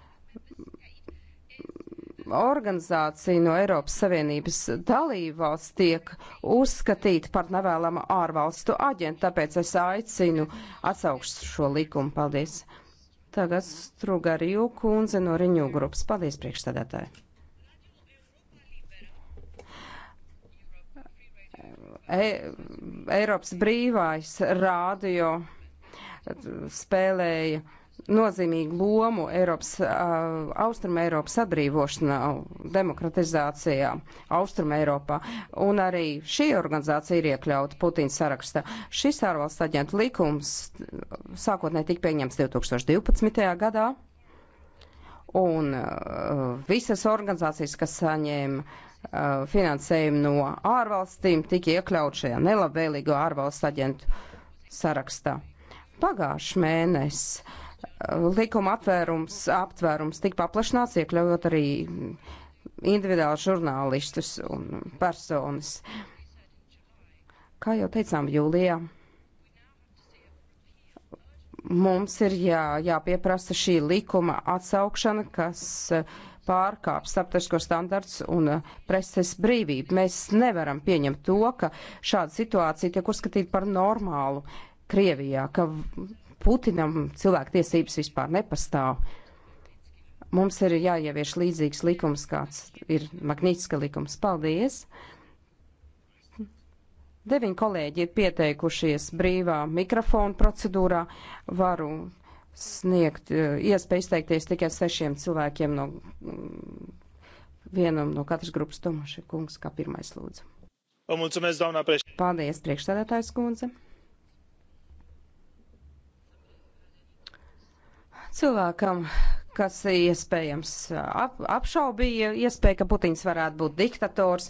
organizācija no Eiropas Savienības dalībvalsts tiek uzskatīta par nevēlama ārvalstu aģentu, tāpēc es aicinu atsaukšu šo likumu. Paldies! Tagad Strugariju kundze no Riņu grupas. Paldies, priekšstādātāji! E Eiropas brīvais rādio spēlēja nozīmīgu lomu Eiropas, uh, Austrum Eiropas atbrīvošanā, demokratizācijā Austrum Eiropā. Un arī šī organizācija ir iekļauta Putina sarakstā. Šis ārvalstu aģentu likums sākotnēji tika pieņemts 2012. gadā. Un uh, visas organizācijas, kas saņēma uh, finansējumu no ārvalstīm, tika iekļaut šajā nelabvēlīgo ārvalstu aģentu sarakstā. Pagājuši mēnesi uh, likuma apvērums, aptvērums tika paplašināts, iekļaujot arī individuāli žurnālistus un personas. Kā jau teicām, jūlijā mums ir jā, jāpieprasa šī likuma atsaukšana, kas pārkāp starptautisko standarts un preses brīvību. Mēs nevaram pieņemt to, ka šāda situācija tiek uzskatīta par normālu Krievijā, ka Putinam cilvēktiesības vispār nepastāv. Mums ir jāievieš līdzīgs likums, kāds ir Magnitska likums. Paldies! Deviņi kolēģi ir pieteikušies brīvā mikrofona procedūrā. Varu sniegt eh, iespēju izteikties tikai sešiem cilvēkiem no vienam no katras grupas. Tomaši kungs, kā pirmais lūdzu. Paldies, priekšstādātājs kundze. Cilvēkam, kas iespējams ap, apšaubīja iespēju, ka Putins varētu būt diktators,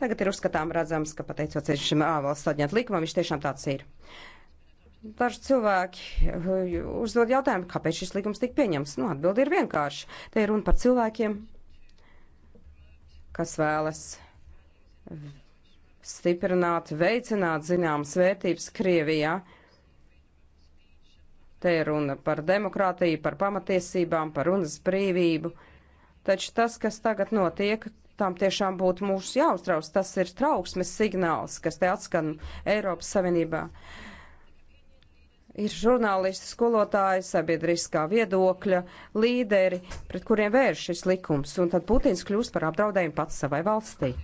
tagad ir uzskatām redzams, ka pateicoties šim ārvalstu aģentu likumam, viņš tiešām tāds ir. Daži cilvēki uzdod jautājumu, kāpēc šis likums tika pieņemts. Nu, atbildi ir vienkārši. Te ir runa par cilvēkiem, kas vēlas stiprināt, veicināt zināmas vērtības Krievijā. Ja? Te ir runa par demokrātiju, par pamatiesībām, par runas brīvību. Taču tas, kas tagad notiek, tam tiešām būtu mūs jāuztrauc. Tas ir trauksmes signāls, kas te atskan Eiropas Savienībā. Ir žurnālisti, skolotāji, sabiedriskā viedokļa, līderi, pret kuriem vērš šis likums, un tad Putins kļūst par apdraudējumu pats savai valstī.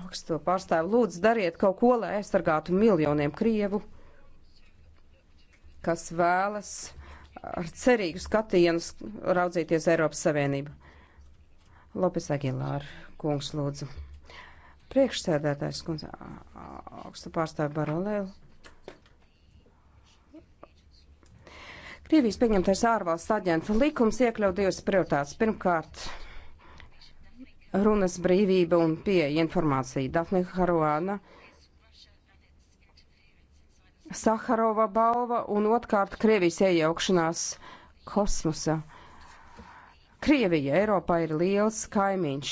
Augsto pārstāvu lūdzu dariet kaut ko, lai aizsargātu miljoniem Krievu kas vēlas ar cerīgu skatienu raudzīties Eiropas Savienību. Lopes Agilāra kungs lūdzu. Priekšsēdētājs kundze augsta pārstāvja Barolēlu. Krievijas pieņemtais ārvalsts aģenta likums iekļaut divas prioritātes. Pirmkārt, runas brīvība un pieeja informācija. Dafne Haruāna Saharova balva un otrkārt Krievijas iejaukšanās kosmosa. Krievija Eiropā ir liels kaimiņš.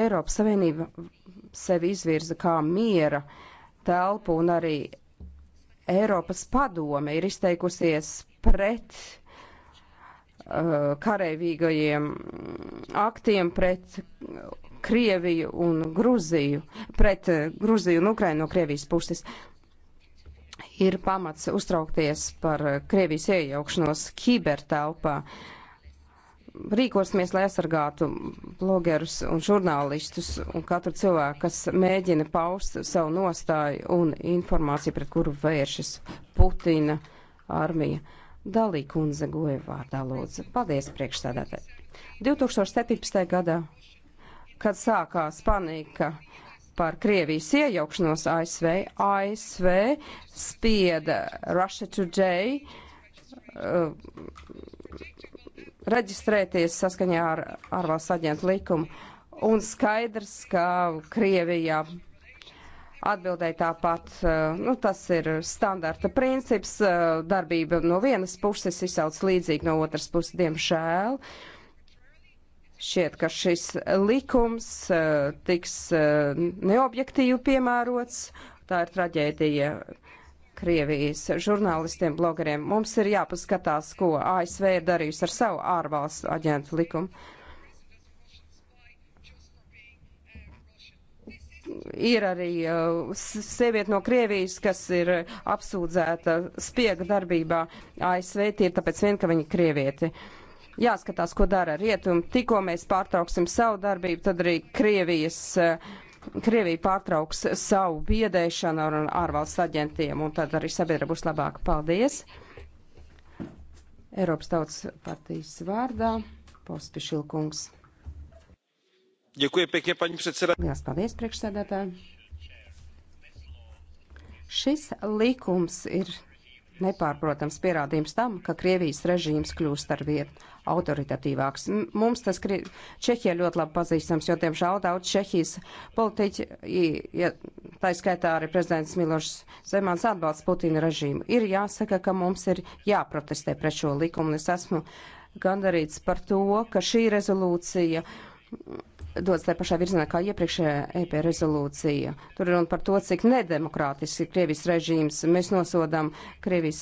Eiropas Savienība sevi izvirza kā miera telpu un arī Eiropas padome ir izteikusies pret uh, karavīgajiem aktiem, pret Krieviju un Gruziju, pret uh, Gruziju un Ukrainu no Krievijas puses. Uh, ir pamats uztraukties par Krievijas iejaukšanos kibertelpā. Rīkosimies, lai aizsargātu blogerus un žurnālistus un katru cilvēku, kas mēģina paust savu nostāju un informāciju, pret kuru vēršas Putina armija. Dalī kundze goja vārdā lūdzu. Paldies priekšstādātāji. 2017. gadā, kad sākās panika par Krievijas iejaukšanos ASV. ASV spieda Russia Today uh, reģistrēties saskaņā ar ārvalsts aģentu likumu. Un skaidrs, ka Krievijā atbildēja tāpat, uh, nu, tas ir standarta princips, uh, darbība no vienas puses izsauc līdzīgi no otras puses, diemžēl. Uh, Šķiet, ka šis likums eh, tiks eh, neobjektīvi piemērots. Tā ir traģēdija Krievijas žurnālistiem, blogeriem. Mums ir jāpaskatās, ko ASV ir darījusi ar savu ārvalstu aģentu likumu. Ir arī eh, sieviete no Krievijas, kas ir apsūdzēta spiega darbībā ASV, tie ir tāpēc vien, ka viņa krievieti. Uh, jāskatās, ko dara rietumi. Tikko mēs pārtrauksim savu darbību, tad arī Krievijas, eh, Krievija pārtrauks savu biedēšanu ar ārvalstu aģentiem, un tad arī sabiedrība būs labāka. Paldies! Eiropas tautas partijas vārdā Pospišilkungs. Děkuji pěkně, paní předsedající. Lielas paldies, priekšsēdētāji. Šis likums ir nepārprotams pierādījums tam, ka Krievijas režīms kļūst ar vien autoritatīvāks. Mums tas Krie... Čehijā ļoti labi pazīstams, jo, diemžēl, daudz Čehijas politiķi, ja tā skaitā arī prezidents Milošs Zemans atbalsts Putina režīmu, ir jāsaka, ka mums ir jāprotestē pret šo likumu. Es esmu gandarīts par to, ka šī rezolūcija dodas tajā pašā virzienā kā iepriekšējā EP rezolūcija. Tur ir runa par to, cik nedemokrātisks ir Krievijas režīms. Mēs nosodām Krievijas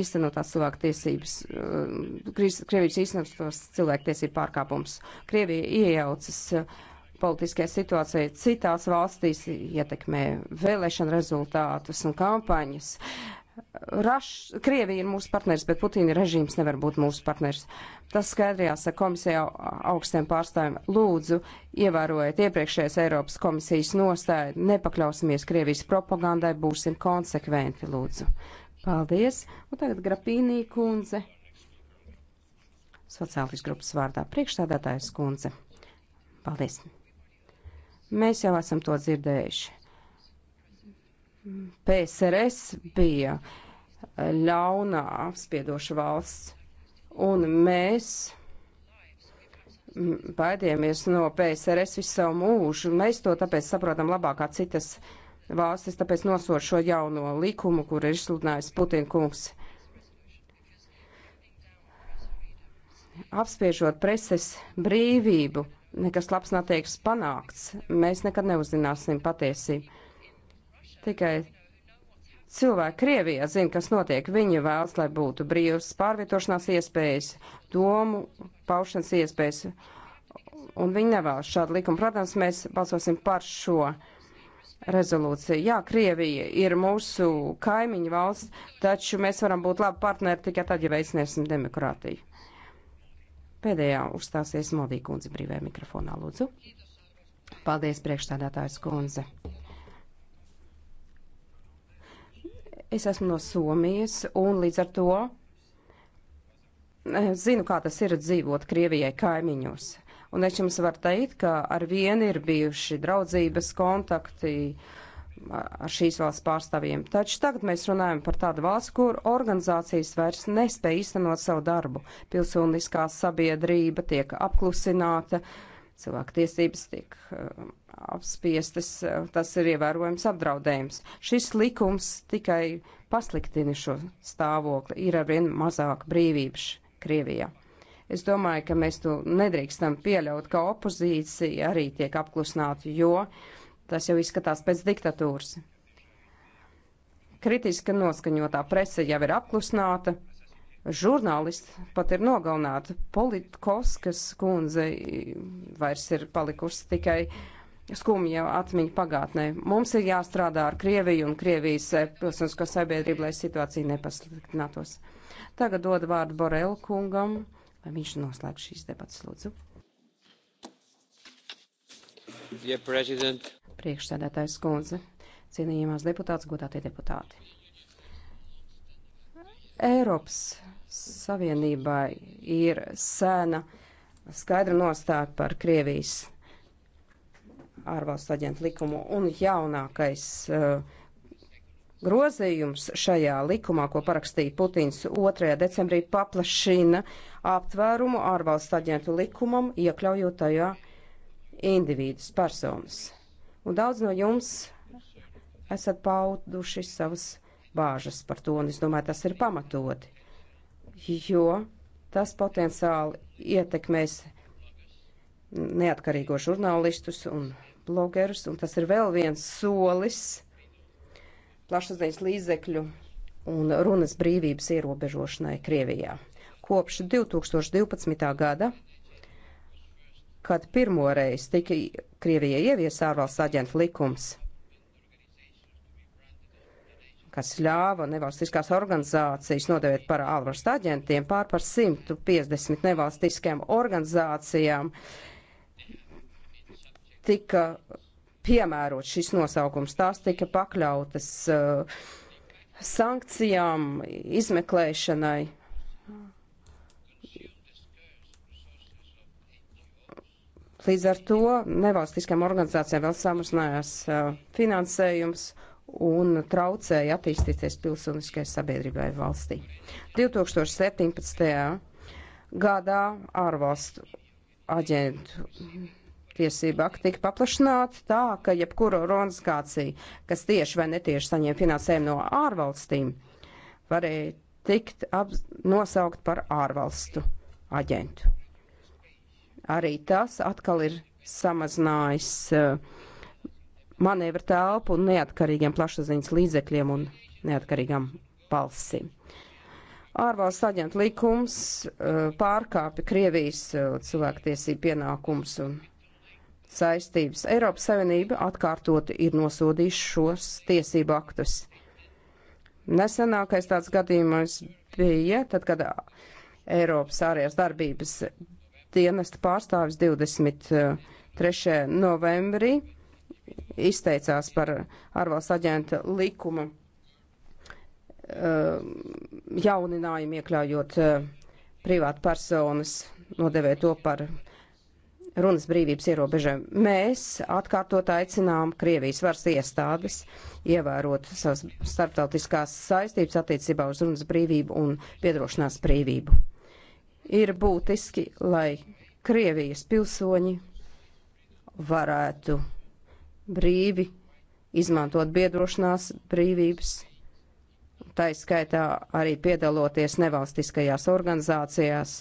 īstenotās cilvēktiesības, uh, Krievijas īstenotās cilvēktiesību pārkāpums. Krievija iejaucas uh, politiskajā situācijā citās valstīs, ietekmē vēlēšana rezultātus un kampaņas. Uh, Raš, Krievija ir mūsu partners, bet Putina režīms nevar būt mūsu partners. Tas skaidri jāsaka komisijā augstiem pārstāvjiem. Lūdzu, ievērojiet iepriekšējās Eiropas komisijas nostāju, nepakļausimies Krievijas propagandai, būsim konsekventi, lūdzu. Paldies. Un tagad Grapīnī kundze. Sociālīs grupas vārdā priekšstādātājs kundze. Paldies. Mēs jau esam to dzirdējuši PSRS bija ļaunā apspiedoša valsts, un mēs baidījāmies no PSRS visu savu mūžu. Mēs to tāpēc saprotam labāk kā citas valstis, tāpēc nosošu šo jauno likumu, kur ir izsludinājis Putina kungs. Apspiežot preses brīvību, nekas labs netiek panākts. Mēs nekad neuzzināsim patiesību Tikai cilvēki Krievijā zina, kas notiek. Viņi vēlas, lai būtu brīvas pārvietošanās iespējas, domu paušanas iespējas, un viņi nevēlas šādu likumu. Protams, mēs balsosim par šo rezolūciju. Jā, Krievija ir mūsu kaimiņu valsts, taču mēs varam būt labi partneri tikai tad, ja veicināsim demokrātiju. Pēdējā uzstāsies Modī kundze brīvē mikrofonā, lūdzu. Paldies, priekšstādātājs kundze. Es esmu no Somijas un līdz ar to eh, zinu, kā tas ir dzīvot Krievijai kaimiņos. Un es jums varu teikt, ka ar vienu ir bijuši draudzības kontakti ar šīs valsts pārstāvjiem. Taču tagad mēs runājam par tādu valsts, kur organizācijas vairs nespēja īstenot savu darbu. Pilsoniskā sabiedrība tiek apklusināta, cilvēku tiesības tiek. Uh, apspiestas, tas ir ievērojams apdraudējums. Šis likums tikai pasliktina šo stāvokli, ir arvien mazāk brīvības Krievijā. Es domāju, ka mēs to nedrīkstam pieļaut, ka opozīcija arī tiek apklusināta, jo tas jau izskatās pēc diktatūras. Kritiska noskaņotā prese jau ir apklusināta, žurnālisti pat ir nogalināti, politkoskas kundze vairs ir palikusi tikai uh, skumja atmiņa pagātnē. Mums ir jāstrādā ar Krieviju un Krievijas eh, pilsonisko sabiedrību, lai situācija nepasliktinātos. Tagad dodu vārdu Borel kungam, lai viņš noslēgš šīs debatas, lūdzu. Priekšsēdētājs kundze, cienījamās deputāts, godātie deputāti. Eiropas Savienībai ir sēna skaidra nostāja par Krievijas ārvalstu aģentu likumu un jaunākais eh, grozījums šajā likumā, ko parakstīja Putins 2. decembrī, paplašina aptvērumu ārvalstu aģentu likumam, iekļaujot tajā individus personas. Un daudz no jums esat pauduši savas bāžas par to, un es domāju, tas ir pamatoti, jo tas potenciāli ietekmēs neatkarīgo žurnālistus un blogerus, un tas ir vēl viens solis plašsaziņas līdzekļu un runas brīvības ierobežošanai Krievijā. Kopš 2012. gada, kad pirmoreiz tika Krievijai ievies ārvalsts aģenta likums, kas ļāva nevalstiskās organizācijas nodevēt par ārvalstu aģentiem pār par 150 nevalstiskajām organizācijām, uh, tika piemērots šis nosaukums, tās tika pakļautas uh, sankcijām, izmeklēšanai. Līdz ar to nevalstiskajām organizācijām vēl samazinājās uh, finansējums un traucēja attīstīties pilsoniskajai sabiedrībai valstī. 2017. gadā ārvalstu aģentu tiesība akti tika paplašināta tā, ka jebkura organizācija, kas tieši vai netieši saņem finansējumu no ārvalstīm, varēja tikt ap, nosaukt par ārvalstu aģentu. Arī tas atkal ir samazinājis uh, manevra telpu neatkarīgiem plašsaziņas līdzekļiem un neatkarīgām balsīm. Ārvalstu aģentu likums uh, pārkāpja Krievijas uh, cilvēktiesību pienākums un saistības. Eiropas Savienība atkārtot ir nosodījusi šos tiesību aktus. Nesenākais tāds gadījums bija, tad, kad Eiropas ārējās darbības dienesta pārstāvis 23. novembrī izteicās par ārvalsts aģenta likuma uh, jauninājumu iekļaujot uh, privātu personas, nodevē to par runas brīvības ierobežojumu. Mēs atkārtot aicinām Krievijas varas iestādes ievērot savas starptautiskās saistības attiecībā uz runas brīvību un piedrošinās brīvību. Ir būtiski, lai Krievijas pilsoņi varētu brīvi izmantot biedrošanās brīvības, tā izskaitā arī piedaloties nevalstiskajās organizācijās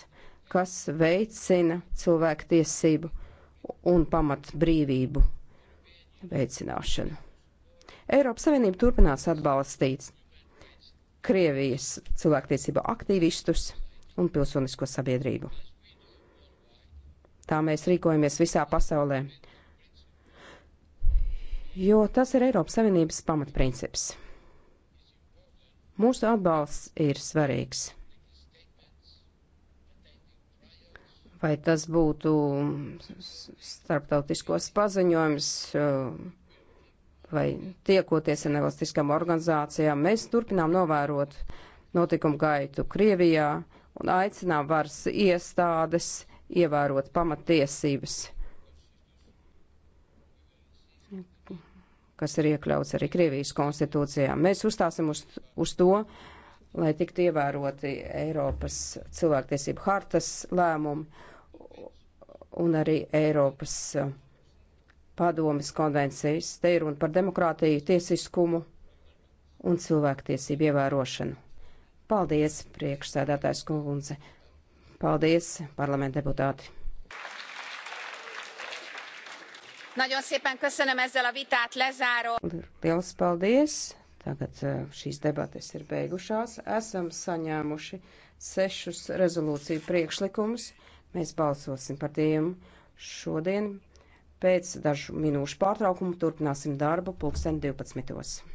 kas veicina cilvēku tiesību un pamat brīvību veicināšanu. Eiropas Savienība turpinās atbalstīt Krievijas cilvēktiesību aktīvistus un pilsonisko sabiedrību. Tā mēs rīkojamies visā pasaulē, jo tas ir Eiropas Savienības pamatprincips. Mūsu atbalsts ir svarīgs. vai tas būtu starptautiskos paziņojums uh, vai tiekoties ar nevalstiskām organizācijām, mēs turpinām novērot notikumu gaitu Krievijā un aicinām varas iestādes ievērot pamatiesības, kas ir iekļauts arī Krievijas konstitūcijā. Mēs uzstāsim uz, uz to, lai tiktu ievēroti Eiropas cilvēktiesību hartas lēmumi un arī Eiropas e, padomis konvencijas. Te ir runa par demokrātiju, tiesiskumu un cilvēktiesību ievērošanu. Paldies, priekšsēdētājs kundze. Paldies, parlamenta deputāti. Nagyon szépen köszönöm ezzel a vitát lezáró. Liels paldies! Tagad e, šīs debates ir beigušās. Esam saņēmuši sešus rezolūciju priekšlikumus. Mēs balsosim par tiem šodien. Pēc dažu minūšu pārtraukumu turpināsim darbu pulksten 12.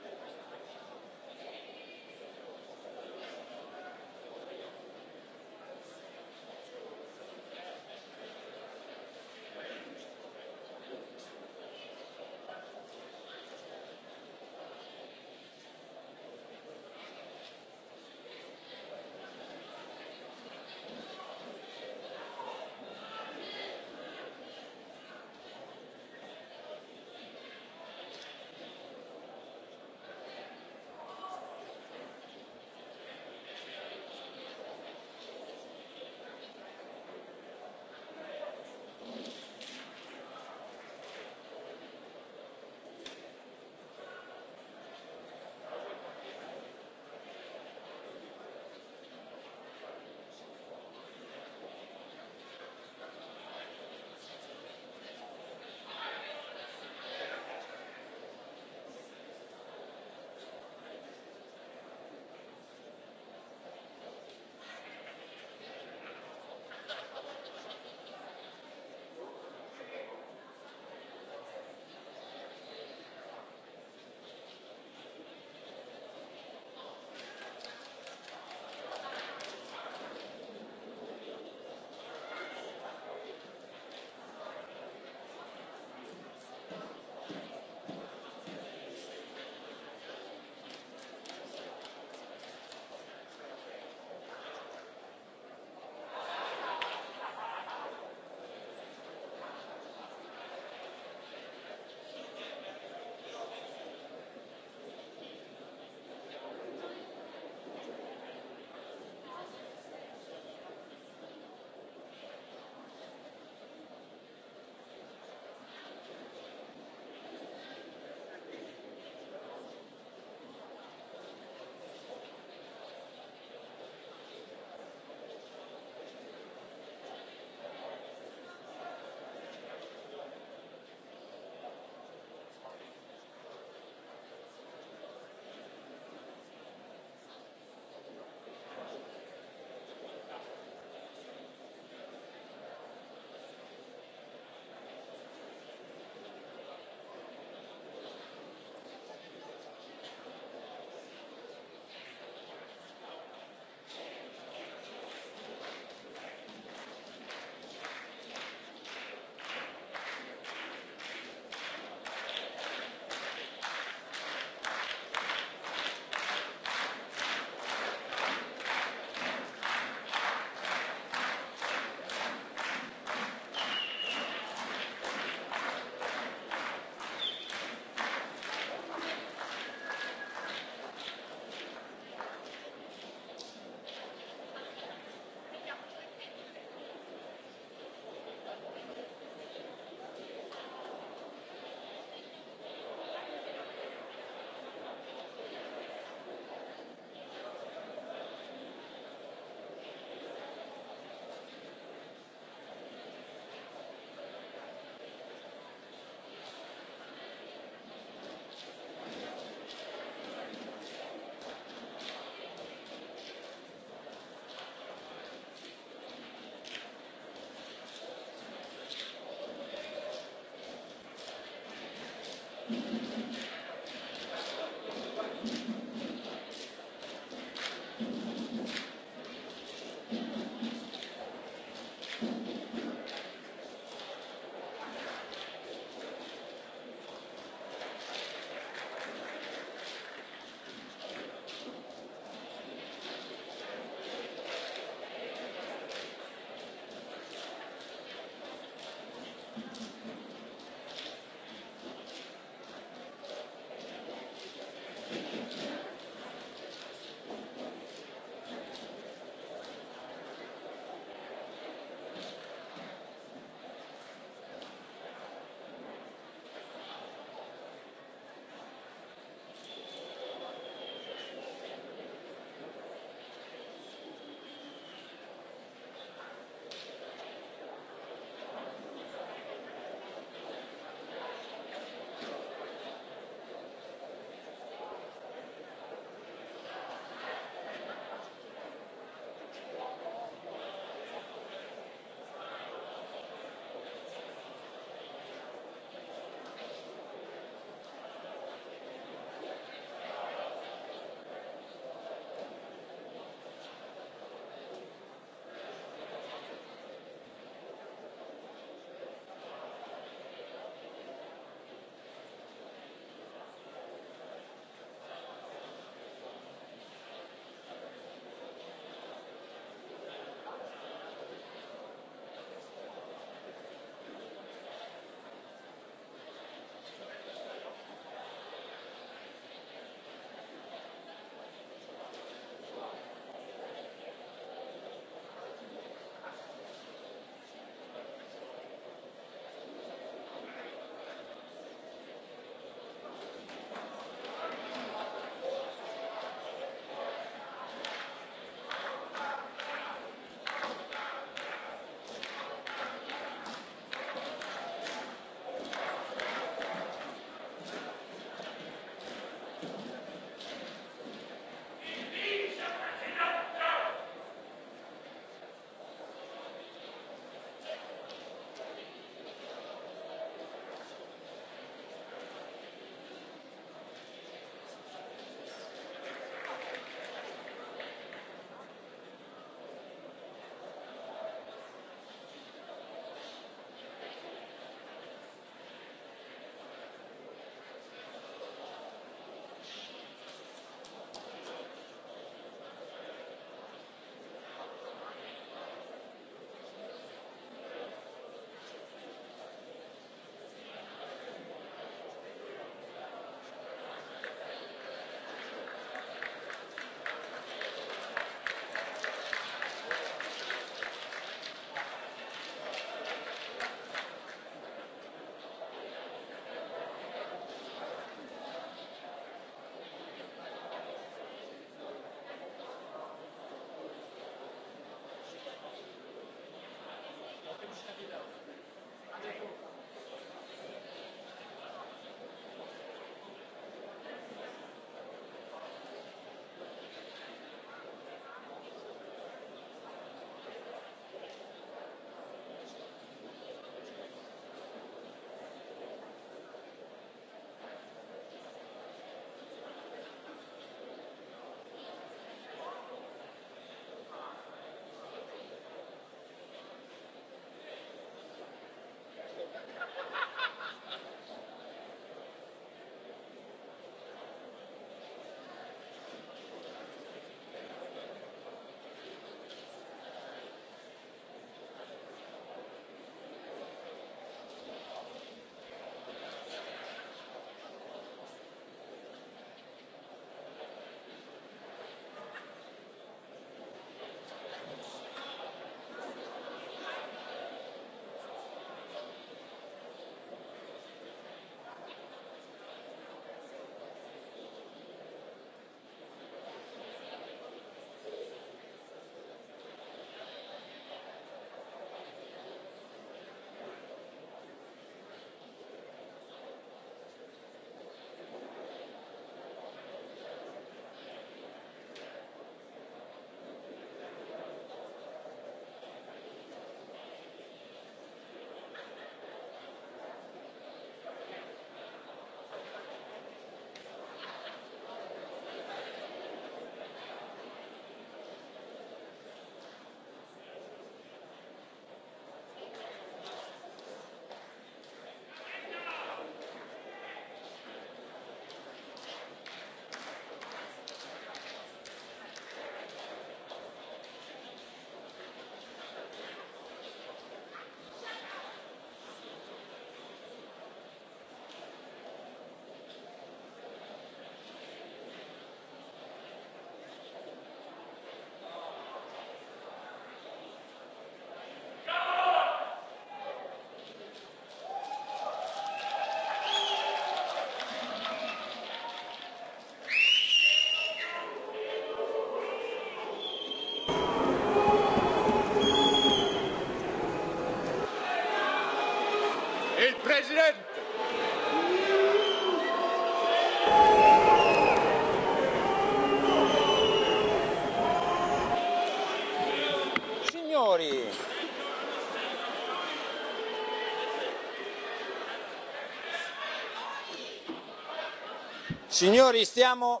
Signori, stiamo...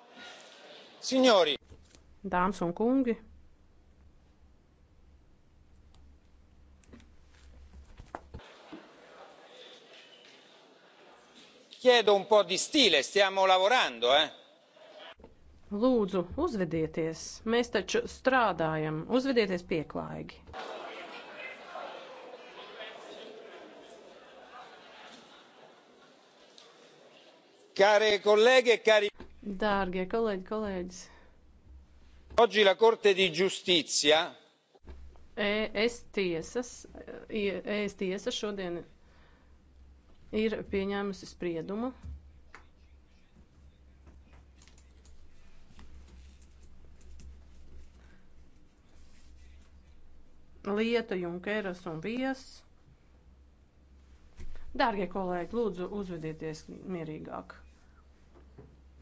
Signori. Dāmas un kungi. Chiedo un po' di stile, stiamo lavorando, eh? Lūdzu, uzvedieties. Mēs taču strādājam. Uzvedieties pieklājīgi. Care kolēģi, e cari... Dārgie kolēģi, kolēģis. Oggi la Corte di Giustizia. ES tiesas, ES tiesa šodien ir pieņēmusi spriedumu. Lieta Junkeras un Vies. Dārgie kolēģi, lūdzu, uzvedieties mierīgāk.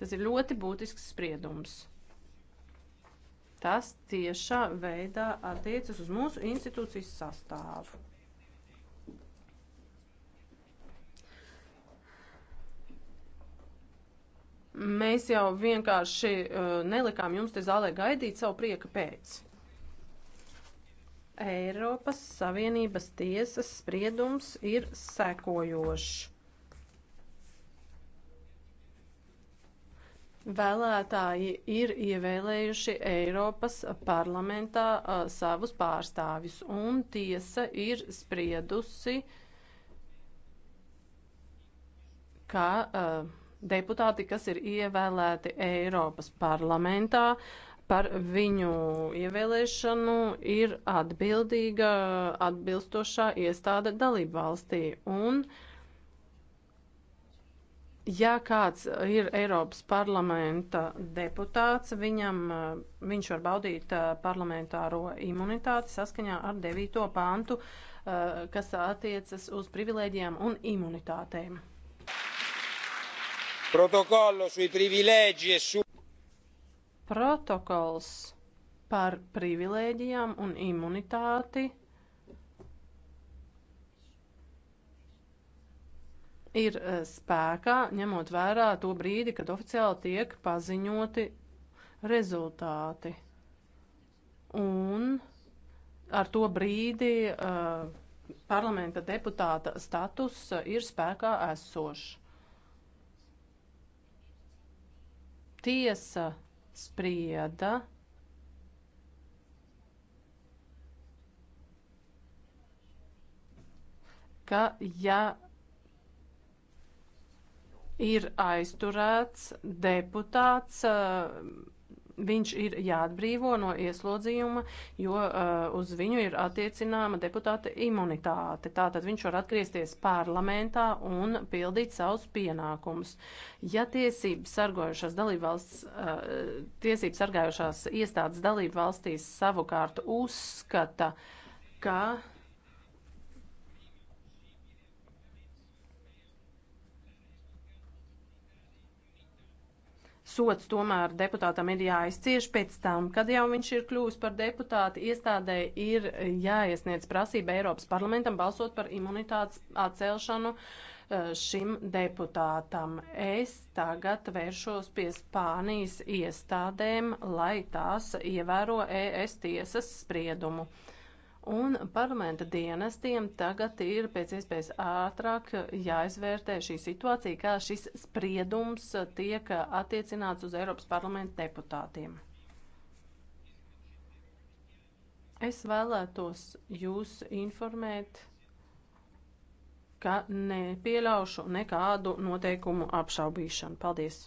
Tas ir ļoti būtisks spriedums. Tas tiešā veidā attiecas uz mūsu institūcijas sastāvu. Mēs jau vienkārši uh, nelikām jums te zālē gaidīt savu prieka pēc. Eiropas Savienības tiesas spriedums ir sekojošs. Vēlētāji ir ievēlējuši Eiropas parlamentā a, savus pārstāvjus, un tiesa ir spriedusi, ka a, deputāti, kas ir ievēlēti Eiropas parlamentā, par viņu ievēlēšanu ir atbildīga atbilstošā iestāde dalību valstī. Un, uh, ja kāds ir Eiropas parlamenta deputāts, viņam, eh, viņš var baudīt eh, parlamentāro imunitāti saskaņā ar 9. pāntu, eh, kas attiecas uz privilēģijām un imunitātēm. Protokollo sui privilegi e su... Protokols par privilēģijām un imunitāti ir eh, spēkā, ņemot vērā to brīdi, kad oficiāli tiek paziņoti rezultāti. Un ar to brīdi uh, parlamenta deputāta status ir spēkā esošs. Tiesa sprieda, ka ja ir aizturēts deputāts. Eh, viņš ir jāatbrīvo no ieslodzījuma, jo uh, uz viņu ir attiecināma deputāta imunitāte. Tātad viņš var atgriezties parlamentā un pildīt savus pienākumus. Ja tiesības sargājušās dalībvalsts, uh, eh, tiesības sargājušās iestādes dalībvalstīs savukārt uzskata, ka uh, sots tomēr deputātam ir jāizcieš pēc tam, kad jau viņš ir kļuvis par deputāti, iestādē ir jāiesniedz prasība Eiropas parlamentam balsot par imunitātes atcelšanu eh, šim deputātam. Es tagad vēršos pie Spānijas iestādēm, lai tās ievēro ES tiesas spriedumu un parlamenta dienestiem tagad ir pēc iespējas ātrāk jāizvērtē šī situācija, kā šis spriedums tiek attiecināts uz Eiropas parlamenta deputātiem. Es vēlētos jūs informēt, ka nepieļaušu nekādu noteikumu apšaubīšanu. Paldies!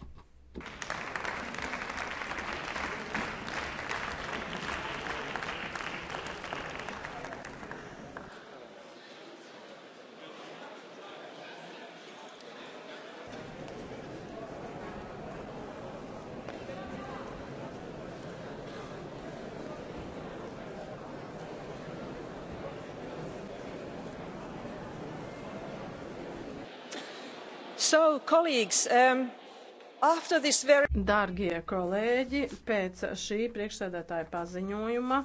Um, very... Dargie kolēģi, pēc šī priekšsēdētāja paziņojuma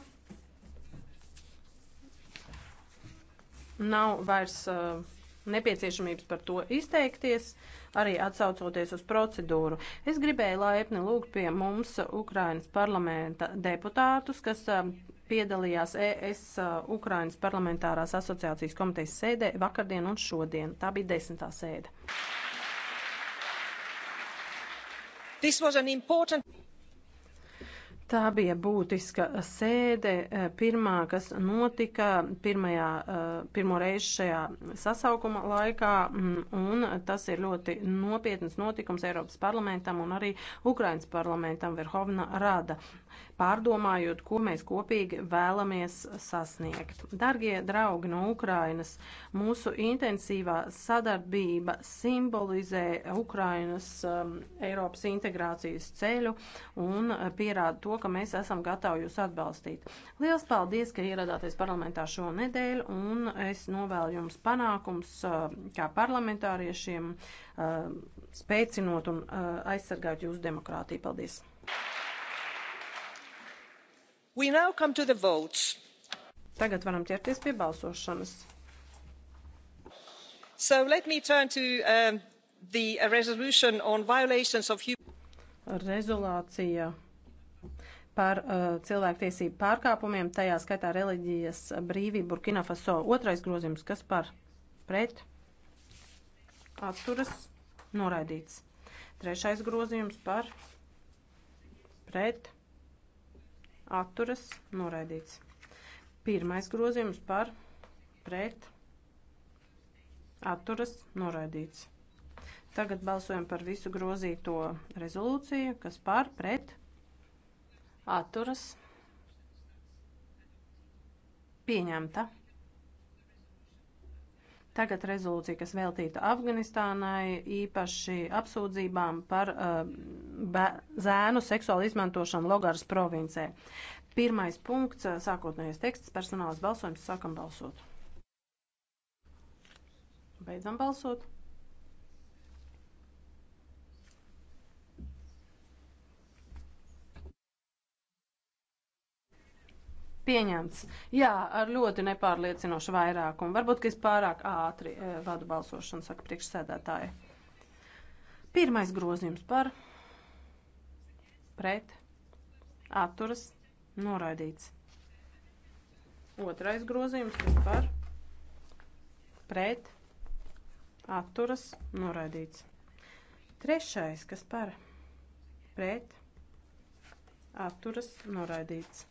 nav vairs uh, nepieciešamības par to izteikties, arī atsaucoties uz procedūru. Es gribēju laipni lūgt pie mums Ukrainas parlamenta deputātus, kas uh, piedalījās ES uh, Ukrainas parlamentārās asociācijas komitejas sēdē vakardien un šodien. Tā bija desmitā sēde. This was an important Tā bija būtiska sēde, eh, pirmā, kas notika pirmajā, eh, pirmo reizi šajā sasaukuma laikā, mm, un tas ir ļoti nopietnas notikums Eiropas parlamentam un arī Ukrainas parlamentam Verhovna Rada pārdomājot, ko mēs kopīgi vēlamies sasniegt. Dargie draugi no Ukrainas, mūsu intensīvā sadarbība simbolizē Ukrainas um, Eiropas integrācijas ceļu un pierāda to, ka mēs esam gatavi jūs atbalstīt. Liels paldies, ka ieradāties parlamentā šo nedēļu un es novēlu jums panākums uh, kā parlamentāriešiem, uh, spēcinot un uh, aizsargāt jūsu demokrātiju. Paldies! Tagad varam ķerties pie balsošanas. So let me turn to um, the uh, resolution on violations of human Rezolācija par uh, cilvēktiesību pārkāpumiem, tajā skaitā reliģijas brīvību Burkina Faso. Otrais grozījums, kas par pret atturas noraidīts. Trešais grozījums par pret atturas atturas noraidīts. Pirmais grozījums par pret atturas noraidīts. Tagad balsojam par visu grozīto rezolūciju, kas par pret atturas pieņemta. Tagad rezolūcija, kas veltīta Afganistānai, īpaši apsūdzībām par uh, zēnu seksuālu izmantošanu Logaras provincē. Pirmais punkts, uh, sākotnējais teksts, personāls balsojums, sākam balsot. Beidzam balsot. pieņemts. Jā, ar ļoti nepārliecinošu vairākumu. Varbūt, ka es pārāk ātri eh, vadu balsošanu, saka priekšsēdētāji. Pirmais grozījums par pret atturas noraidīts. Otrais grozījums, kas par pret atturas noraidīts. Trešais, kas par pret atturas noraidīts.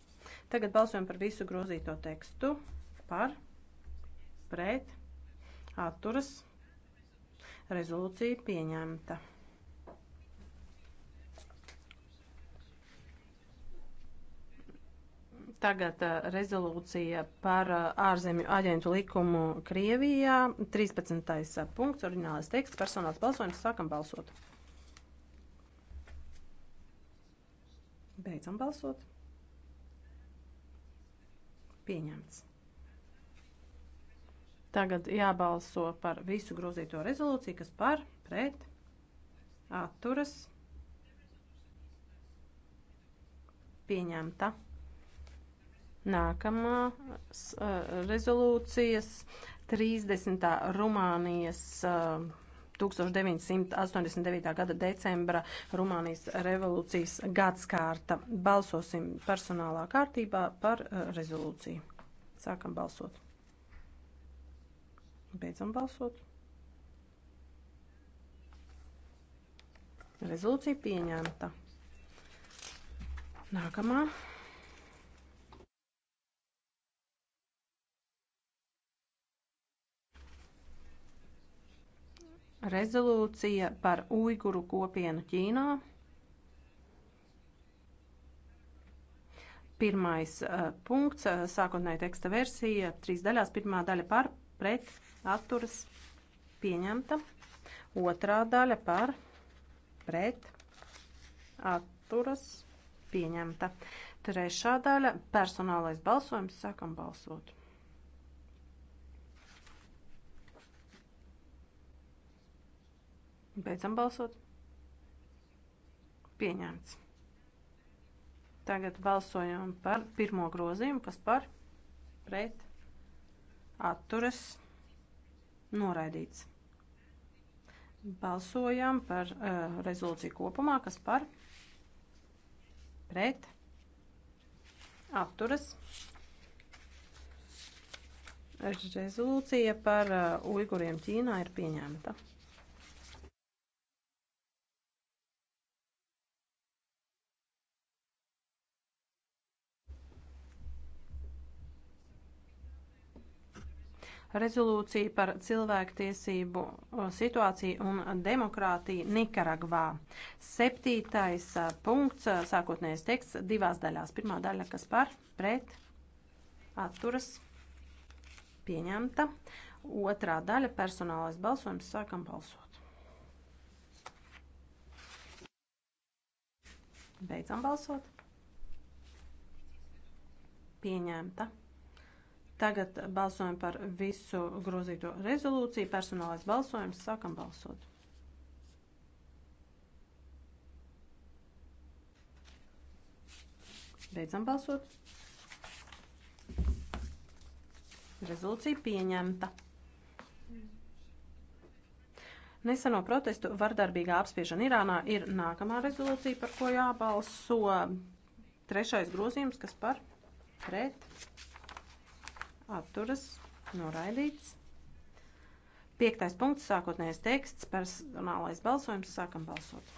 Tagad balsojam par visu grozīto tekstu. Par, pret, atturas, rezolūcija pieņemta. tagad uh, rezolūcija par uh, ārzemju aģentu likumu Krievijā. 13. Uh, punkts, oriģinālais teksts, personāls balsojums, sākam balsot. Beidzam balsot. Pieņemts. Tagad jābalso par visu grozīto rezolūciju, kas par, pret, atturas, pieņemta. Nākamās uh, eh, rezolūcijas 30. Rumānijas uh, 1989. gada decembra Rumānijas revolūcijas gadskārta. Balsosim personālā kārtībā par uh, rezolūciju. Sākam balsot. Beidzam balsot. Rezolūcija pieņemta. Nākamā rezolūcija par uiguru kopienu Ķīnā. Pirmais uh, punkts, uh, sākotnēja teksta versija, trīs daļās. Pirmā daļa par, pret, atturas, pieņemta. Otrā daļa par, pret, atturas, pieņemta. Trešā daļa - personālais balsojums. Sākam balsot. Beidzam balsot. Pieņemts. Tagad balsojam par pirmo grozījumu, kas par pret atturas noraidīts. Balsojam par uh, rezolūciju kopumā, kas par pret atturas rezolūcija par uh, uiguriem Ķīnā ir pieņemta. rezolūcija par cilvēktiesību situāciju un demokrātiju Nikaragvā. Septītais punkts, sākotnējais teksts, divās daļās. Pirmā daļa, kas par, pret, atturas, pieņemta. Otrā daļa, personālais balsojums, sākam balsot. Beidzam balsot. Pieņemta. Tagad balsojam par visu grozīto rezolūciju. Personālais balsojums. Sākam balsot. Beidzam balsot. Rezolūcija pieņemta. Neseno protestu vardarbīgā apspiešana Irānā ir nākamā rezolūcija, par ko jābalso. Trešais grozījums, kas par pret atturas noraidīts. Piektais punkts, sākotnējais teksts, personālais balsojums, sākam balsot.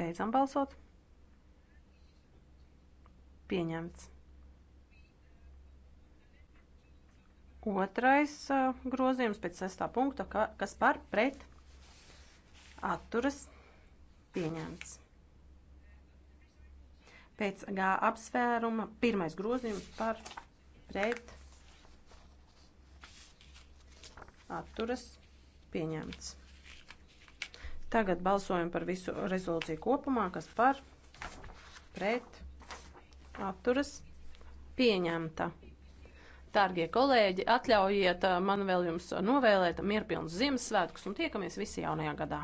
Beidzam balsot. Pieņemts. Otrais uh, grozījums pēc sestā punkta, kas par pret atturas pieņemts. Pēc G apsvēruma pirmais grozījums par pret atturas pieņemts. Tagad balsojam par visu rezolūciju kopumā, kas par pret atturas pieņemta. Dārgie kolēģi, atļaujiet eh, man vēl jums novēlēt mierpilnas Ziemassvētkus un tiekamies visi jaunajā gadā!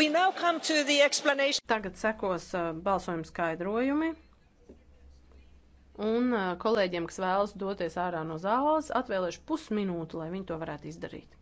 Tagad sekos uh, balsojuma skaidrojumi. Un uh, kolēģiem, kas vēlas doties ārā no zāles, atvēlēšu pusminūti, lai viņi to varētu izdarīt.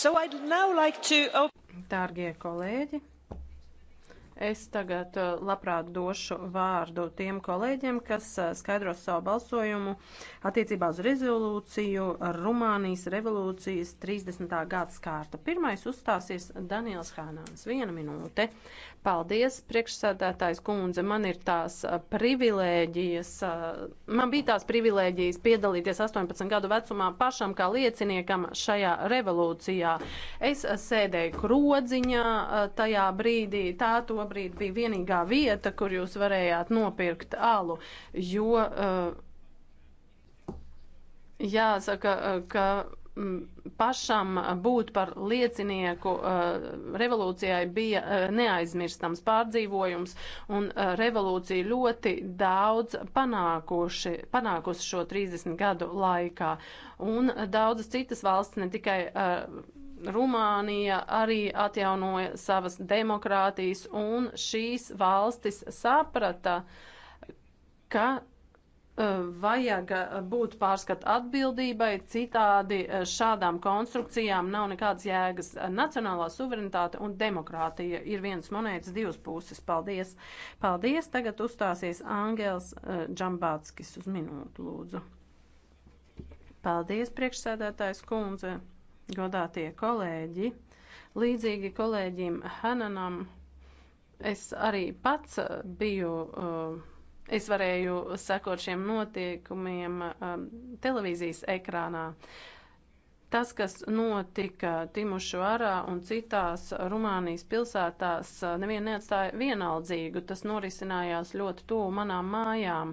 So Dārgie kolēģi, Es tagad uh, labprāt došu vārdu tiem kolēģiem, kas uh, skaidros savu balsojumu attiecībā uz rezolūciju Rumānijas revolūcijas 30. gads kārta. Pirmais uzstāsies Daniels Hānāns. Viena minūte. Paldies, priekšsādātājs kundze. Man ir tās uh, privilēģijas, man bija tās privilēģijas piedalīties 18 gadu vecumā pašam kā lieciniekam šajā revolūcijā. Es sēdēju krodziņā tajā brīdī, tā to brīdī šobrīd bija vienīgā vieta, kur jūs varējāt nopirkt alu, jo uh, jāsaka, eh, ka mm, pašam būt par liecinieku eh, revolūcijai bija neaizmirstams pārdzīvojums, un revolūcija ļoti daudz panākuši, panākusi šo 30 gadu laikā. Un daudzas citas valsts, ne tikai Rumānija arī atjaunoja savas demokrātijas, un šīs valstis saprata, ka e, vajag e, būt pārskat atbildībai, citādi e, šādām konstrukcijām nav nekādas jēgas. Nacionālā suverenitāte un demokrātija ir viens monētas divas puses. Paldies! Paldies! Tagad uzstāsies Āngels Džambātskis uz minūtu, lūdzu. Paldies, priekšsēdētājs kundze! godātie kolēģi. Līdzīgi kolēģim Hananam, es arī pats biju. Uh, Es varēju sekot šiem notiekumiem um, televīzijas ekrānā. Uh, Tas, kas notika Timošvarā un citās Rumānijas pilsētās, nevienu neatstāja vienaldzīgu. Tas norisinājās ļoti tuvu manām mājām.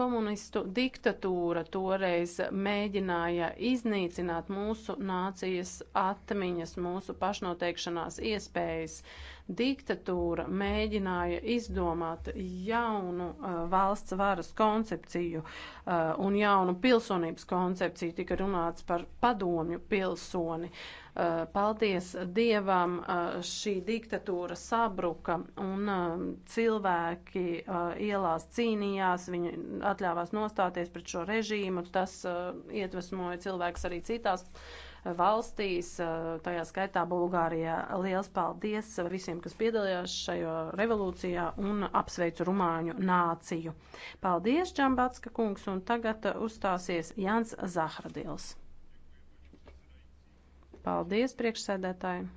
Komunistu diktatūra toreiz mēģināja iznīcināt mūsu nācijas atmiņas, mūsu pašnoteikšanās iespējas diktatūra mēģināja izdomāt jaunu uh, valsts varas koncepciju uh, un jaunu pilsonības koncepciju, tika runāts par padomju pilsoni. Uh, paldies Dievam, uh, šī diktatūra sabruka un uh, cilvēki uh, ielās cīnījās, viņi atļāvās nostāties pret šo režīmu, tas uh, ietvesmoja cilvēks arī citās. Uh, valstīs, eh, tajā skaitā Bulgārijā. Liels paldies visiem, kas piedalījās šajā revolūcijā un apsveicu Rumāņu nāciju. Paldies, Džambatska kungs, un tagad uzstāsies Jans Zahradils. Paldies, priekšsēdētāji!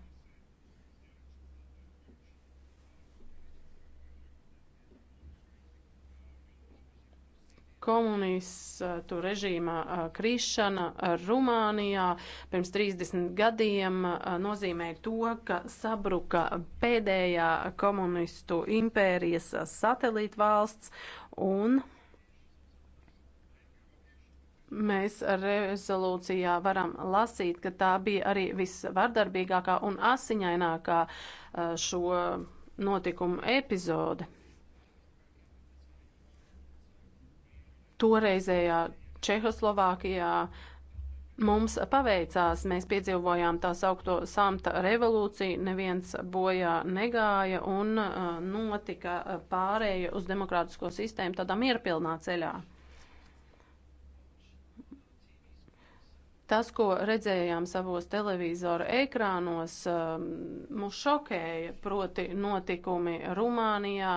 komunistu režīmā krišana Rumānijā pirms 30 gadiem nozīmēja to, ka sabruka pēdējā komunistu impērijas satelītvalsts un mēs rezolūcijā varam lasīt, ka tā bija arī visvardarbīgākā un asiņainākā šo notikumu epizode. toreizējā Čehoslovākijā mums paveicās, mēs piedzīvojām tā saukto samta revolūciju, neviens bojā negāja un uh, notika uh, pārēja uz demokrātisko sistēmu tādā mierpilnā ceļā. Tas, ko redzējām savos televizoru ekrānos, um, mūs šokēja, proti notikumi Rumānijā,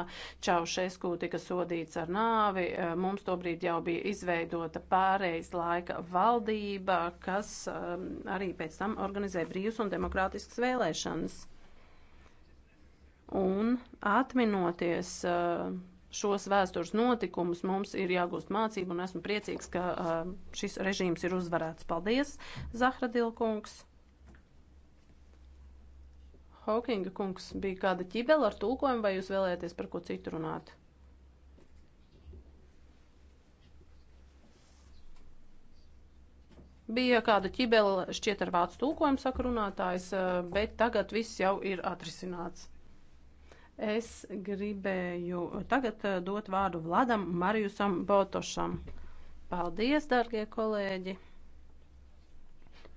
Čaušesku tika sodīts ar nāvi, uh, mums tobrīd jau bija izveidota pārējais laika valdība, kas um, arī pēc tam organizē brīvs un demokrātisks vēlēšanas. Un atminoties uh, šos vēstures notikumus, mums ir jāgūst mācību, un esmu priecīgs, ka uh, šis režīms ir uzvarēts. Paldies, Zahradilkungs! Hawkinga kungs, bija kāda ķibela ar tulkojumu, vai jūs vēlēties par ko citu runāt? Bija kāda ķibela šķiet ar vācu tulkojumu sakrunātājs, bet tagad viss jau ir atrisināts. Es gribēju tagad eh, dot vārdu Vladam Marijusam Botošam. Paldies, darbie kolēģi!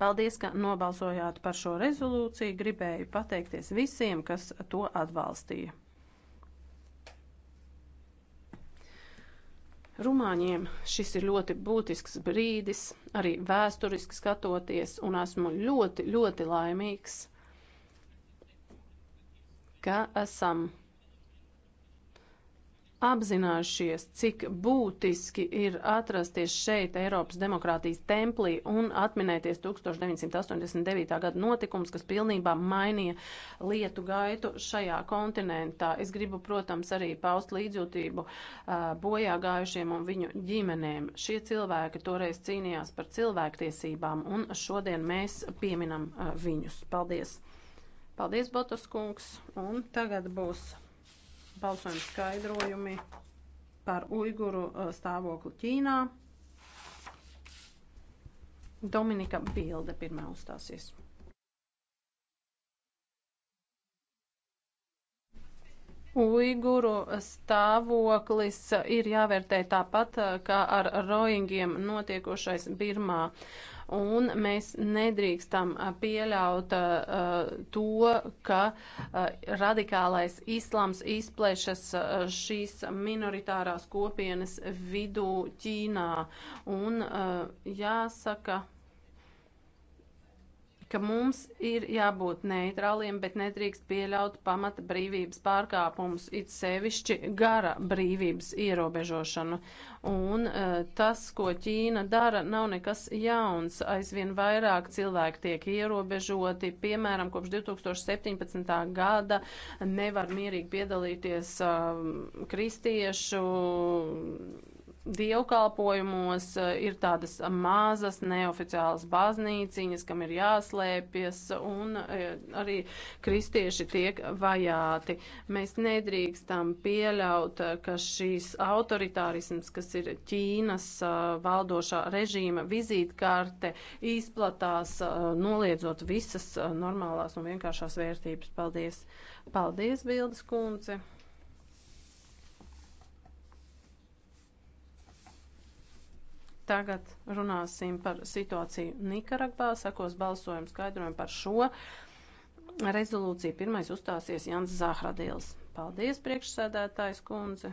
Paldies, ka nobalsojāt par šo rezolūciju. Gribēju pateikties visiem, kas to atbalstīja. Rumāņiem šis ir ļoti būtisks brīdis, arī vēsturiski skatoties, un esmu ļoti, ļoti laimīgs ka esam apzinājušies, cik būtiski ir atrasties šeit Eiropas demokrātijas templī un atminēties 1989. gada notikums, kas pilnībā mainīja lietu gaitu šajā kontinentā. Es gribu, protams, arī paust līdzjūtību uh, bojā gājušiem un viņu ģimenēm. Šie cilvēki toreiz cīnījās par cilvēktiesībām un šodien mēs pieminam uh, viņus. Paldies! Paldies, Botas kungs. Un tagad būs balsojuma skaidrojumi par uiguru uh, stāvokli Ķīnā. Dominika Bilde pirmā uzstāsies. Uiguru stāvoklis ir jāvērtē tāpat, uh, kā ar roingiem notiekošais Birmā. Uh, un mēs nedrīkstam pieļaut uh, to, ka uh, radikālais islams izplešas uh, šīs minoritārās kopienas vidū Ķīnā. Un jāsaka, ka mums ir jābūt neitrāliem, bet nedrīkst pieļaut pamata brīvības pārkāpumus, it sevišķi gara brīvības ierobežošanu. Un uh, tas, ko Ķīna dara, nav nekas jauns. Aizvien vairāk cilvēki tiek ierobežoti, piemēram, kopš 2017. gada nevar mierīgi piedalīties uh, kristiešu dievkalpojumos eh, ir tādas mazas neoficiālas baznīciņas, kam ir jāslēpjas, un eh, arī kristieši tiek vajāti. Mēs nedrīkstam pieļaut, eh, ka šīs autoritārisms, kas ir Ķīnas valdošā režīma vizītkārte, izplatās, noliedzot visas normālās un vienkāršās vērtības. Paldies! Paldies, Bildes kundze! Tagad runāsim par situāciju Nikaragvā, sakos balsojumu skaidrojumu par šo rezolūciju. Pirmais uzstāsies Jans Zahradils. Paldies, priekšsēdētājs kundze.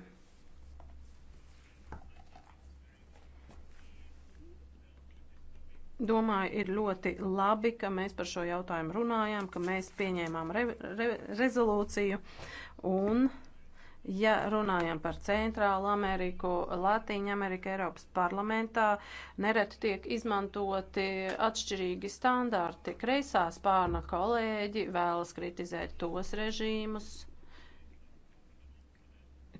Domāju, ir ļoti labi, ka mēs par šo jautājumu runājām, ka mēs pieņēmām re re rezolūciju un Ja runājam par Centrālu Ameriku, Latīņu Ameriku, Eiropas parlamentā, nereti tiek izmantoti atšķirīgi standarti. Kreisā spārna kolēģi vēlas kritizēt tos režīmus,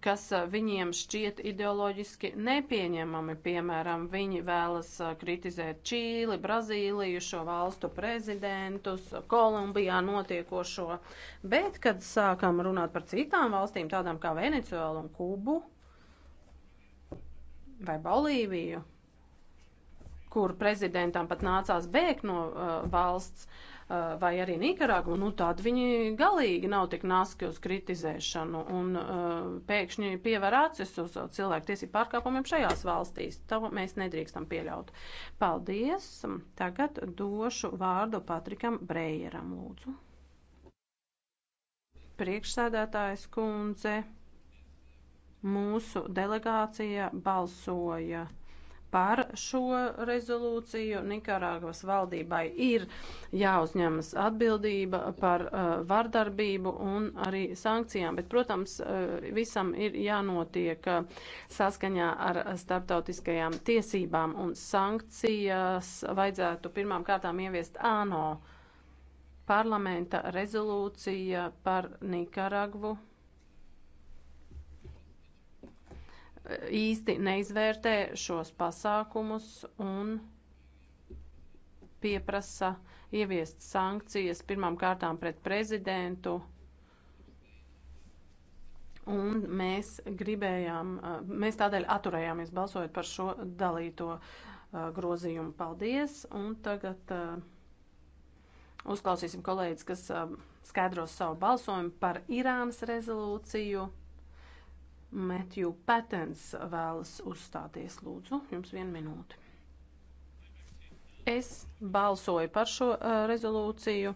kas viņiem šķiet ideoloģiski nepieņemami. Piemēram, viņi vēlas kritizēt Čīli, Brazīliju, šo valstu prezidentus, Kolumbijā notiekošo. Bet, kad sākam runāt par citām valstīm, tādām kā Venecuēlu un Kubu vai Bolīviju, kur prezidentam pat nācās bēgt no uh, valsts, uh, Eh, vai arī Nikaragvu, nu tad viņi galīgi nav tik naski uz kritizēšanu un eh, pēkšņi pievēr acis uz cilvēku tiesību pārkāpumiem šajās valstīs. To mēs nedrīkstam pieļaut. Paldies! Tagad došu vārdu Patrikam Brejeram, lūdzu. Priekšsēdētājs kundze, mūsu delegācija balsoja par šo rezolūciju. Nikaragvas valdībai ir jāuzņemas atbildība par uh, vardarbību un arī sankcijām, bet, protams, uh, visam ir jānotiek uh, saskaņā ar starptautiskajām tiesībām un sankcijas vajadzētu pirmām kārtām ieviest ANO parlamenta rezolūcija par Nikaragvu īsti neizvērtē šos pasākumus un pieprasa ieviest sankcijas pirmām kārtām pret prezidentu. Un mēs gribējām, mēs tādēļ atturējāmies balsojot par šo dalīto grozījumu. Paldies! Un tagad uzklausīsim kolēģis, kas skaidros savu balsojumu par Irānas rezolūciju. Matthew Patens vēlas uzstāties. Lūdzu, jums vienu minūti. Es balsoju par šo uh, rezolūciju,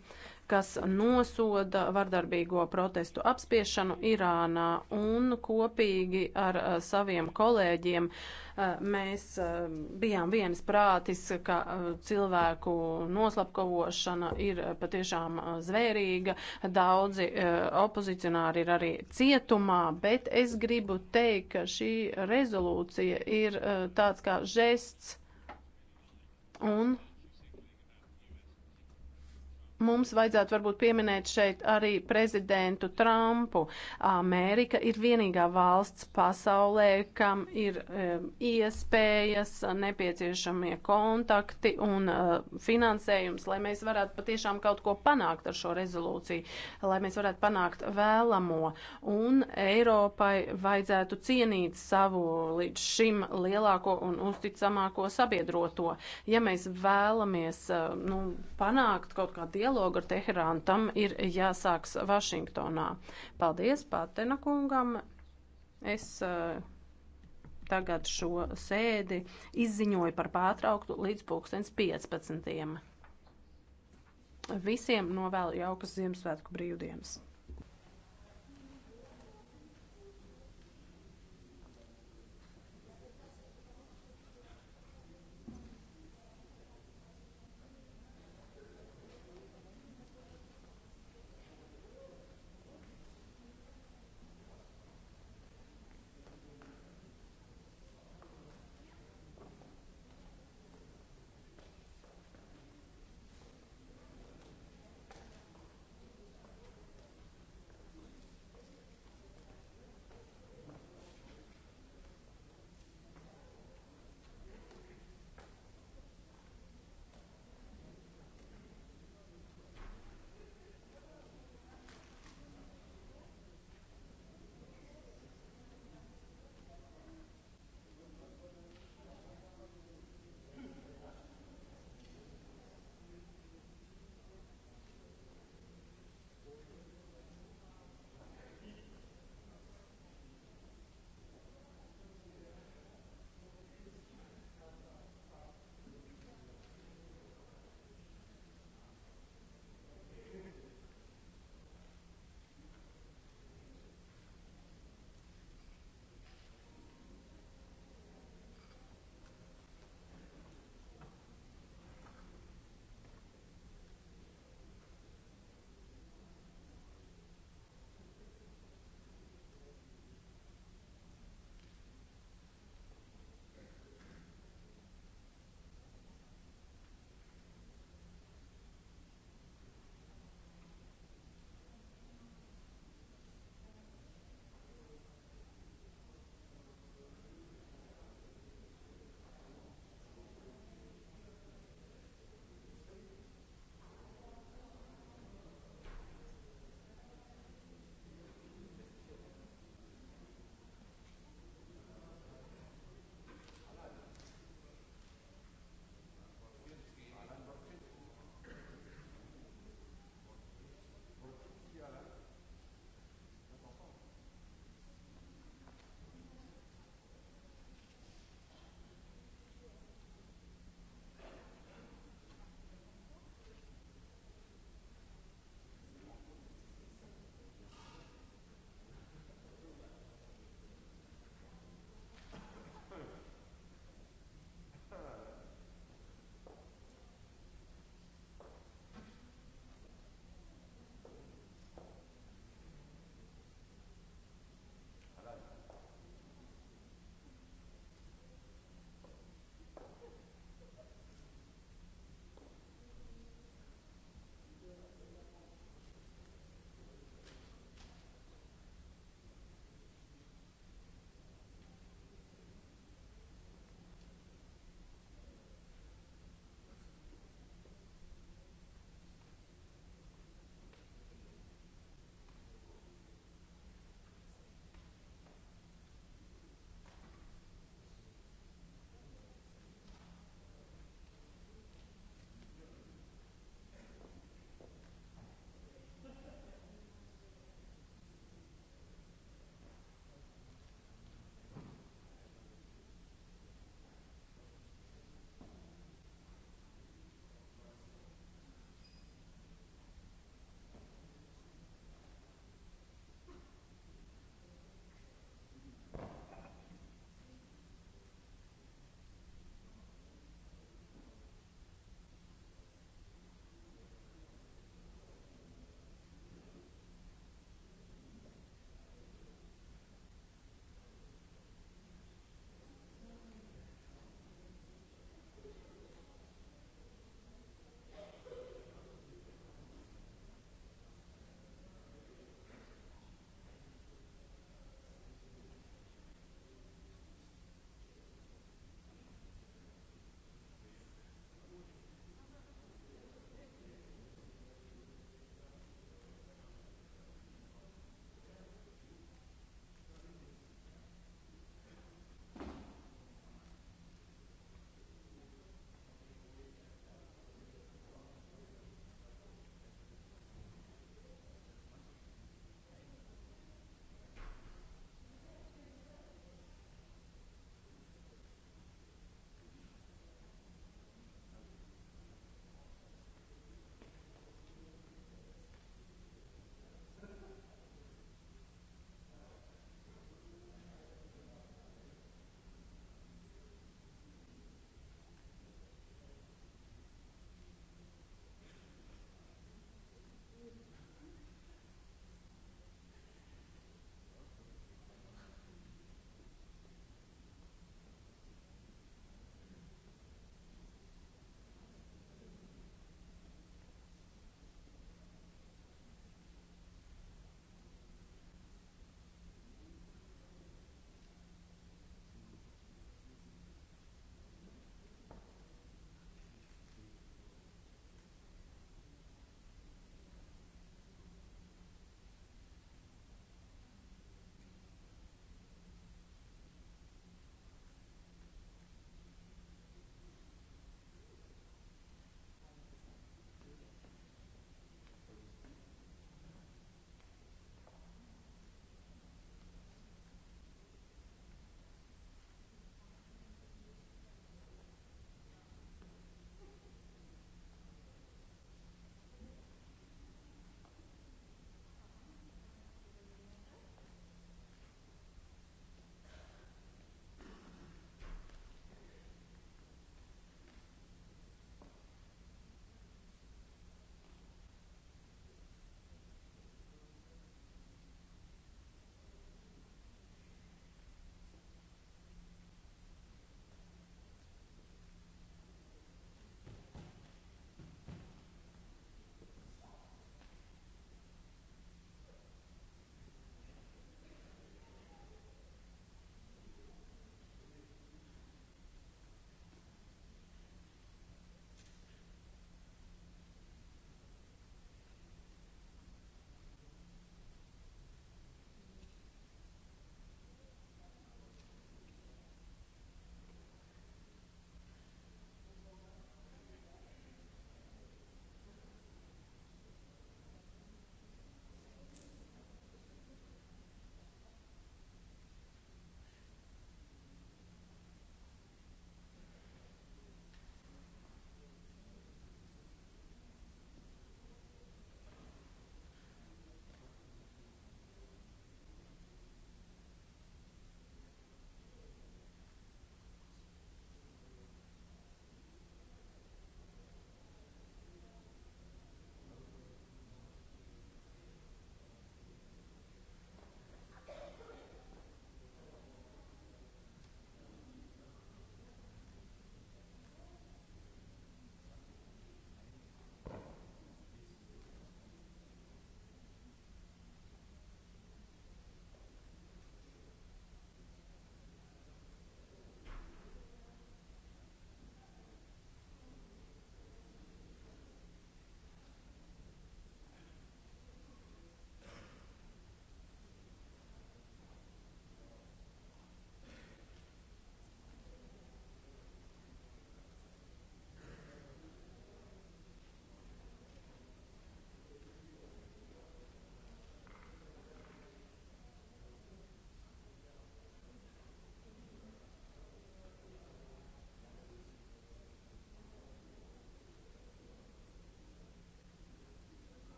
kas nosoda vardarbīgo protestu apspiešanu Irānā un kopīgi ar uh, saviem kolēģiem uh, mēs uh, bijām viens prātis, ka uh, cilvēku noslapkavošana ir uh, patiešām uh, zvērīga. Daudzi uh, opozicionāri ir arī cietumā, bet es gribu teikt, ka šī rezolūcija ir uh, tāds kā žests un mums vajadzētu varbūt pieminēt šeit arī prezidentu Trumpu. Amerika ir vienīgā valsts pasaulē, kam ir e, iespējas, nepieciešamie kontakti un e, finansējums, lai mēs varētu patiešām kaut ko panākt ar šo rezolūciju, lai mēs varētu panākt vēlamo. Un Eiropai vajadzētu cienīt savu līdz šim lielāko un uzticamāko sabiedroto. Ja mēs vēlamies e, nu, panākt kaut kādu dialogu, dialogu ar Teherānu, tam ir jāsāks Vašingtonā. Paldies Patena kungam. Es uh, tagad šo sēdi izziņoju par pārtrauktu līdz pulkstens 15. Visiem novēlu jaukas Ziemassvētku brīvdienas.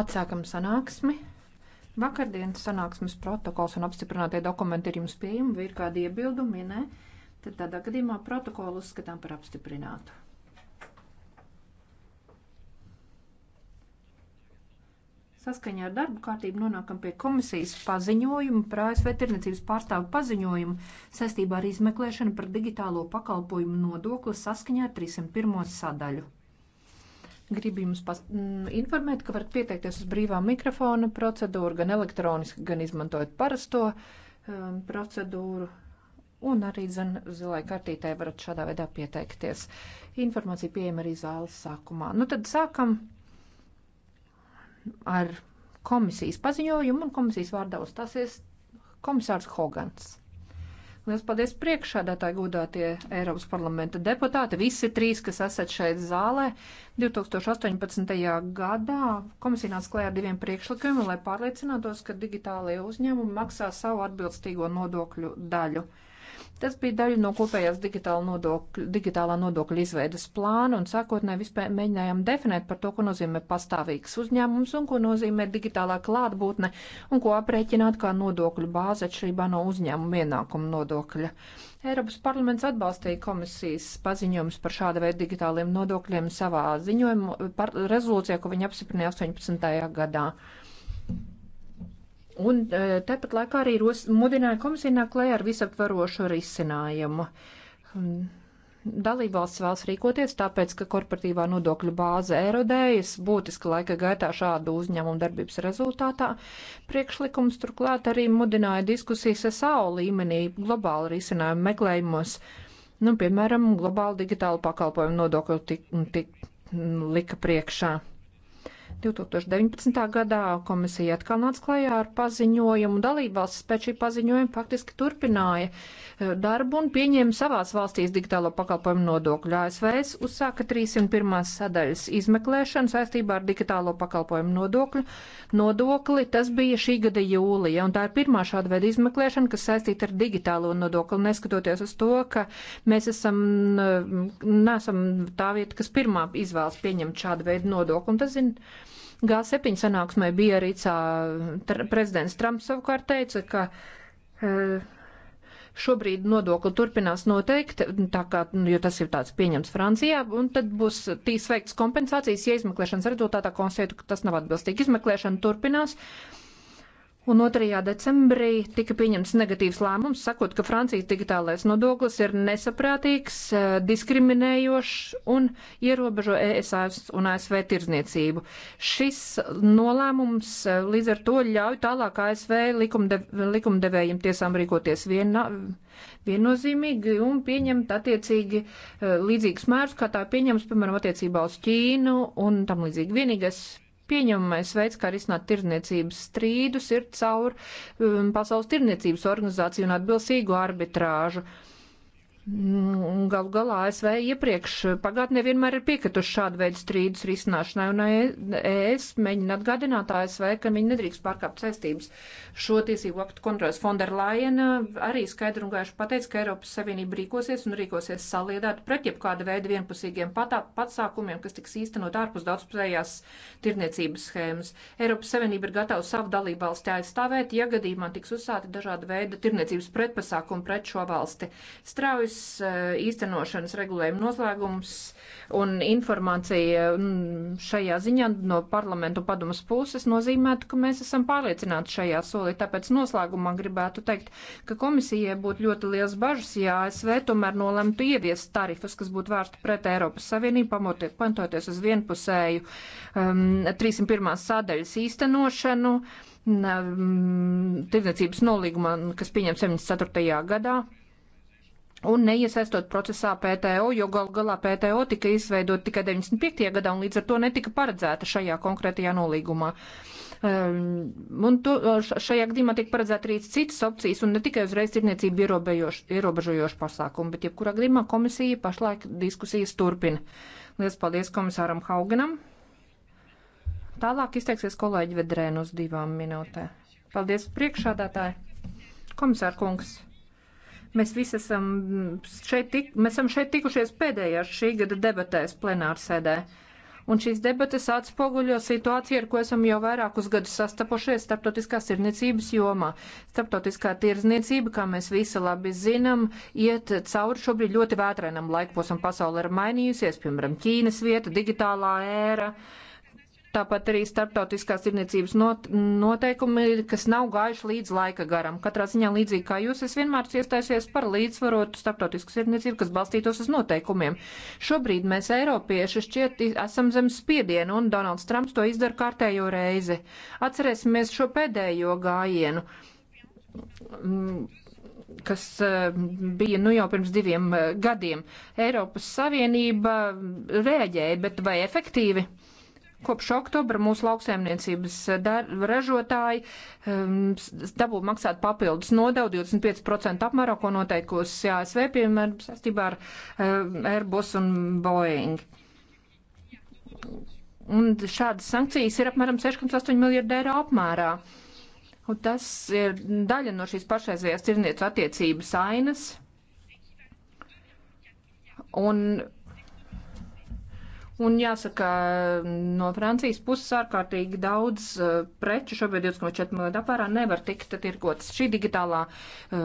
Atsākam sanāksmi. Vakardienas sanāksmes protokols un apstiprinātie dokumenti ir jums pieejami, vai ir kādi iebildumi, ja nē, tad tādā gadījumā protokolu uzskatām par apstiprinātu. Saskaņā ar darbu kārtību nonākam pie komisijas paziņojuma, prājas veterniecības pārstāvu paziņojumu saistībā ar izmeklēšanu par digitālo pakalpojumu nodokli saskaņā ar 301. sadaļu. Gribu jums pas, m, mm, informēt, ka varat pieteikties uz brīvā mikrofona procedūru, gan elektroniski, gan izmantojot parasto um, procedūru. Un arī zin, zilai kartītē varat šādā veidā pieteikties. Informācija pieejama arī zāles sākumā. Nu tad sākam ar komisijas paziņojumu un komisijas vārdā uzstāsies komisārs Hogans. Liels paldies priekšādātāji godātie Eiropas parlamenta deputāti, visi trīs, kas esat šeit zālē. 2018. gadā komisija nāca klajā ar diviem priekšlikumiem, lai pārliecinātos, ka digitālajie uzņēmumi maksā savu atbilstīgo nodokļu daļu. Tas bija daļa no kopējās digitāla nodokļa, digitālā nodokļa izveidas plāna un sākotnēji vispār mēģinājām definēt par to, ko nozīmē pastāvīgs uzņēmums un ko nozīmē digitālā klātbūtne un ko aprēķināt kā nodokļu bāzi atšķirībā no uzņēmuma ienākuma nodokļa. Eiropas parlaments atbalstīja komisijas paziņojumus par šāda veida digitāliem nodokļiem savā ziņojumā par rezolūcijā, ko viņi apsiprināja 18. gadā. Un e, tāpat laikā arī mudināja komisiju nāk klajā ar visaptvarošu risinājumu. Dalībvalsts vēlas rīkoties tāpēc, ka korporatīvā nodokļu bāze erodējas būtiski laika gaitā šādu uzņēmumu darbības rezultātā. Priekšlikums turklāt arī mudināja diskusijas SAO līmenī globāla risinājuma meklējumos, nu, piemēram, globāla digitāla pakalpojuma nodokļu tik, tik, lika priekšā. 2019. gadā komisija atkal nāca klajā ar paziņojumu. Dalībvalstis pēc šī paziņojuma faktiski turpināja eh, darbu un pieņēma savās valstīs digitālo pakalpojumu nodokļu. ASV uzsāka 301. sadaļas izmeklēšanu saistībā ar digitālo pakalpojumu nodokļu. Nodokli tas bija šī gada jūlija, un tā ir pirmā šāda veida izmeklēšana, kas saistīta ar digitālo nodokli, neskatoties uz to, ka mēs esam, nesam tā vieta, kas pirmā izvēlas pieņemt šādu veidu nodokli. Un tas, zin, G7 sanāksmē bija arī cā, tr prezidents Trumps savukārt teica, ka uh, šobrīd nodokli turpinās noteikti, tā kā, jo tas ir tāds pieņems Francijā, un tad būs tīs veikts kompensācijas, ja izmeklēšanas rezultātā konstatētu, ka tas nav atbilstīgi. Izmeklēšana turpinās. Uh, Un 2. decembrī tika pieņemts negatīvs lēmums, sakot, ka Francijas digitālais nodoklis ir nesaprātīgs, eh, diskriminējošs un ierobežo ESAS un ASV tirzniecību. Šis nolēmums eh, līdz ar to ļauj tālāk ASV likumdev, likumdevējiem tiesām rīkoties vienā, viennozīmīgi un pieņemt attiecīgi eh, līdzīgus mērus, kā tā pieņems, piemēram, attiecībā uz Ķīnu un tam līdzīgi. Vienīgais Pieņemamais veids, kā risināt tirdzniecības strīdus, ir caur um, Pasaules tirdzniecības organizāciju un atbilstīgu arbitrāžu. Uh, Mm, galu galā ASV iepriekš pagātnē vienmēr ir piekrituši šādu veidu strīdus risināšanai, un ES mēģina atgādināt ASV, ka viņi nedrīkst pārkāpt saistības. Šo tiesību aktu kontrolas fonda Lajena arī skaidru un gaišu pateica, ka Eiropas Savienība rīkosies un rīkosies saliedāt pret jebkāda veida vienpusīgiem patsākumiem, kas tiks īstenot ārpus daudzpusējās tirniecības schēmas. Eiropas Savienība ir gatava savu dalību valsti aizstāvēt, ja gadījumā tiks uzsāti dažāda veida tirniecības pretpasākumi pret šo valsti. Straujas Bez eh, īstenošanas regulējuma noslēgums un informācija mm, šajā ziņā no parlamentu padomas puses nozīmētu, ka mēs esam pārliecināti šajā solī. Tāpēc noslēgumā gribētu teikt, ka komisijai būtu ļoti liels bažas, ja ASV tomēr nolemtu ieviest tarifus, kas būtu vērsti pret Eiropas Savienību, pamotiek pantoties uz vienpusēju um, 301. sādaļas īstenošanu ehm, tirdzniecības nolīguma, kas pieņems 74. gadā un neiesaistot procesā PTO, jo gal galā PTO tika izveidot tikai 95. gadā un līdz ar to netika paredzēta šajā konkrētajā nolīgumā. Ehm, un to, šajā gadījumā tiek paredzēta arī citas opcijas un ne tikai uzreiz tirniecību ierobežojošu pasākumu, bet jebkurā gadījumā komisija pašlaik diskusijas turpina. Lielas paldies komisāram Hauganam. Tālāk izteiksies kolēģi Vedrēnu uz divām minūtēm. Paldies priekšādātāji. Komisār kungs. Mēs visi esam šeit, tik, mēs esam šeit tikušies pēdējās šī gada debatēs plenārsēdē. Un šīs debates atspoguļo situāciju, ar ko esam jau vairākus gadus sastapušies starptautiskās tirniecības jomā. Starptautiskā tirdzniecība, kā mēs visi labi zinām, iet cauri šobrīd ļoti vētrainam laikposam. Pasaule ir mainījusies, piemēram, Ķīnas vieta, digitālā ēra. Uh, Tāpat arī starptautiskās tirniecības not noteikumi, kas nav gājuši līdz laika garam. Katrā ziņā līdzīgi kā jūs, es vienmēr iestājusies par līdzsvarotu starptautisku tirniecību, kas balstītos uz noteikumiem. Šobrīd mēs, Eiropieši, šķiet esam zem spiediena, un Donalds Trumps to izdara kārtējo reizi. Atcerēsimies šo pēdējo gājienu mm, kas e, bija nu jau pirms diviem e, gadiem. Eiropas Savienība rēģēja, bet vai efektīvi? Kopš oktobra mūsu lauksaimniecības ražotāji um, dabū maksāt papildus nodevu 25% apmērā, ko noteikos ASV, piemēram, saistībā ar um, Airbus un Boeing. Un šādas sankcijas ir apmēram 6,8 miljardu eiro apmērā. Un tas ir daļa no šīs pašreizējās tirniecības attiecības ainas. Un Un jāsaka, no Francijas puses ārkārtīgi daudz eh, preču šobrīd 2,4 miljardu apmērā nevar tikt tirgotas. Šī digitālā eh,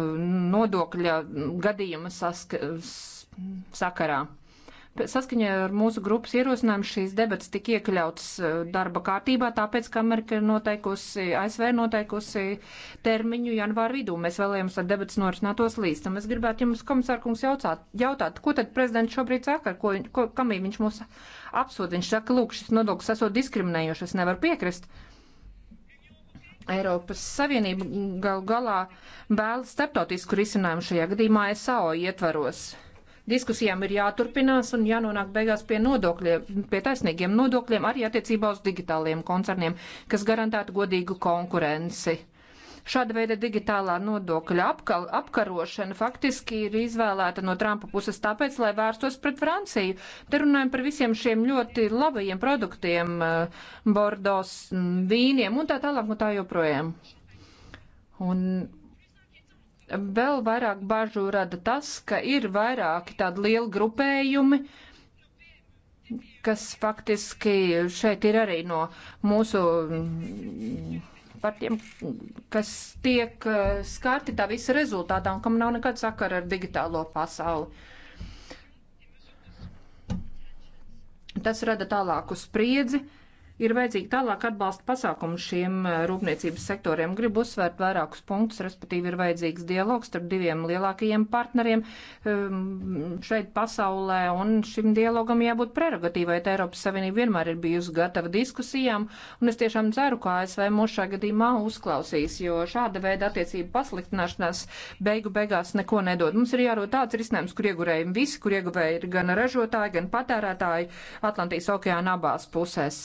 nodokļa gadījuma saska, sakarā. Saskaņā ar mūsu grupas ierosinājumu šīs debats tika iekļauts eh, darba kārtībā, tāpēc, ka Amerika noteikusi, ASV noteikusi termiņu janvāru vidū. Mēs vēlējāmies, lai debats norisinātos līdz tam. Es gribētu jums, komisārkungs, jautāt, jautāt, ko tad prezidents šobrīd saka, ko, ko, kamī viņš mūs apsūdz. Viņš saka, lūk, šis nodoklis esot diskriminējošs, es nevaru piekrist. Eiropas Savienība gal galā vēl starptautisku risinājumu šajā gadījumā SAO ietvaros. Diskusijām ir jāturpinās un jānonāk beigās pie nodokļiem, pie taisnīgiem nodokļiem arī attiecībā uz digitāliem koncerniem, kas garantētu godīgu konkurenci. Uh, Šāda veida digitālā nodokļa apkal, apkarošana faktiski ir izvēlēta no Trumpa puses tāpēc, lai vērstos pret Franciju. Te runājam par visiem šiem ļoti labajiem produktiem, eh, bordos, vīniem un tā tālāk un tā joprojām. Un vēl vairāk bažu rada tas, ka ir vairāki tādi lieli grupējumi, kas faktiski šeit ir arī no mūsu par tiem, kas tiek uh, skarti tā visa rezultātā un kam nav nekāda sakara ar digitālo pasauli. Tas rada tālāku spriedzi Ir vajadzīgi tālāk atbalsta pasākumu šiem eh, rūpniecības sektoriem. Gribu uzsvērt vairākus punktus, respektīvi ir vajadzīgs dialogs starp diviem lielākajiem partneriem ehm, šeit pasaulē, un šim dialogam jābūt prerogatīvai. Eiropas Savienība vienmēr ir bijusi gatava diskusijām, un es tiešām ceru, ka ASV mūs šajā gadījumā uzklausīs, jo šāda veida attiecību pasliktināšanās beigu beigās neko nedod. Mums ir jārūt tāds risinājums, kur iegurējumi visi, kur ieguvēji ir gan ražotāji, gan patērētāji Atlantijas okeāna abās pusēs.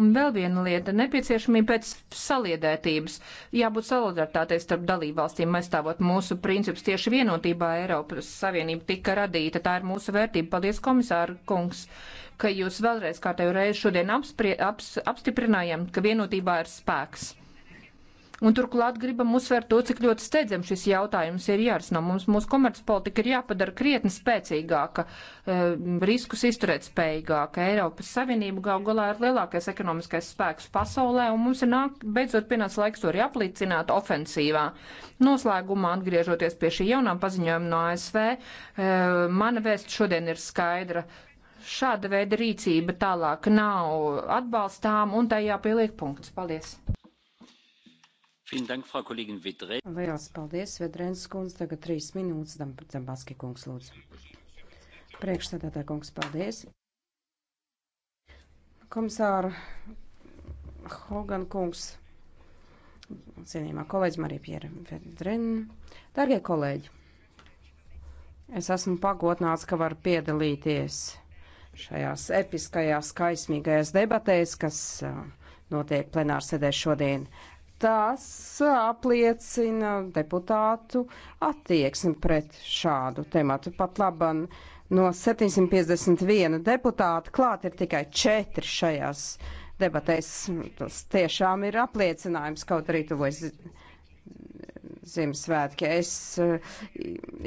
Un vēl viena lieta - nepieciešamība pēc saliedētības. Jābūt solidaritātei starp dalībvalstīm, aizstāvot mūsu principus. Tieši vienotībā Eiropas Savienība tika radīta. Tā ir mūsu vērtība. Paldies, komisāra kungs, ka jūs vēlreiz kā tev reiz šodien apsprie, aps, apstiprinājam, ka vienotībā ir spēks. Un turklāt gribam uzsvērt to, cik ļoti steidzam šis jautājums ir jārisina. Mums mūsu komercpolitika ir jāpadara krietni spēcīgāka, eh, riskus izturēt spējīgāka. Eiropas Savienība gal galā ir lielākais ekonomiskais spēks pasaulē, un mums ir nāk, beidzot pienācis laiks to arī aplīcināt ofensīvā. Noslēgumā, atgriežoties pie šī jaunā paziņojuma no ASV, eh, mana vēsts šodien ir skaidra. Šāda veida rīcība tālāk nav atbalstām, un tajā pieliek punkts. Paldies! Lielas paldies, Vedrēns kundze. Tagad trīs minūtes, Zambaski kungs lūdzu. Priekšstādātā kungs, paldies. Komisāra Hogan kungs, cienījumā kolēģi Marija Piera Vedrēn. Dargie kolēģi, es esmu pagodināts, ka varu piedalīties šajās episkajās, kaismīgajās debatēs, kas uh, notiek plenārsēdē šodien tas apliecina deputātu attieksmi pret šādu tematu. Pat laban no 751 deputāta klāt ir tikai četri šajās debatēs. Tas tiešām ir apliecinājums, kaut arī tuvojas Ziemassvētki. Es eh,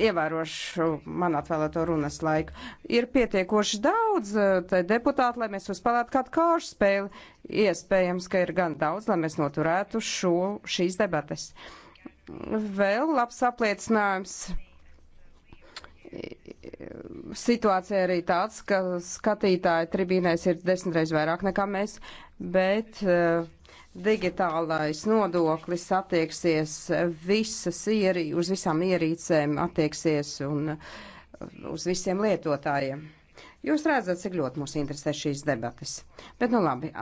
ievērošu man atvēlēto runas laiku. Ir pietiekoši daudz eh, deputātu, lai mēs uzspēlētu kādu kāršu spēli. Iespējams, ka ir gan daudz, lai mēs noturētu šo, šīs debates. Vēl labs apliecinājums situācija arī tāds, ka skatītāji tribīnēs ir desmitreiz vairāk nekā mēs, bet uh, digitālais nodoklis attieksies visas ierī, uz visām ierīcēm, attieksies un uh, uz visiem lietotājiem. Jūs redzat, cik ļoti mūs interesē šīs debatas. Bet nu labi,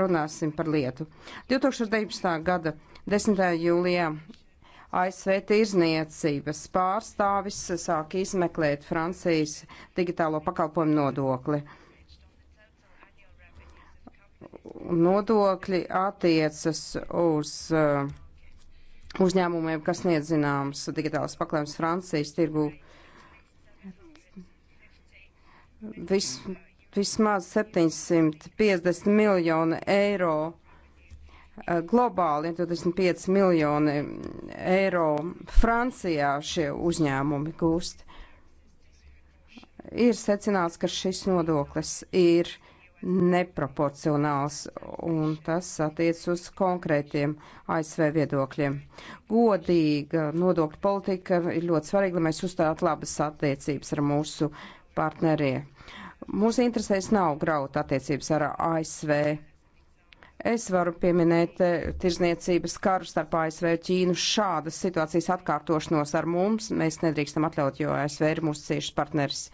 runāsim par lietu. 2019. gada 10. jūlijā ASV tirzniecības pārstāvis sāk izmeklēt Francijas digitālo pakalpojumu nodokli nodokļi attiecas uz uh, uzņēmumiem, kas sniedz zināmas digitālas paklājums Francijas tirgu. Vis, vismaz 750 miljoni eiro uh, globāli, 25 miljoni eiro Francijā šie uzņēmumi gūst. Ir secināts, ka šis nodoklis ir uh, neproporcionāls, un tas attiec uz konkrētiem ASV viedokļiem. Godīga nodokļu politika ir ļoti svarīga, lai mēs uzstātu labas attiecības ar mūsu partneriem. Mūsu interesēs nav graut attiecības ar ASV. Es varu pieminēt eh, tirzniecības karu starp ASV un Ķīnu. Šādas situācijas atkārtošanos ar mums mēs nedrīkstam atļaut, jo ASV ir mūsu ciešs partneris.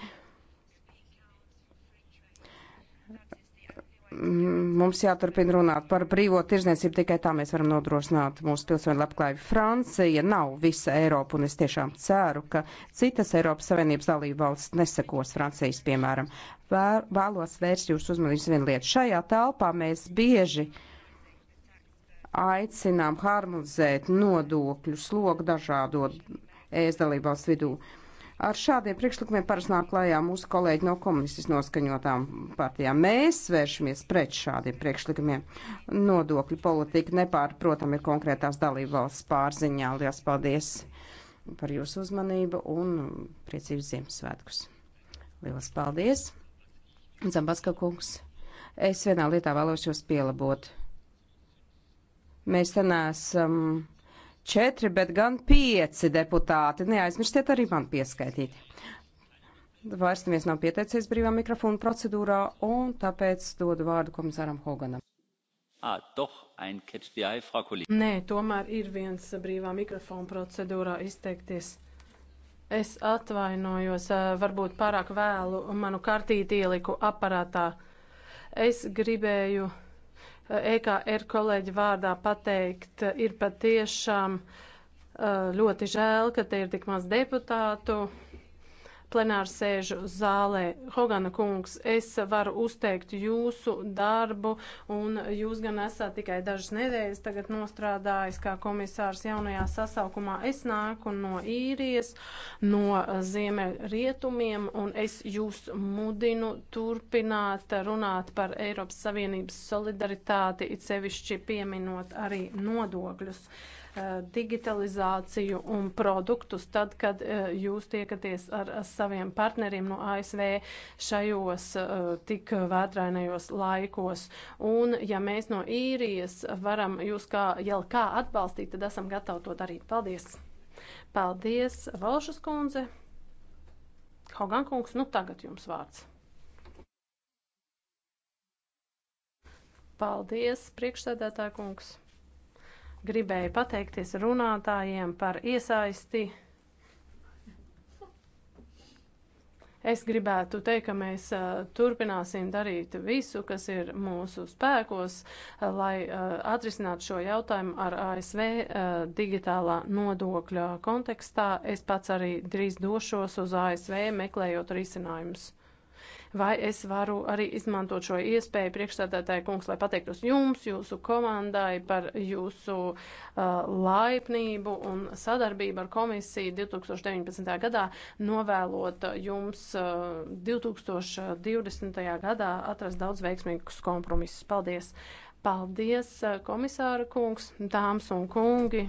mums jāturpina runāt par brīvo tirzniecību, tikai tā mēs varam nodrošināt mūsu pilsoņu labklājību. Francija nav visa Eiropa, un es tiešām ceru, ka citas Eiropas Savienības dalība valsts nesekos Francijas, piemēram. Vēlos vērst jūsu uzmanības vienu lietu. Šajā telpā mēs bieži aicinām harmonizēt nodokļu slogu dažādo ēst dalību valsts vidū. Uh, Ar šādiem priekšlikumiem parasti nāk klājā mūsu kolēģi no komunistiski noskaņotām partijām. Mēs vēršamies pret šādiem priekšlikumiem. Nodokļu politika nepārprotam ir konkrētās dalībvalsts pārziņā. Lielas paldies par jūsu uzmanību un priecīgus Ziemassvētkus. Lielas paldies! Zambaska kungs, es vienā lietā vēlos jūs pielabot. Mēs te neesam. Um, četri, bet gan pieci deputāti. Neaizmirstiet arī man pieskaitīt. Vairs neviens nav pieteicies brīvā mikrofona procedūrā, un tāpēc dodu vārdu komisāram Hoganam. Ah, doch, ein Catch the Eye, Frau Kollegin. Nē, tomēr ir viens brīvā mikrofona procedūrā izteikties. Es atvainojos, eh, varbūt pārāk vēlu manu kartīti ieliku aparātā. Es gribēju EKR kolēģi vārdā pateikt, ir patiešām eh, ļoti žēl, ka te ir tik maz deputātu plenāru sēžu zālē. Hogana kungs, es varu uzteikt jūsu darbu, un jūs gan esat tikai dažas nedēļas tagad nostrādājis kā komisārs jaunajā sasaukumā. Es nāku no īrijas, no ziemeļrietumiem, un es jūs mudinu turpināt runāt par Eiropas Savienības solidaritāti, it sevišķi pieminot arī nodokļus. Eh, digitalizāciju un produktus, tad, kad eh, jūs tiekaties ar saviem partneriem no ASV šajos eh, tik vētrainajos laikos. Un, ja mēs no īrijas varam jūs kā, jau kā atbalstīt, tad esam gatavi to darīt. Paldies! Paldies, Valšas kundze! Hogan kungs, nu tagad jums vārds. Paldies, priekšsēdētāja kungs! gribēju pateikties runātājiem par iesaisti. Es gribētu teikt, ka mēs uh, turpināsim darīt visu, kas ir mūsu spēkos, uh, lai uh, atrisinātu šo jautājumu ar ASV digitālā nodokļa kontekstā. Es pats arī drīz došos uz ASV meklējot risinājumus. Vai es varu arī izmantot šo iespēju priekšstādātāju kungs, lai pateiktos jums, jūsu komandai par jūsu uh, laipnību un sadarbību ar komisiju 2019. gadā, novēlot jums uh, 2020. gadā atrast daudz veiksmīgus kompromisus. Paldies! Paldies, uh, komisāra kungs, dāmas un kungi!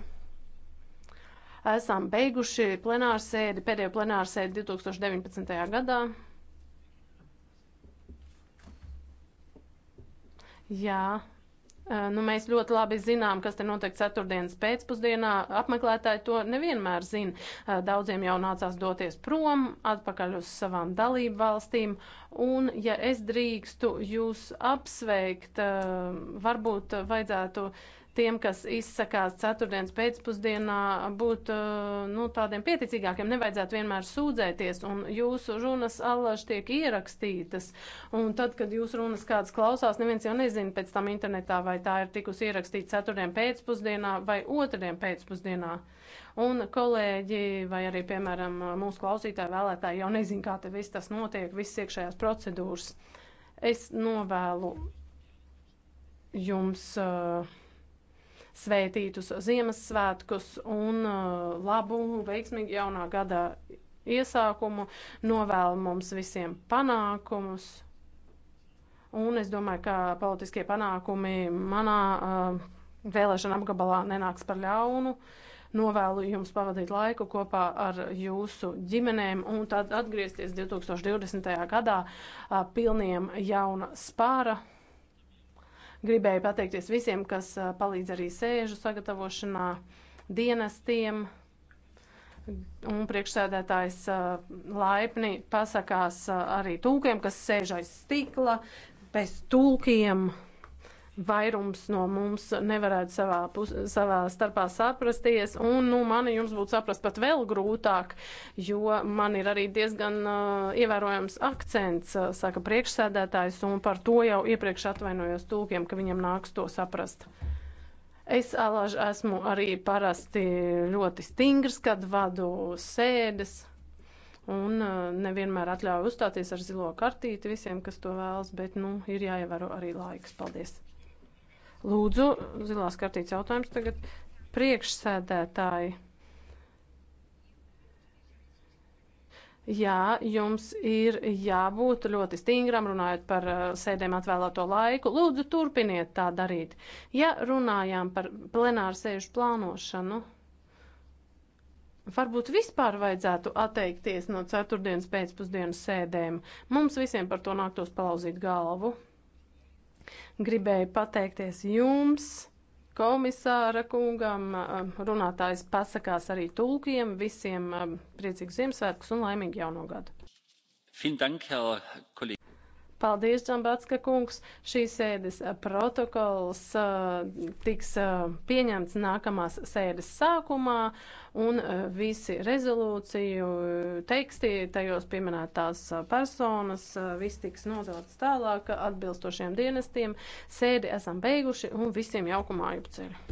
Esam beiguši plenārsēdi, pēdējo plenārsēdi 2019. gadā. Jā, Nu, mēs ļoti labi zinām, kas te notiek ceturtdienas pēcpusdienā. Apmeklētāji to nevienmēr zina. Daudziem jau nācās doties prom, atpakaļ uz savām dalību valstīm. Un, ja es drīkstu jūs apsveikt, varbūt vajadzētu tiem, kas izsakās ceturtdienas pēcpusdienā, būt eh, nu, tādiem pieticīgākiem, nevajadzētu vienmēr sūdzēties, un jūsu runas allaž tiek ierakstītas, un tad, kad jūs runas kāds klausās, neviens jau nezina pēc tam internetā, vai tā ir tikusi ierakstīta ceturtdien pēcpusdienā vai otrdien pēcpusdienā. Un kolēģi vai arī, piemēram, mūsu klausītāji vēlētāji jau nezin, kā te viss tas notiek, viss iekšējās procedūras. Es novēlu jums uh, sveitītus Ziemassvētkus un uh, labu, veiksmīgu jaunā gada iesākumu, novēlu mums visiem panākumus. Un es domāju, ka politiskie panākumi manā uh, vēlēšana apgabalā nenāks par ļaunu. Novēlu jums pavadīt laiku kopā ar jūsu ģimenēm un tad atgriezties 2020. gadā uh, pilniem jauna spāra. Gribēju pateikties visiem, kas palīdz arī sēžu sagatavošanā dienestiem. Un priekšsēdētājs laipni pasakās arī tūkiem, kas sēž aiz stikla, bez tūkiem vairums no mums nevarētu savā, pus, savā starpā saprasties, un nu, mani jums būtu saprast pat vēl grūtāk, jo man ir arī diezgan uh, ievērojams akcents, uh, saka priekšsēdētājs, un par to jau iepriekš atvainojos tūkiem, ka viņam nāks to saprast. Es alāž esmu arī parasti ļoti stingrs, kad vadu sēdes. Un uh, nevienmēr atļauju uzstāties ar zilo kartīti visiem, kas to vēlas, bet, nu, ir jāievēro arī laiks. Paldies! Lūdzu, zilās kartītes jautājums tagad priekšsēdētāji. Jā, jums ir jābūt ļoti stingram runājot par uh, sēdēm atvēlēto laiku. Lūdzu, turpiniet tā darīt. Ja runājām par plenāru sēžu plānošanu, varbūt vispār vajadzētu atteikties no ceturtdienas pēcpusdienas sēdēm. Mums visiem par to nāktos palauzīt galvu. Gribēju pateikties jums, komisāra kungam, runātājs pasakās arī tulkiem, visiem priecīgu Ziemassvētkus un laimīgu jauno gadu. Vielen Dank, Herr Kollege. Paldies, Džambatska kungs. Šīs sēdes eh, protokols eh, tiks eh, pieņemts nākamās sēdes sākumā, un visi rezolūciju teksti, tajos pieminētās personas, viss tiks nodots tālāk atbilstošiem dienestiem. Sēdi esam beiguši, un visiem jauku māju ceļu.